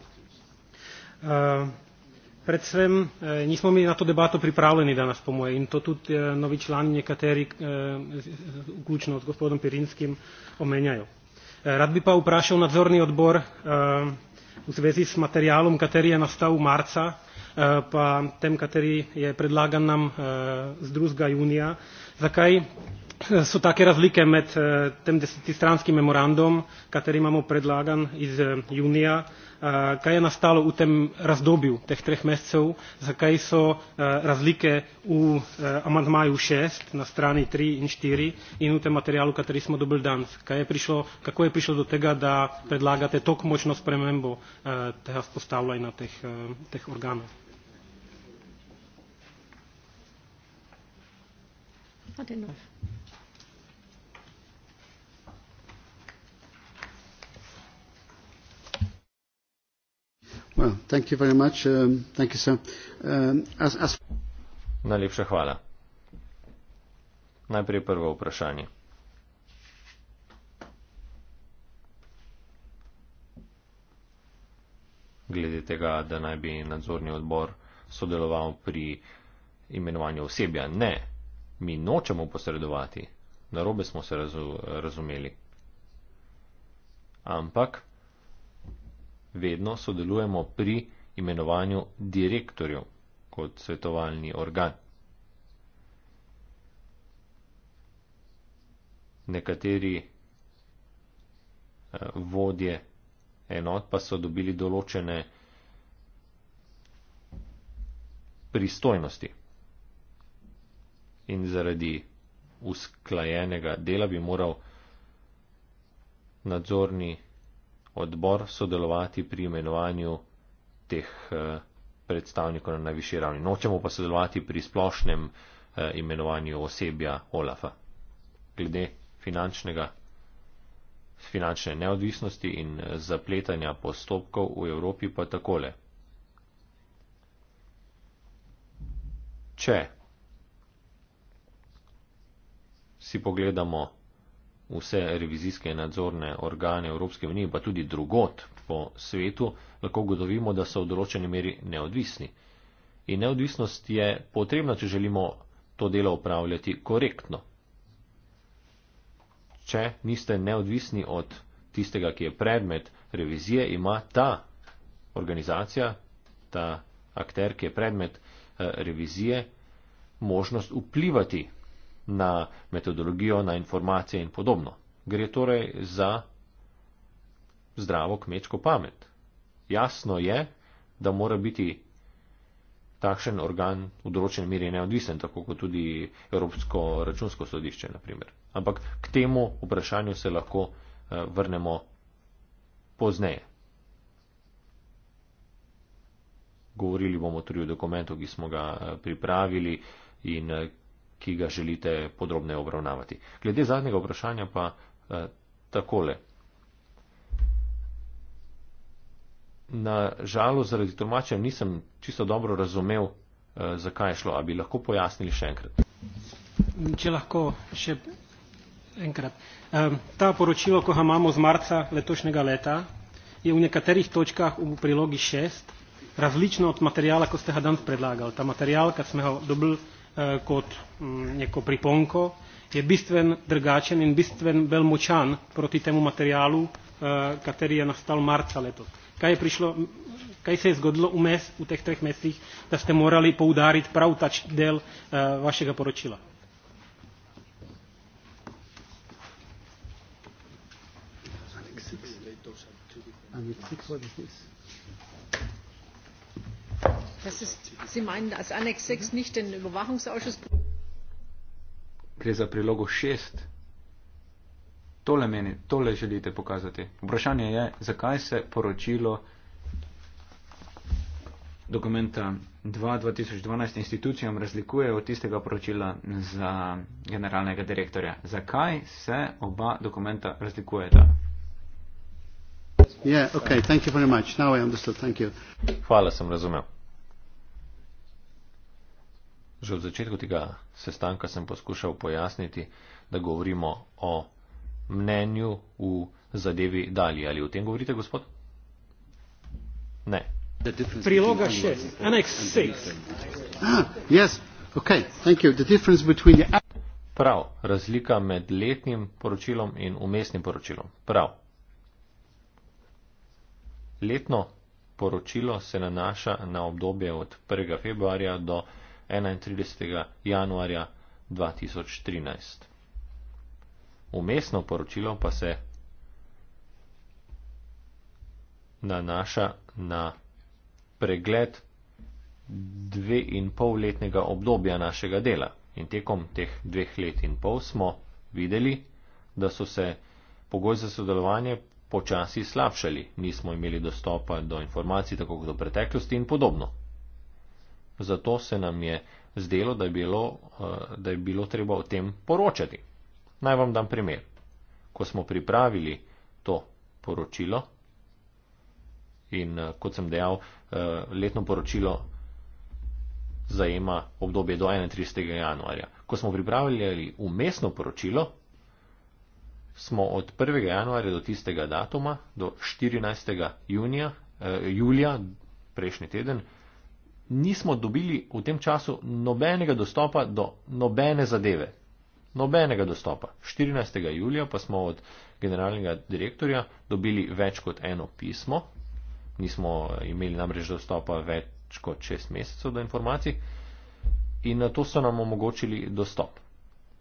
S3: Ehm, predvsem eh, nismo mi na to debato pripravljeni danes po moje in to tudi eh, novi člani nekateri, eh, vključno eh, z gospodom Pirinskim, omenjajo. Eh, rad bi pa vprašal nadzorni odbor eh, v zvezi s materialom, kateri je nastal v marca, eh, pa tem, kateri je predlagan nam eh, z 2. junija, zakaj so take razlike med eh, tem desetistranskim memorandum, kateri imamo predlagan iz eh, junija, eh, kaj je nastalo v tem razdobju teh treh mesecev, zakaj so razlike v amandmaju šest na strani tri in štiri in v tem materialu, kateri smo dobili danes, kaj je prišlo, kako je prišlo do tega, da predlagate tok močno spremembo tega spostavljanja teh, teh organov. Not enough. Well, thank you very much. Um, thank you, sir. Um, as, as...
S5: Najlepša hvala. Najprej prvo vprašanje. Glede tega, da naj bi nadzorni odbor sodeloval pri imenovanju osebja. Ne, mi nočemo posredovati. Narobe smo se razumeli. Ampak vedno sodelujemo pri imenovanju direktorjev kot svetovalni organ. Nekateri eh, vodje enot pa so dobili določene pristojnosti. In zaradi usklajenega dela bi moral nadzorni odbor sodelovati pri imenovanju teh eh, predstavnikov na najvišji ravni. Nočemo pa sodelovati pri splošnem eh, imenovanju osebja Olafa. Glede finančnega, finančne neodvisnosti in eh, zapletanja postopkov v Evropi pa takole. Če si pogledamo vse revizijske nadzorne organe Evropske unije, pa tudi drugot po svetu, lahko ugotovimo, da so v določeni meri neodvisni. In neodvisnost je potrebna, če želimo to delo upravljati korektno. Če niste neodvisni od tistega, ki je predmet revizije, ima ta organizacija, ta akter, ki je predmet eh, revizije, možnost vplivati na metodologijo, na informacije in podobno. Gre torej za zdravo kmečko pamet. Jasno je, da mora biti takšen organ v določenem meri neodvisen, tako kot tudi Evropsko računsko sodišče, naprimer. Ampak k temu vprašanju se lahko eh, vrnemo pozneje. Govorili bomo tudi o dokumentu, ki smo ga eh, pripravili in eh, ki ga želite podrobne obravnavati. Glede zadnjega vprašanja pa eh, takole. Na žalost zaradi tolmačev nisem čisto dobro razumel, eh, zakaj je šlo. A bi lahko pojasnili še enkrat?
S3: Če lahko še enkrat. Ehm, ta poročilo, ko ga imamo z marca letošnjega leta, je v nekaterih točkah v prilogi 6 različno od materijala, ko ste ga danes predlagali. Ta materijal, kad smo ga dobili Eh, kot mm, neko priponko, je bistven drugačen in bistven bolj močan proti temu materialu, eh, kateri je nastal marca leto. Kaj, je prišlo, kaj se je zgodilo vmes v teh treh mesecih, da ste morali poudariti prav ta del eh, vašega poročila? Six, what is this?
S1: Mhm.
S2: Gre za prilogo šest. Tole meni, tole želite pokazati. Vprašanje je, zakaj se poročilo dokumenta 2.2012 institucijam razlikuje od tistega poročila za generalnega direktorja. Zakaj se oba dokumenta razlikujeta?
S3: Yeah, okay, thank you very much. Now I understood. Thank you.
S5: Hvala, sem razumel. Že v začetku tega sestanka sem poskušal pojasniti, da govorimo o mnenju v zadevi dalje. Ali o tem govorite, gospod? Ne.
S3: Priloga šest, aneks šest. Ah, yes. okay.
S5: Prav, razlika med letnim poročilom in umestnim poročilom. Prav. Letno poročilo se nanaša na obdobje od 1. februarja do 1. 31. januarja 2013. Umestno poročilo pa se nanaša na pregled dve in pol letnega obdobja našega dela. In tekom teh dveh let in pol smo videli, da so se pogoji za sodelovanje počasi slabšali, nismo imeli dostopa do informacij tako kot v preteklosti in podobno. Zato se nam je zdelo, da je bilo, eh, da je bilo treba o tem poročati. Naj vam dam primer. Ko smo pripravili to poročilo in, eh, kot sem dejal, eh, letno poročilo zajema obdobje do 31. januarja. Ko smo pripravili umestno poročilo, smo od 1. januarja do tistega datuma, do 14. junija, eh, julija prejšnji teden, eh, nismo dobili v tem času nobenega dostopa do nobene zadeve. Nobenega dostopa. 14. julija pa smo od generalnega direktorja dobili več kot eno pismo. Nismo imeli namreč dostopa več kot 6 mesecev do informacij in na to so nam omogočili dostop.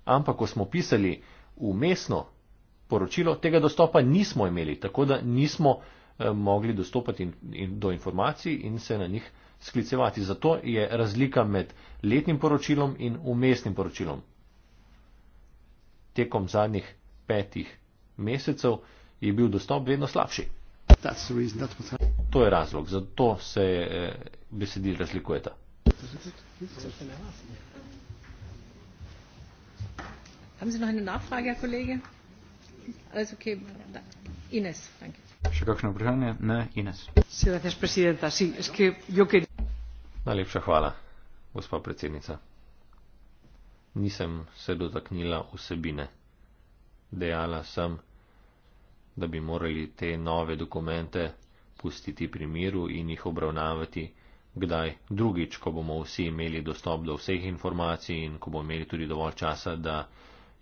S5: Ampak, ko smo pisali umestno poročilo, tega dostopa nismo imeli, tako da nismo eh, mogli dostopati do informacij in se na njih sklicevati. Zato je razlika med letnim poročilom in umestnim poročilom. Tekom zadnjih petih mesecev je bil dostop vedno slabši. To je razlog, zato se eh, besedi razlikujeta.
S1: Haben Sie noch eine Nachfrage, Herr Kollege? Alles okay. Da. Ines,
S5: danke.
S1: Sie, Herr Präsident,
S5: Najlepša hvala, gospa predsednica. Nisem se dotaknila vsebine. Dejala sem, da bi morali te nove dokumente pustiti pri miru in jih obravnavati, kdaj drugič, ko bomo vsi imeli dostop do vseh informacij in ko bomo imeli tudi dovolj časa, da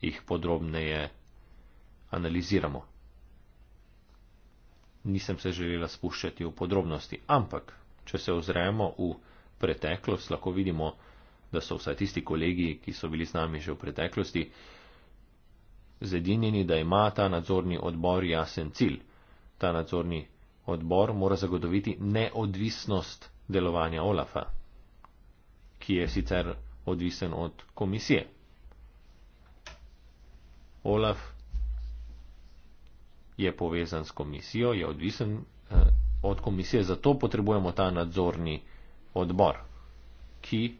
S5: jih podrobneje analiziramo. Nisem se želela spuščati v podrobnosti, ampak, če se ozremo v preteklost, lahko vidimo, da so vsaj tisti kolegi, ki so bili z nami že v preteklosti, zedinjeni, da ima ta nadzorni odbor jasen cilj. Ta nadzorni odbor mora zagotoviti neodvisnost delovanja Olafa, ki je sicer odvisen od komisije. Olaf je povezan s komisijo, je odvisen eh, od komisije, zato potrebujemo ta nadzorni odbor odbor, ki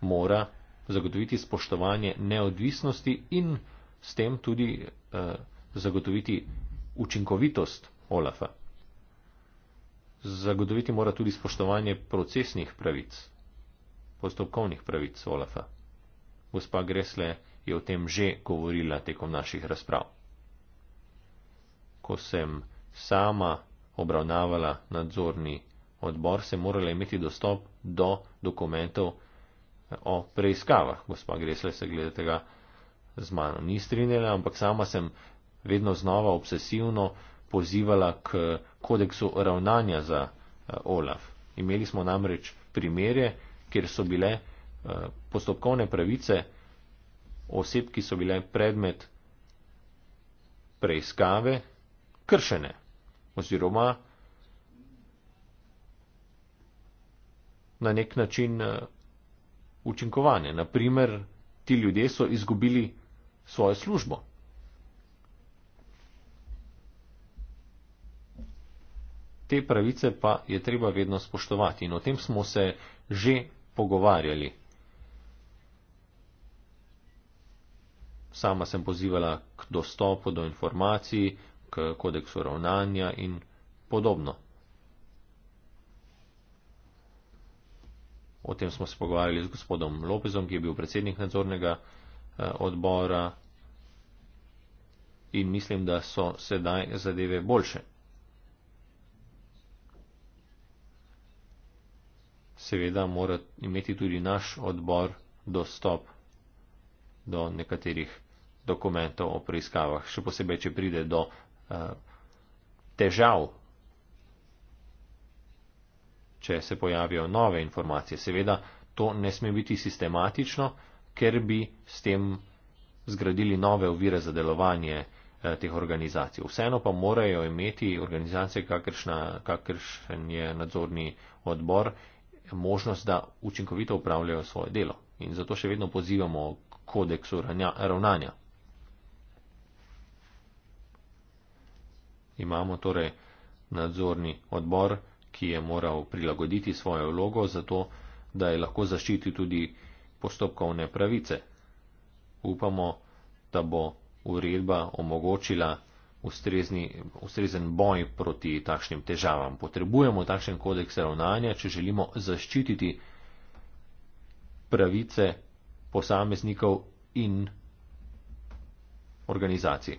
S5: mora zagotoviti spoštovanje neodvisnosti in s tem tudi eh, zagotoviti učinkovitost OLAF-a. Zagotoviti mora tudi spoštovanje procesnih pravic, postopkovnih pravic OLAF-a. Gospa Gresle je o tem že govorila tekom naših razprav. Ko sem sama obravnavala nadzorni odbor se morala imeti dostop do dokumentov eh, o preiskavah. Gospa Gresle se glede tega z mano ni strinjala, ampak sama sem vedno znova obsesivno pozivala k kodeksu ravnanja za eh, OLAF. Imeli smo namreč primere, kjer so bile eh, postopkovne pravice oseb, ki so bile predmet preiskave, kršene oziroma na nek način eh, učinkovanje. Naprimer, ti ljudje so izgubili svojo službo. Te pravice pa je treba vedno spoštovati in o tem smo se že pogovarjali. Sama sem pozivala k dostopu do informacij, k kodeksu ravnanja in podobno. O tem smo se pogovarjali z gospodom Lopezom, ki je bil predsednik nadzornega eh, odbora in mislim, da so sedaj zadeve boljše. Seveda mora imeti tudi naš odbor dostop do nekaterih dokumentov o preiskavah, še posebej, če pride do eh, težav če se pojavijo nove informacije. Seveda, to ne sme biti sistematično, ker bi s tem zgradili nove ovire za delovanje eh, teh organizacij. Vseeno pa morajo imeti organizacije, kakršna, kakršen je nadzorni odbor, možnost, da učinkovito upravljajo svoje delo. In zato še vedno pozivamo kodeksu ravnanja. Imamo torej nadzorni odbor, ki je moral prilagoditi svojo vlogo zato, da je lahko zaščiti tudi postopkovne pravice. Upamo, da bo uredba omogočila ustrezni, ustrezen boj proti takšnim težavam. Potrebujemo takšen kodeks ravnanja, če želimo zaščititi pravice posameznikov in organizacij.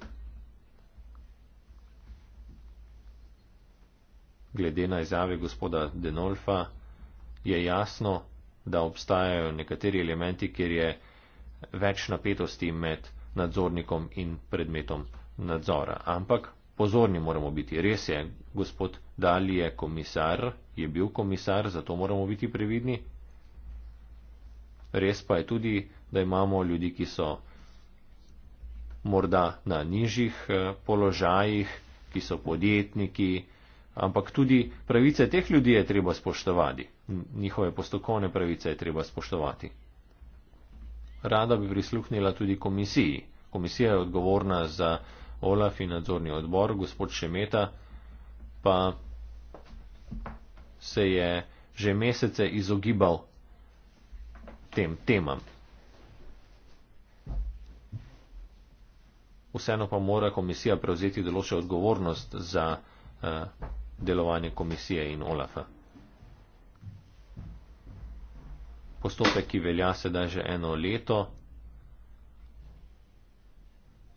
S5: glede na izjave gospoda Denolfa, je jasno, da obstajajo nekateri elementi, kjer je več napetosti med nadzornikom in predmetom nadzora. Ampak pozorni moramo biti. Res je, gospod Dali je komisar, je bil komisar, zato moramo biti previdni. Res pa je tudi, da imamo ljudi, ki so morda na nižjih eh, položajih, ki so podjetniki, ampak tudi pravice teh ljudi je treba spoštovati, njihove postokovne pravice je treba spoštovati. Rada bi prisluhnila tudi komisiji. Komisija je odgovorna za OLAF in nadzorni odbor, gospod Šemeta pa se je že mesece izogibal tem temam. Vseeno pa mora komisija prevzeti določeno odgovornost za uh, delovanje komisije in OLAF-a. Postopek, ki velja sedaj že eno leto,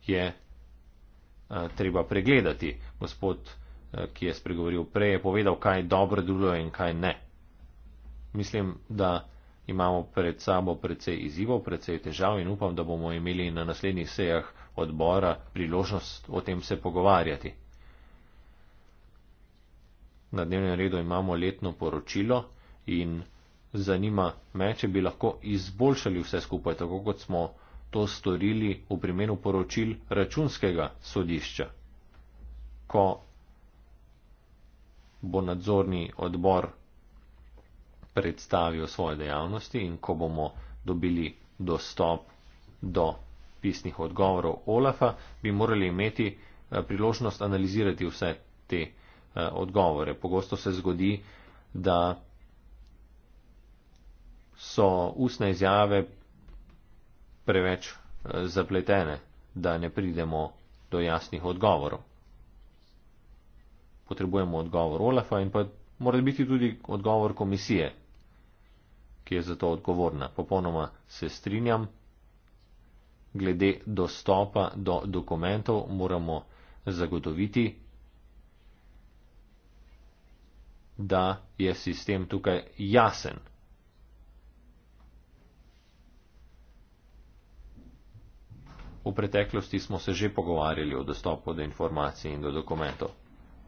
S5: je a, eh, treba pregledati. Gospod, a, eh, ki je spregovoril prej, je povedal, kaj dobro deluje in kaj ne. Mislim, da imamo pred sabo precej izzivov, precej težav in upam, da bomo imeli na naslednjih sejah odbora priložnost o tem se pogovarjati na dnevnem redu imamo letno poročilo in zanima me, če bi lahko izboljšali vse skupaj, tako kot smo to storili v primeru poročil računskega sodišča. Ko bo nadzorni odbor predstavil svoje dejavnosti in ko bomo dobili dostop do pisnih odgovorov Olafa, bi morali imeti eh, priložnost analizirati vse te dejavnosti. Eh, odgovore. Pogosto se zgodi, da so ustne izjave preveč eh, zapletene, da ne pridemo do jasnih odgovorov. Potrebujemo odgovor Olafa in pa mora biti tudi odgovor komisije, ki je za to odgovorna. Popolnoma se strinjam, glede dostopa do dokumentov moramo zagotoviti, da je sistem tukaj jasen. V preteklosti smo se že pogovarjali o dostopu do informacij in do dokumentov.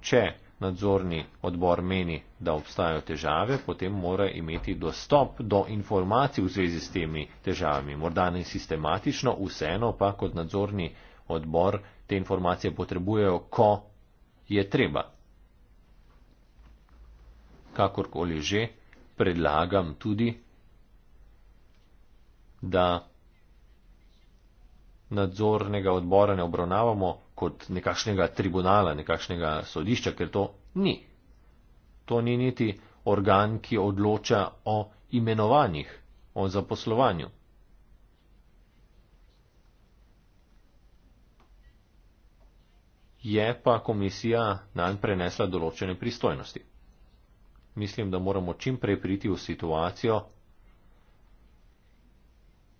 S5: Če nadzorni odbor meni, da obstajajo težave, potem mora imeti dostop do informacij v zvezi s temi težavami. Morda ne sistematično, vseeno pa kot nadzorni odbor te informacije potrebujejo, ko je treba kakorkoli že, predlagam tudi, da nadzornega odbora ne obravnavamo kot nekakšnega tribunala, nekakšnega sodišča, ker to ni. To ni niti organ, ki odloča o imenovanjih, o zaposlovanju. Je pa komisija nanj prenesla določene pristojnosti mislim, da moramo čim prej priti v situacijo,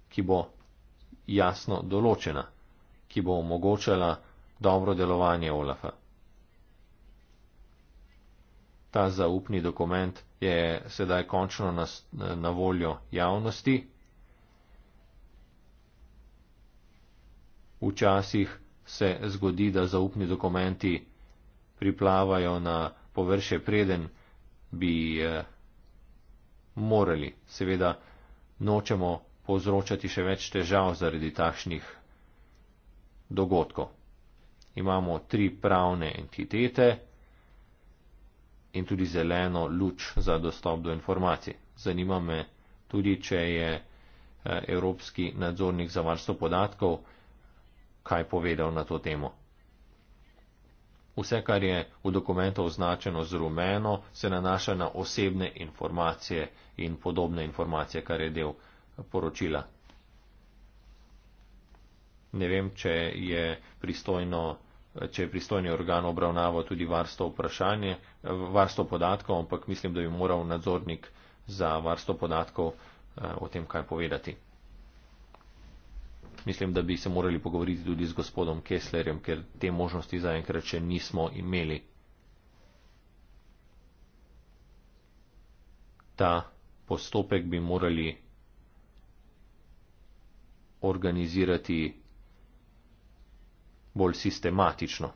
S5: ki bo jasno določena, ki bo omogočala dobro delovanje OLAF-a. Ta zaupni dokument je sedaj končno na, na voljo javnosti. Včasih se zgodi, da zaupni dokumenti priplavajo na površje preden, bi eh, morali. Seveda nočemo povzročati še več težav zaradi takšnih dogodkov. Imamo tri pravne entitete in tudi zeleno luč za dostop do informacij. Zanima me tudi, če je eh, Evropski nadzornik za varstvo podatkov kaj povedal na to temo. Vse, kar je v dokumentu označeno z rumeno, se nanaša na osebne informacije in podobne informacije, kar je del poročila. Ne vem, če je pristojno, če je pristojni organ obravnaval tudi varstvo vprašanje, varstvo podatkov, ampak mislim, da bi moral nadzornik za varstvo podatkov eh, o tem kaj povedati mislim, da bi se morali pogovoriti tudi z gospodom Kesslerjem, ker te možnosti zaenkrat še nismo imeli. Ta postopek bi morali organizirati bolj sistematično.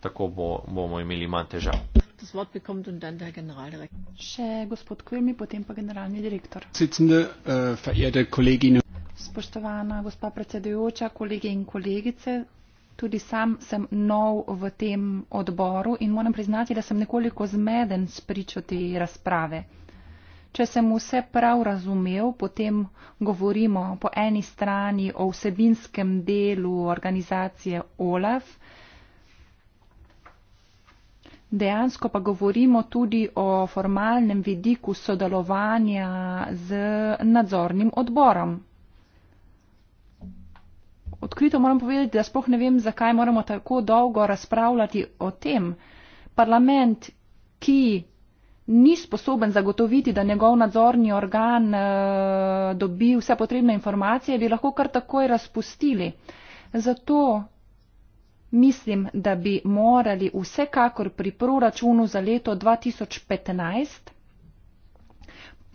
S5: Tako bo, bomo imeli manj težav
S1: das Wort bekommt und dann der Generaldirektor.
S3: Sitzende, äh, verehrte Kolleginnen
S4: Spoštovana gospa predsedujoča, kolege in kolegice, tudi sam sem nov v tem odboru in moram priznati, da sem nekoliko zmeden s pričo te razprave. Če sem vse prav razumel, potem govorimo po eni strani o vsebinskem delu organizacije OLAF, Dejansko pa govorimo tudi o formalnem vidiku sodelovanja z nadzornim odborom. Odkrito moram povedati, da spoh ne vem, zakaj moramo tako dolgo razpravljati o tem. Parlament, ki ni sposoben zagotoviti, da njegov nadzorni organ e, dobi vse potrebne informacije, bi lahko kar takoj razpustili. Zato Mislim, da bi morali vsekakor pri proračunu za leto 2015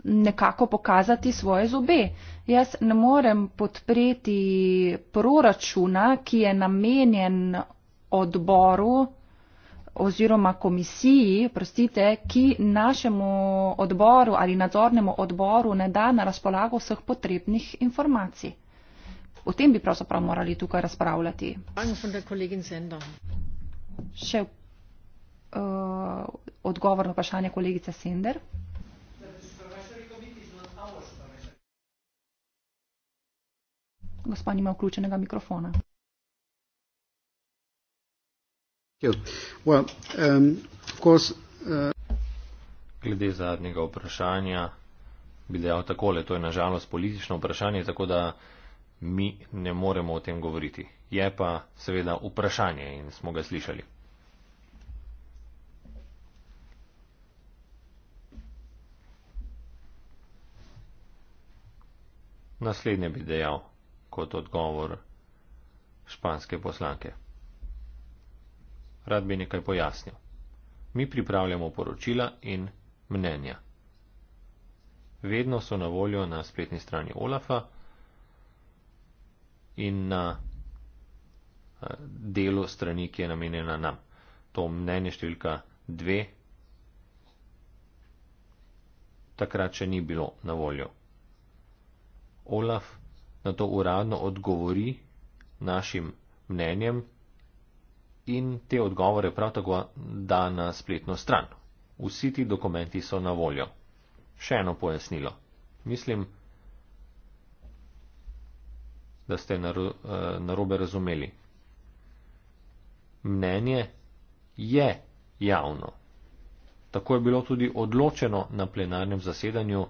S4: nekako pokazati svoje zobe. Jaz ne morem podpreti proračuna, ki je namenjen odboru oziroma komisiji, prostite, ki našemu odboru ali nadzornemu odboru ne da na razpolago vseh potrebnih informacij. O tem bi pravzaprav morali tukaj razpravljati. Še uh, odgovor na vprašanje kolegice Sender. Gospod nima vključenega mikrofona.
S3: Well, um, course,
S5: uh... Glede zadnjega vprašanja bi dejal takole, to je nažalost politično vprašanje, tako da uh, mi ne moremo o tem govoriti. Je pa seveda vprašanje in smo ga slišali. Naslednje bi dejal kot odgovor španske poslanke. Rad bi nekaj pojasnil. Mi pripravljamo poročila in mnenja. Vedno so na voljo na spletni strani Olafa in na eh, delu strani, ki je namenjena nam. To mnenje številka 2 takrat še ni bilo na voljo. Olaf na to uradno odgovori našim mnenjem in te odgovore prav tako da na spletno stran. Vsi ti dokumenti so na voljo. Še eno pojasnilo. Mislim, da ste eh, narobe razumeli. Mnenje je javno. Tako je bilo tudi odločeno na plenarnem zasedanju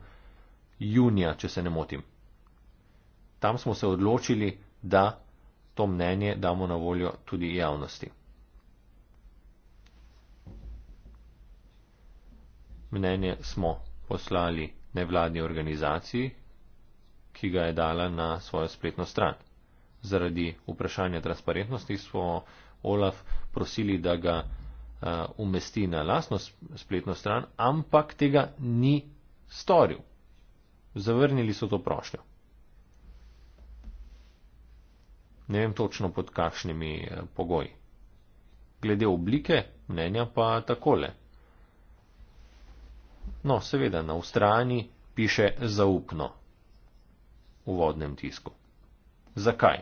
S5: junija, če se ne motim. Tam smo se odločili, da to mnenje damo na voljo tudi javnosti. Mnenje smo poslali nevladni organizaciji, ki ga je dala na svojo spletno stran. Zaradi vprašanja transparentnosti smo Olaf prosili, da ga uh, umesti na lasno spletno stran, ampak tega ni storil. Zavrnili so to prošljo. Ne vem točno pod kakšnimi eh, pogoji. Glede oblike mnenja pa takole. No, seveda, na ustrani piše zaupno v vodnem tisku. Zakaj?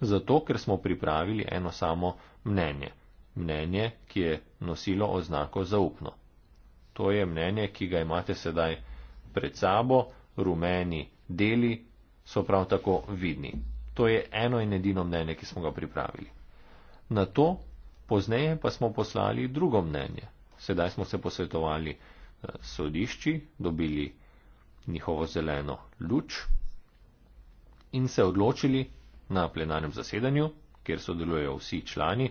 S5: Zato, ker smo pripravili eno samo mnenje. Mnenje, ki je nosilo oznako zaupno. To je mnenje, ki ga imate sedaj pred sabo, rumeni deli so prav tako vidni. To je eno in edino mnenje, ki smo ga pripravili. Na to pozneje pa smo poslali drugo mnenje. Sedaj smo se posvetovali eh, sodišči, dobili njihovo zeleno luč, in se odločili na plenarnem zasedanju, kjer sodelujejo vsi člani,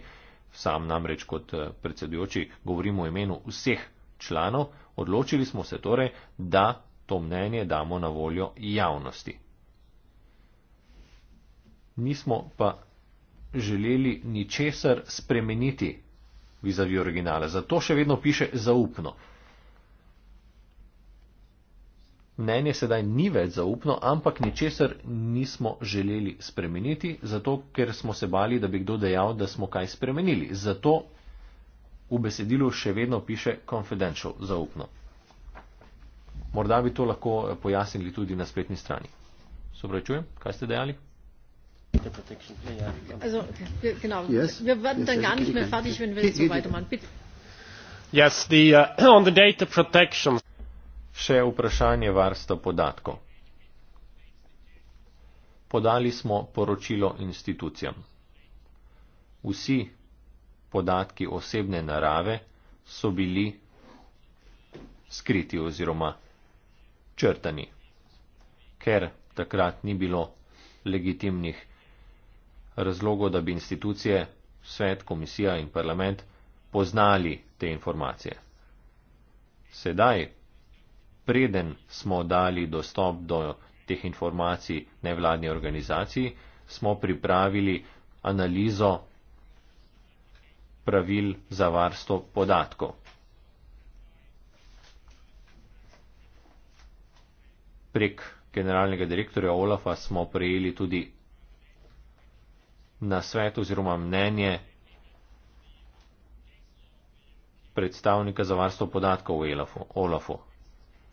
S5: sam namreč kot eh, predsedujoči govorim o imenu vseh članov, odločili smo se torej, da to mnenje damo na voljo javnosti. Nismo pa želeli ničesar spremeniti vizavi originala, zato še vedno piše zaupno mnenje sedaj ni več zaupno, ampak ničesar nismo želeli spremeniti, zato ker smo se bali, da bi kdo dejal, da smo kaj spremenili. Zato v besedilu še vedno piše confidential zaupno. Morda bi to lahko eh, pojasnili tudi na spletni strani. Sobrečujem, kaj ste dejali? Yes, the, uh, on the data protection še vprašanje varstva podatkov. Podali smo poročilo institucijam. Vsi podatki osebne narave so bili skriti oziroma črtani, ker takrat ni bilo legitimnih razlogov, da bi institucije, svet, komisija in parlament poznali te informacije. Sedaj preden smo dali dostop do teh informacij nevladni organizaciji, smo pripravili analizo pravil za varstvo podatkov. Prek generalnega direktorja Olafa smo prejeli tudi na svet oziroma mnenje predstavnika za varstvo podatkov v Olafu.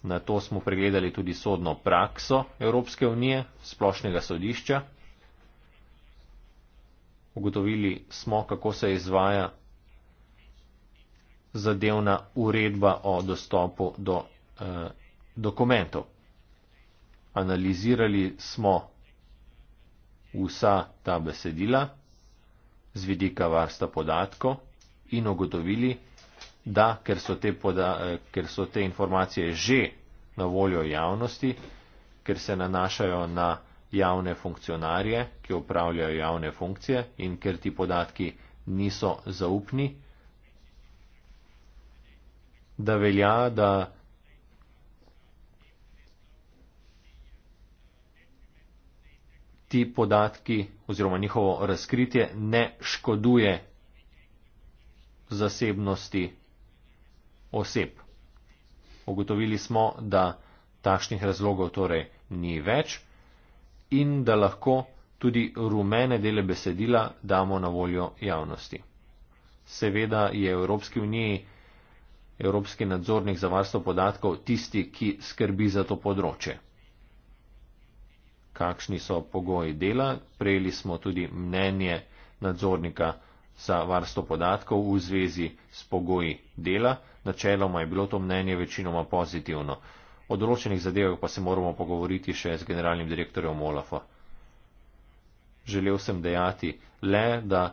S5: Na to smo pregledali tudi sodno prakso Evropske unije, splošnega sodišča. Ugotovili smo, kako se izvaja zadevna uredba o dostopu do eh, dokumentov. Analizirali smo vsa ta besedila z vidika varsta podatkov in ugotovili, da, ker so, te poda, eh, ker so te informacije že na voljo javnosti, ker se nanašajo na javne funkcionarje, ki upravljajo javne funkcije in ker ti podatki niso zaupni, da velja, da. Ti podatki oziroma njihovo razkritje ne škoduje zasebnosti oseb. Ugotovili smo, da takšnih razlogov torej ni več in da lahko tudi rumene dele besedila damo na voljo javnosti. Seveda je Evropski uniji Evropski nadzornik za varstvo podatkov tisti, ki skrbi za to področje. Kakšni so pogoji dela? Prejeli smo tudi mnenje nadzornika za varstvo podatkov v zvezi s pogoji dela. Načeloma je bilo to mnenje večinoma pozitivno. O določenih zadevah pa se moramo pogovoriti še z generalnim direktorjem Olafa. Želel sem dejati le, da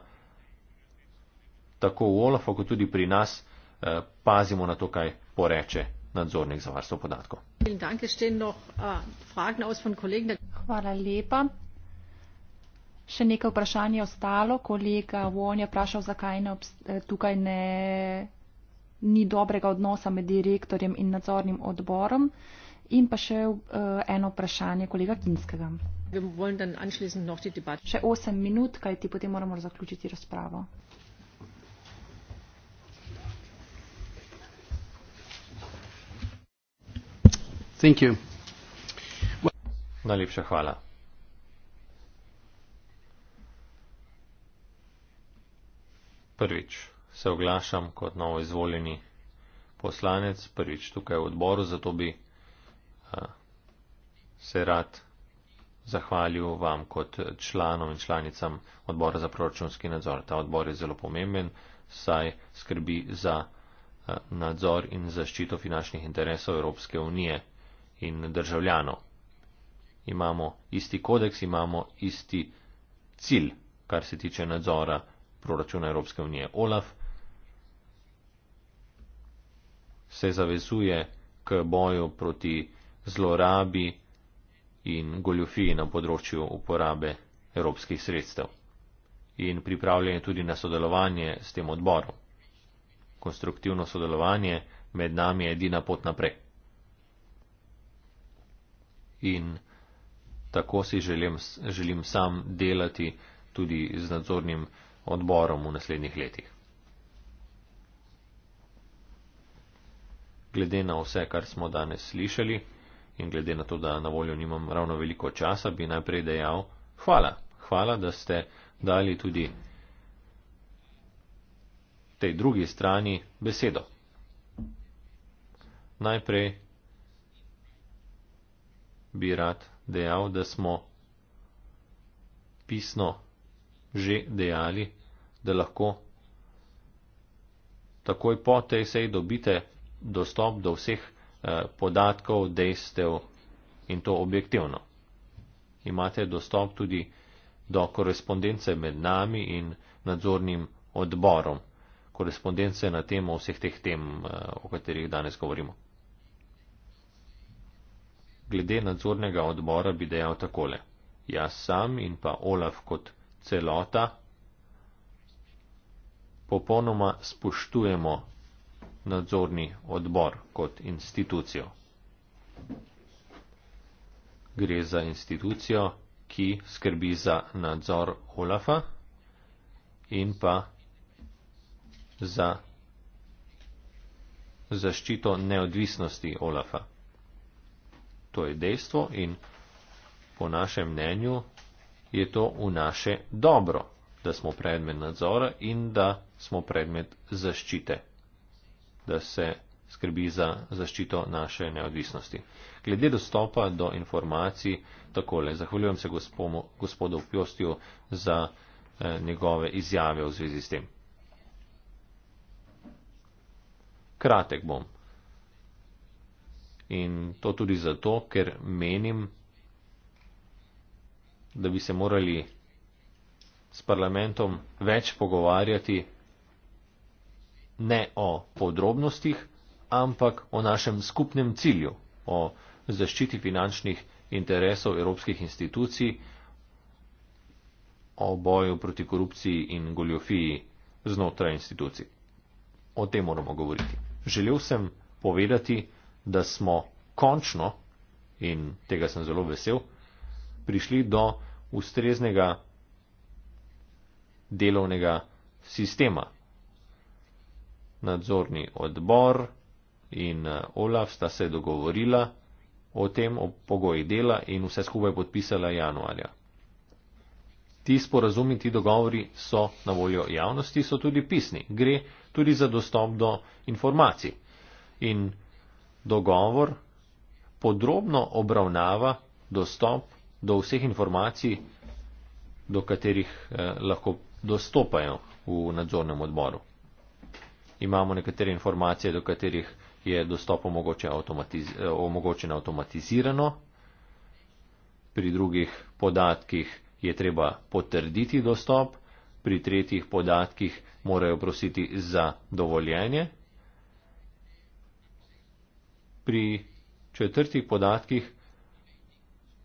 S5: tako v Olafu, kot tudi pri nas, eh, pazimo na to, kaj poreče nadzornik za varstvo podatkov.
S1: Äh, Hvala lepa. Še nekaj vprašanj je ostalo. Kolega
S4: Vonja vprašal, zakaj ne eh, tukaj ne ni dobrega odnosa med direktorjem in nadzornim odborom. In pa še eh, eno vprašanje kolega Kinskega. Še osem minut, kaj ti potem moramo zaključiti razpravo.
S5: Najlepša hvala. Prvič se oglašam kot novo izvoljeni poslanec, prvič tukaj v odboru, zato bi uh, se rad zahvalil vam kot članom in članicam odbora za proračunski nadzor. Ta odbor je zelo pomemben, saj skrbi za uh, nadzor in zaščito finančnih interesov Evropske unije in državljanov. Imamo isti kodeks, imamo isti cilj, kar se tiče nadzora proračuna Evropske unije. Olaf, se zavezuje k boju proti zlorabi in goljofiji na področju uporabe evropskih sredstev. In pripravljen je tudi na sodelovanje s tem odborom. Konstruktivno sodelovanje med nami je edina pot naprej. In tako si želim, želim sam delati tudi z nadzornim odborom v naslednjih letih. glede na vse, kar smo danes slišali in glede na to, da na voljo nimam ravno veliko časa, bi najprej dejal hvala. Hvala, da ste dali tudi tej drugi strani besedo. Najprej bi rad dejal, da smo pisno že dejali, da lahko takoj po tej seji dobite dostop do vseh eh, podatkov, dejstev in to objektivno. Imate dostop tudi do korespondence med nami in nadzornim odborom, korespondence na temo vseh teh tem, eh, o katerih danes govorimo. Glede nadzornega odbora bi dejal takole. Jaz sam in pa Olaf kot celota popolnoma spoštujemo nadzorni odbor kot institucijo. Gre za institucijo, ki skrbi za nadzor Olafa in pa za zaščito neodvisnosti Olafa. To je dejstvo in po našem mnenju je to v naše dobro, da smo predmet nadzora in da smo predmet zaščite da se skrbi za zaščito naše neodvisnosti. Glede dostopa do informacij, takole, zahvaljujem se gospomu, gospodu Pjostju za eh, njegove izjave v zvezi s tem. Kratek bom. In to tudi zato, ker menim, da bi se morali s parlamentom več pogovarjati ne o podrobnostih, ampak o našem skupnem cilju, o zaščiti finančnih interesov evropskih institucij, o boju proti korupciji in goljofiji znotraj institucij. O tem moramo govoriti. Želel sem povedati, da smo končno, in tega sem zelo vesel, prišli do ustreznega delovnega sistema, nadzorni odbor in eh, Olaf sta se dogovorila o tem, o pogojih dela in vse skupaj podpisala januarja. Ti sporazumi, ti dogovori so na voljo javnosti, so tudi pisni. Gre tudi za dostop do informacij. In dogovor podrobno obravnava dostop do vseh informacij, do katerih eh, lahko dostopajo v nadzornem odboru imamo nekatere informacije, do katerih je dostop omogočen avtomatizirano. Pri drugih podatkih je treba potrditi dostop, pri tretjih podatkih morajo prositi za dovoljenje. Pri četrtih podatkih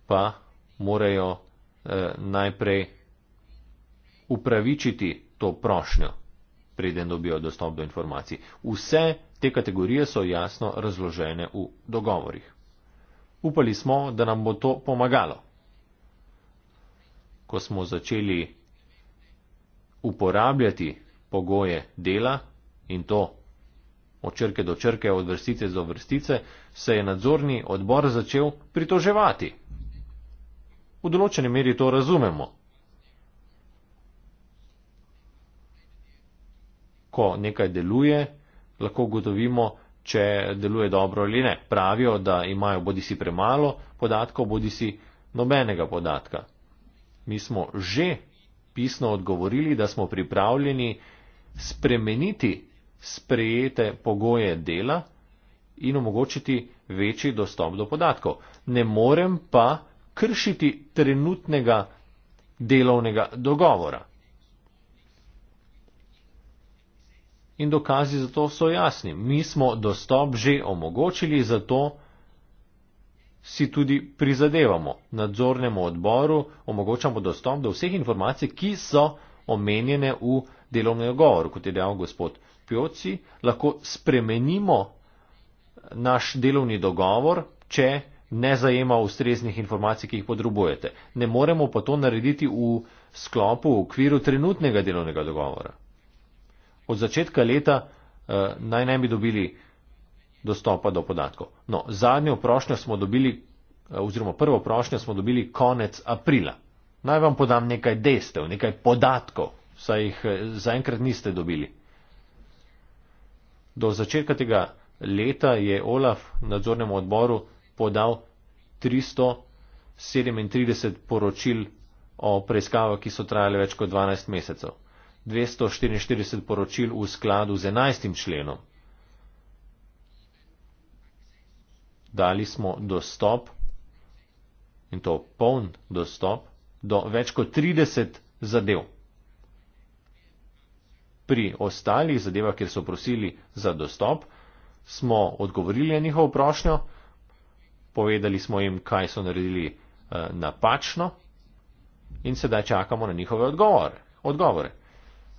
S5: pa morajo eh, najprej upravičiti to prošnjo preden dobijo dostop do informacij. Vse te kategorije so jasno razložene v dogovorih. Upali smo, da nam bo to pomagalo. Ko smo začeli uporabljati pogoje dela in to od črke do črke, od vrstice do vrstice, se je nadzorni odbor začel pritoževati. V določeni meri to razumemo. lahko nekaj deluje, lahko ugotovimo, če deluje dobro ali ne. Pravijo, da imajo bodi si premalo podatkov, bodi si nobenega podatka. Mi smo že pisno odgovorili, da smo pripravljeni spremeniti sprejete pogoje dela in omogočiti večji dostop do podatkov. Ne morem pa kršiti trenutnega delovnega dogovora. in dokazi za to so jasni. Mi smo dostop že omogočili, zato si tudi prizadevamo nadzornemu odboru, omogočamo dostop do vseh informacij, ki so omenjene v delovnem govoru, kot je dejal gospod Pjoci, lahko spremenimo naš delovni dogovor, če ne zajema ustreznih informacij, ki jih potrebujete. Ne moremo pa to narediti v sklopu, v okviru trenutnega delovnega dogovora od začetka leta eh, naj ne bi dobili dostopa do podatkov. No, zadnjo prošnjo smo dobili, eh, oziroma prvo prošnjo smo dobili konec aprila. Naj vam podam nekaj dejstev, nekaj podatkov, saj jih eh, zaenkrat niste dobili. Do začetka tega leta je Olaf nadzornemu odboru podal 337 poročil o preiskavah, ki so trajale več kot 12 mesecev. 244 poročil v skladu z 11. členom. Dali smo dostop, in to poln dostop, do več kot 30 zadev. Pri ostalih zadevah, kjer so prosili za dostop, smo odgovorili na njihovo prošnjo, povedali smo jim, kaj so naredili eh, napačno in sedaj čakamo na njihove odgovore. odgovore.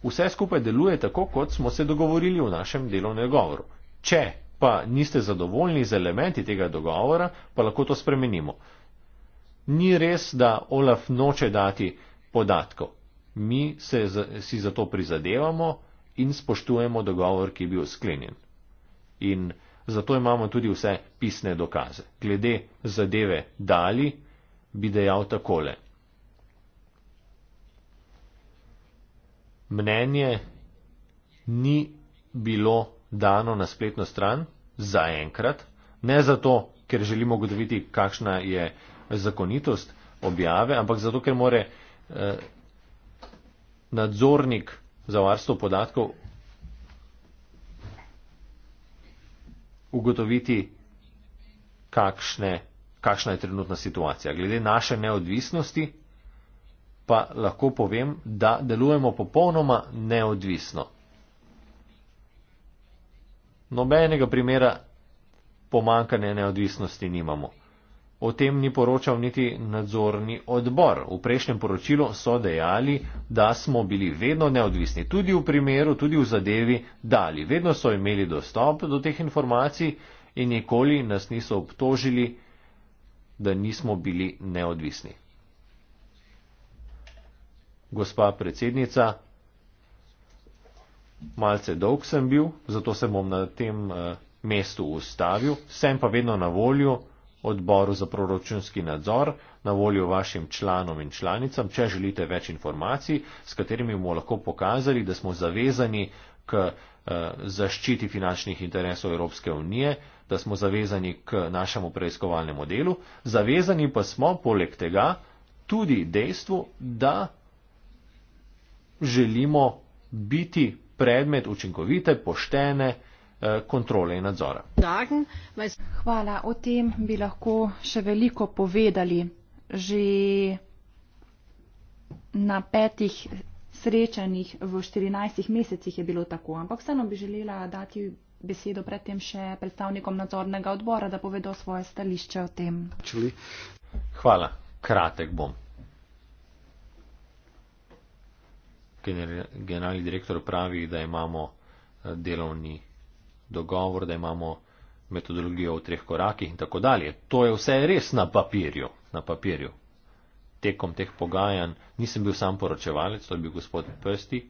S5: Vse skupaj deluje tako, kot smo se dogovorili v našem delovnem govoru. Če pa niste zadovoljni z elementi tega dogovora, pa lahko to spremenimo. Ni res, da Olaf noče dati podatkov. Mi se si zato prizadevamo in spoštujemo dogovor, ki je bil sklenjen. In zato imamo tudi vse pisne dokaze. Glede zadeve Dali bi dejal takole. mnenje ni bilo dano na spletno stran zaenkrat, ne zato, ker želimo ugotoviti, kakšna je zakonitost objave, ampak zato, ker more eh, nadzornik za varstvo podatkov ugotoviti, kakšne, kakšna je trenutna situacija. Glede naše neodvisnosti pa lahko povem, da delujemo popolnoma neodvisno. Nobenega primera pomankanja neodvisnosti nimamo. O tem ni poročal niti nadzorni odbor. V prejšnjem poročilu so dejali, da smo bili vedno neodvisni, tudi v primeru, tudi v zadevi dali. Vedno so imeli dostop do teh informacij in nikoli nas niso obtožili, da nismo bili neodvisni gospa predsednica, malce dolg sem bil, zato sem bom na tem eh, mestu ustavil, sem pa vedno na volju odboru za proračunski nadzor, na volju vašim članom in članicam, če želite več informacij, s katerimi bomo lahko pokazali, da smo zavezani k eh, zaščiti finančnih interesov Evropske unije, da smo zavezani k našemu preiskovalnemu delu, zavezani pa smo poleg tega tudi dejstvu, da želimo biti predmet učinkovite, poštene eh, kontrole in nadzora.
S4: Hvala. O tem bi lahko še veliko povedali. Že na petih srečanjih v 14 mesecih je bilo tako, ampak vseeno bi želela dati besedo predtem še predstavnikom nadzornega odbora, da povedo svoje stališče o tem.
S5: Hvala. Kratek bom. generalni direktor pravi, da imamo eh, delovni dogovor, da imamo metodologijo v treh korakih in tako dalje. To je vse res na papirju. Na papirju. Tekom teh pogajanj nisem bil sam poročevalec, to je bil gospod Prsti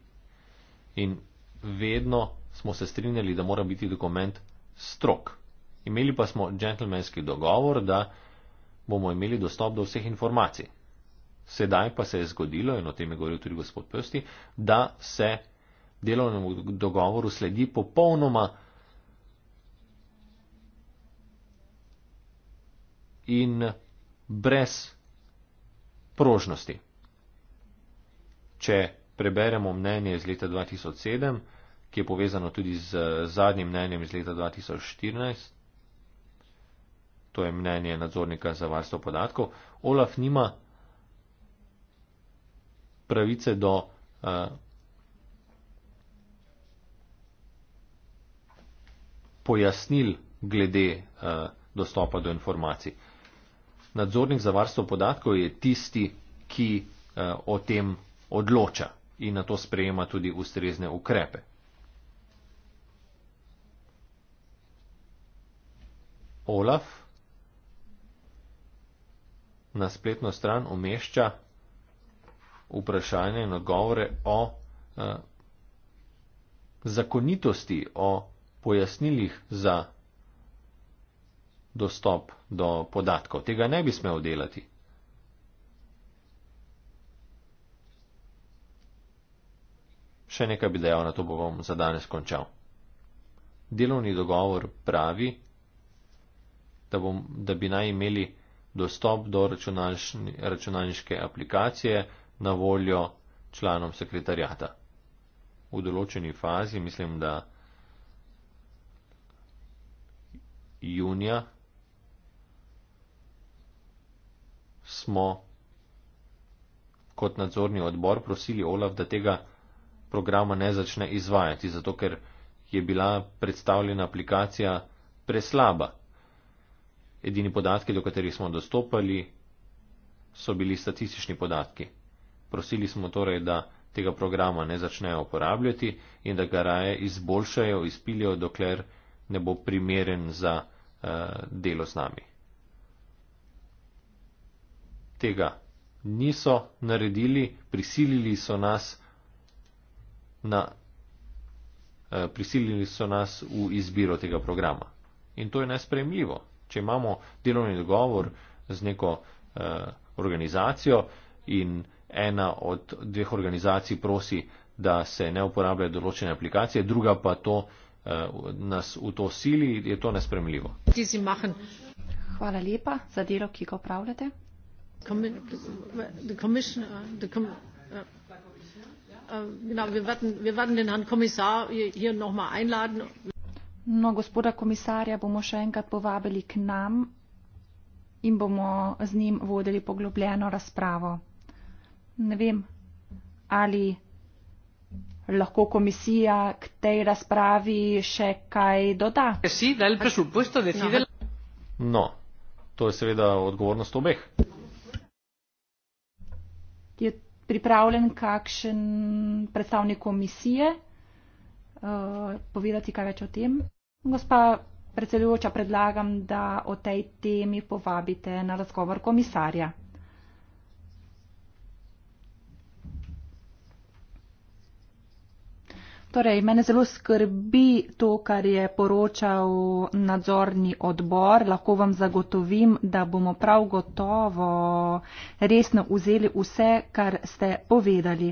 S5: in vedno smo se strinjali, da mora biti dokument strok. Imeli pa smo džentlmenski dogovor, da bomo imeli dostop do vseh informacij. Sedaj pa se je zgodilo, in o tem je govoril tudi gospod Pösti, da se delovnemu dogovoru sledi popolnoma in brez prožnosti. Če preberemo mnenje iz leta 2007, ki je povezano tudi z zadnjim mnenjem iz leta 2014, to je mnenje nadzornika za varstvo podatkov, Olaf nima pravice do eh, pojasnil glede eh, dostopa do informacij. Nadzornik za varstvo podatkov je tisti, ki eh, o tem odloča in na to sprejema tudi ustrezne ukrepe. Olaf na spletno stran umešča vprašanja in odgovore o eh, zakonitosti, o pojasnilih za dostop do podatkov. Tega ne bi smel delati. Še nekaj bi dejal, na to bom za danes končal. Delovni dogovor pravi, da, bom, da bi naj imeli dostop do računalniške aplikacije, na voljo članom sekretarjata. V določeni fazi, mislim, da junija, smo kot nadzorni odbor prosili Olaf, da tega programa ne začne izvajati, zato ker je bila predstavljena aplikacija preslaba. Edini podatki, do katerih smo dostopali, so bili statistični podatki prosili smo torej, da tega programa ne začnejo uporabljati in da ga raje izboljšajo, izpilijo, dokler ne bo primeren za uh, delo z nami. Tega niso naredili, prisilili so nas, na, uh, prisilili so nas v izbiro tega programa. In to je nespremljivo. Če imamo delovni dogovor z neko uh, organizacijo in ena od dveh organizacij prosi, da se ne uporabljajo določene aplikacije, druga pa to eh, nas v to sili, je to nespremljivo.
S1: Hvala lepa za delo, ki ga upravljate. Eh, eh,
S4: no, gospoda komisarja bomo še enkrat povabili k nam in bomo z njim vodili poglobljeno razpravo ne vem, ali lahko komisija k tej razpravi še kaj doda.
S1: No.
S5: no, to je seveda odgovornost obeh.
S4: Je pripravljen kakšen predstavnik komisije uh, povedati kaj več o tem? Gospa predsedujoča, predlagam, da o tej temi povabite na razgovor komisarja. Torej, mene zelo skrbi to, kar je poročal nadzorni odbor. Lahko vam zagotovim, da bomo prav gotovo resno vzeli vse, kar ste povedali.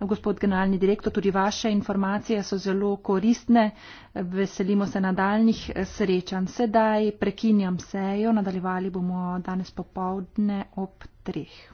S4: Gospod generalni direktor, tudi vaše informacije so zelo koristne. Veselimo se nadaljnih srečanj. Sedaj prekinjam sejo. Nadaljevali bomo danes popovdne ob treh.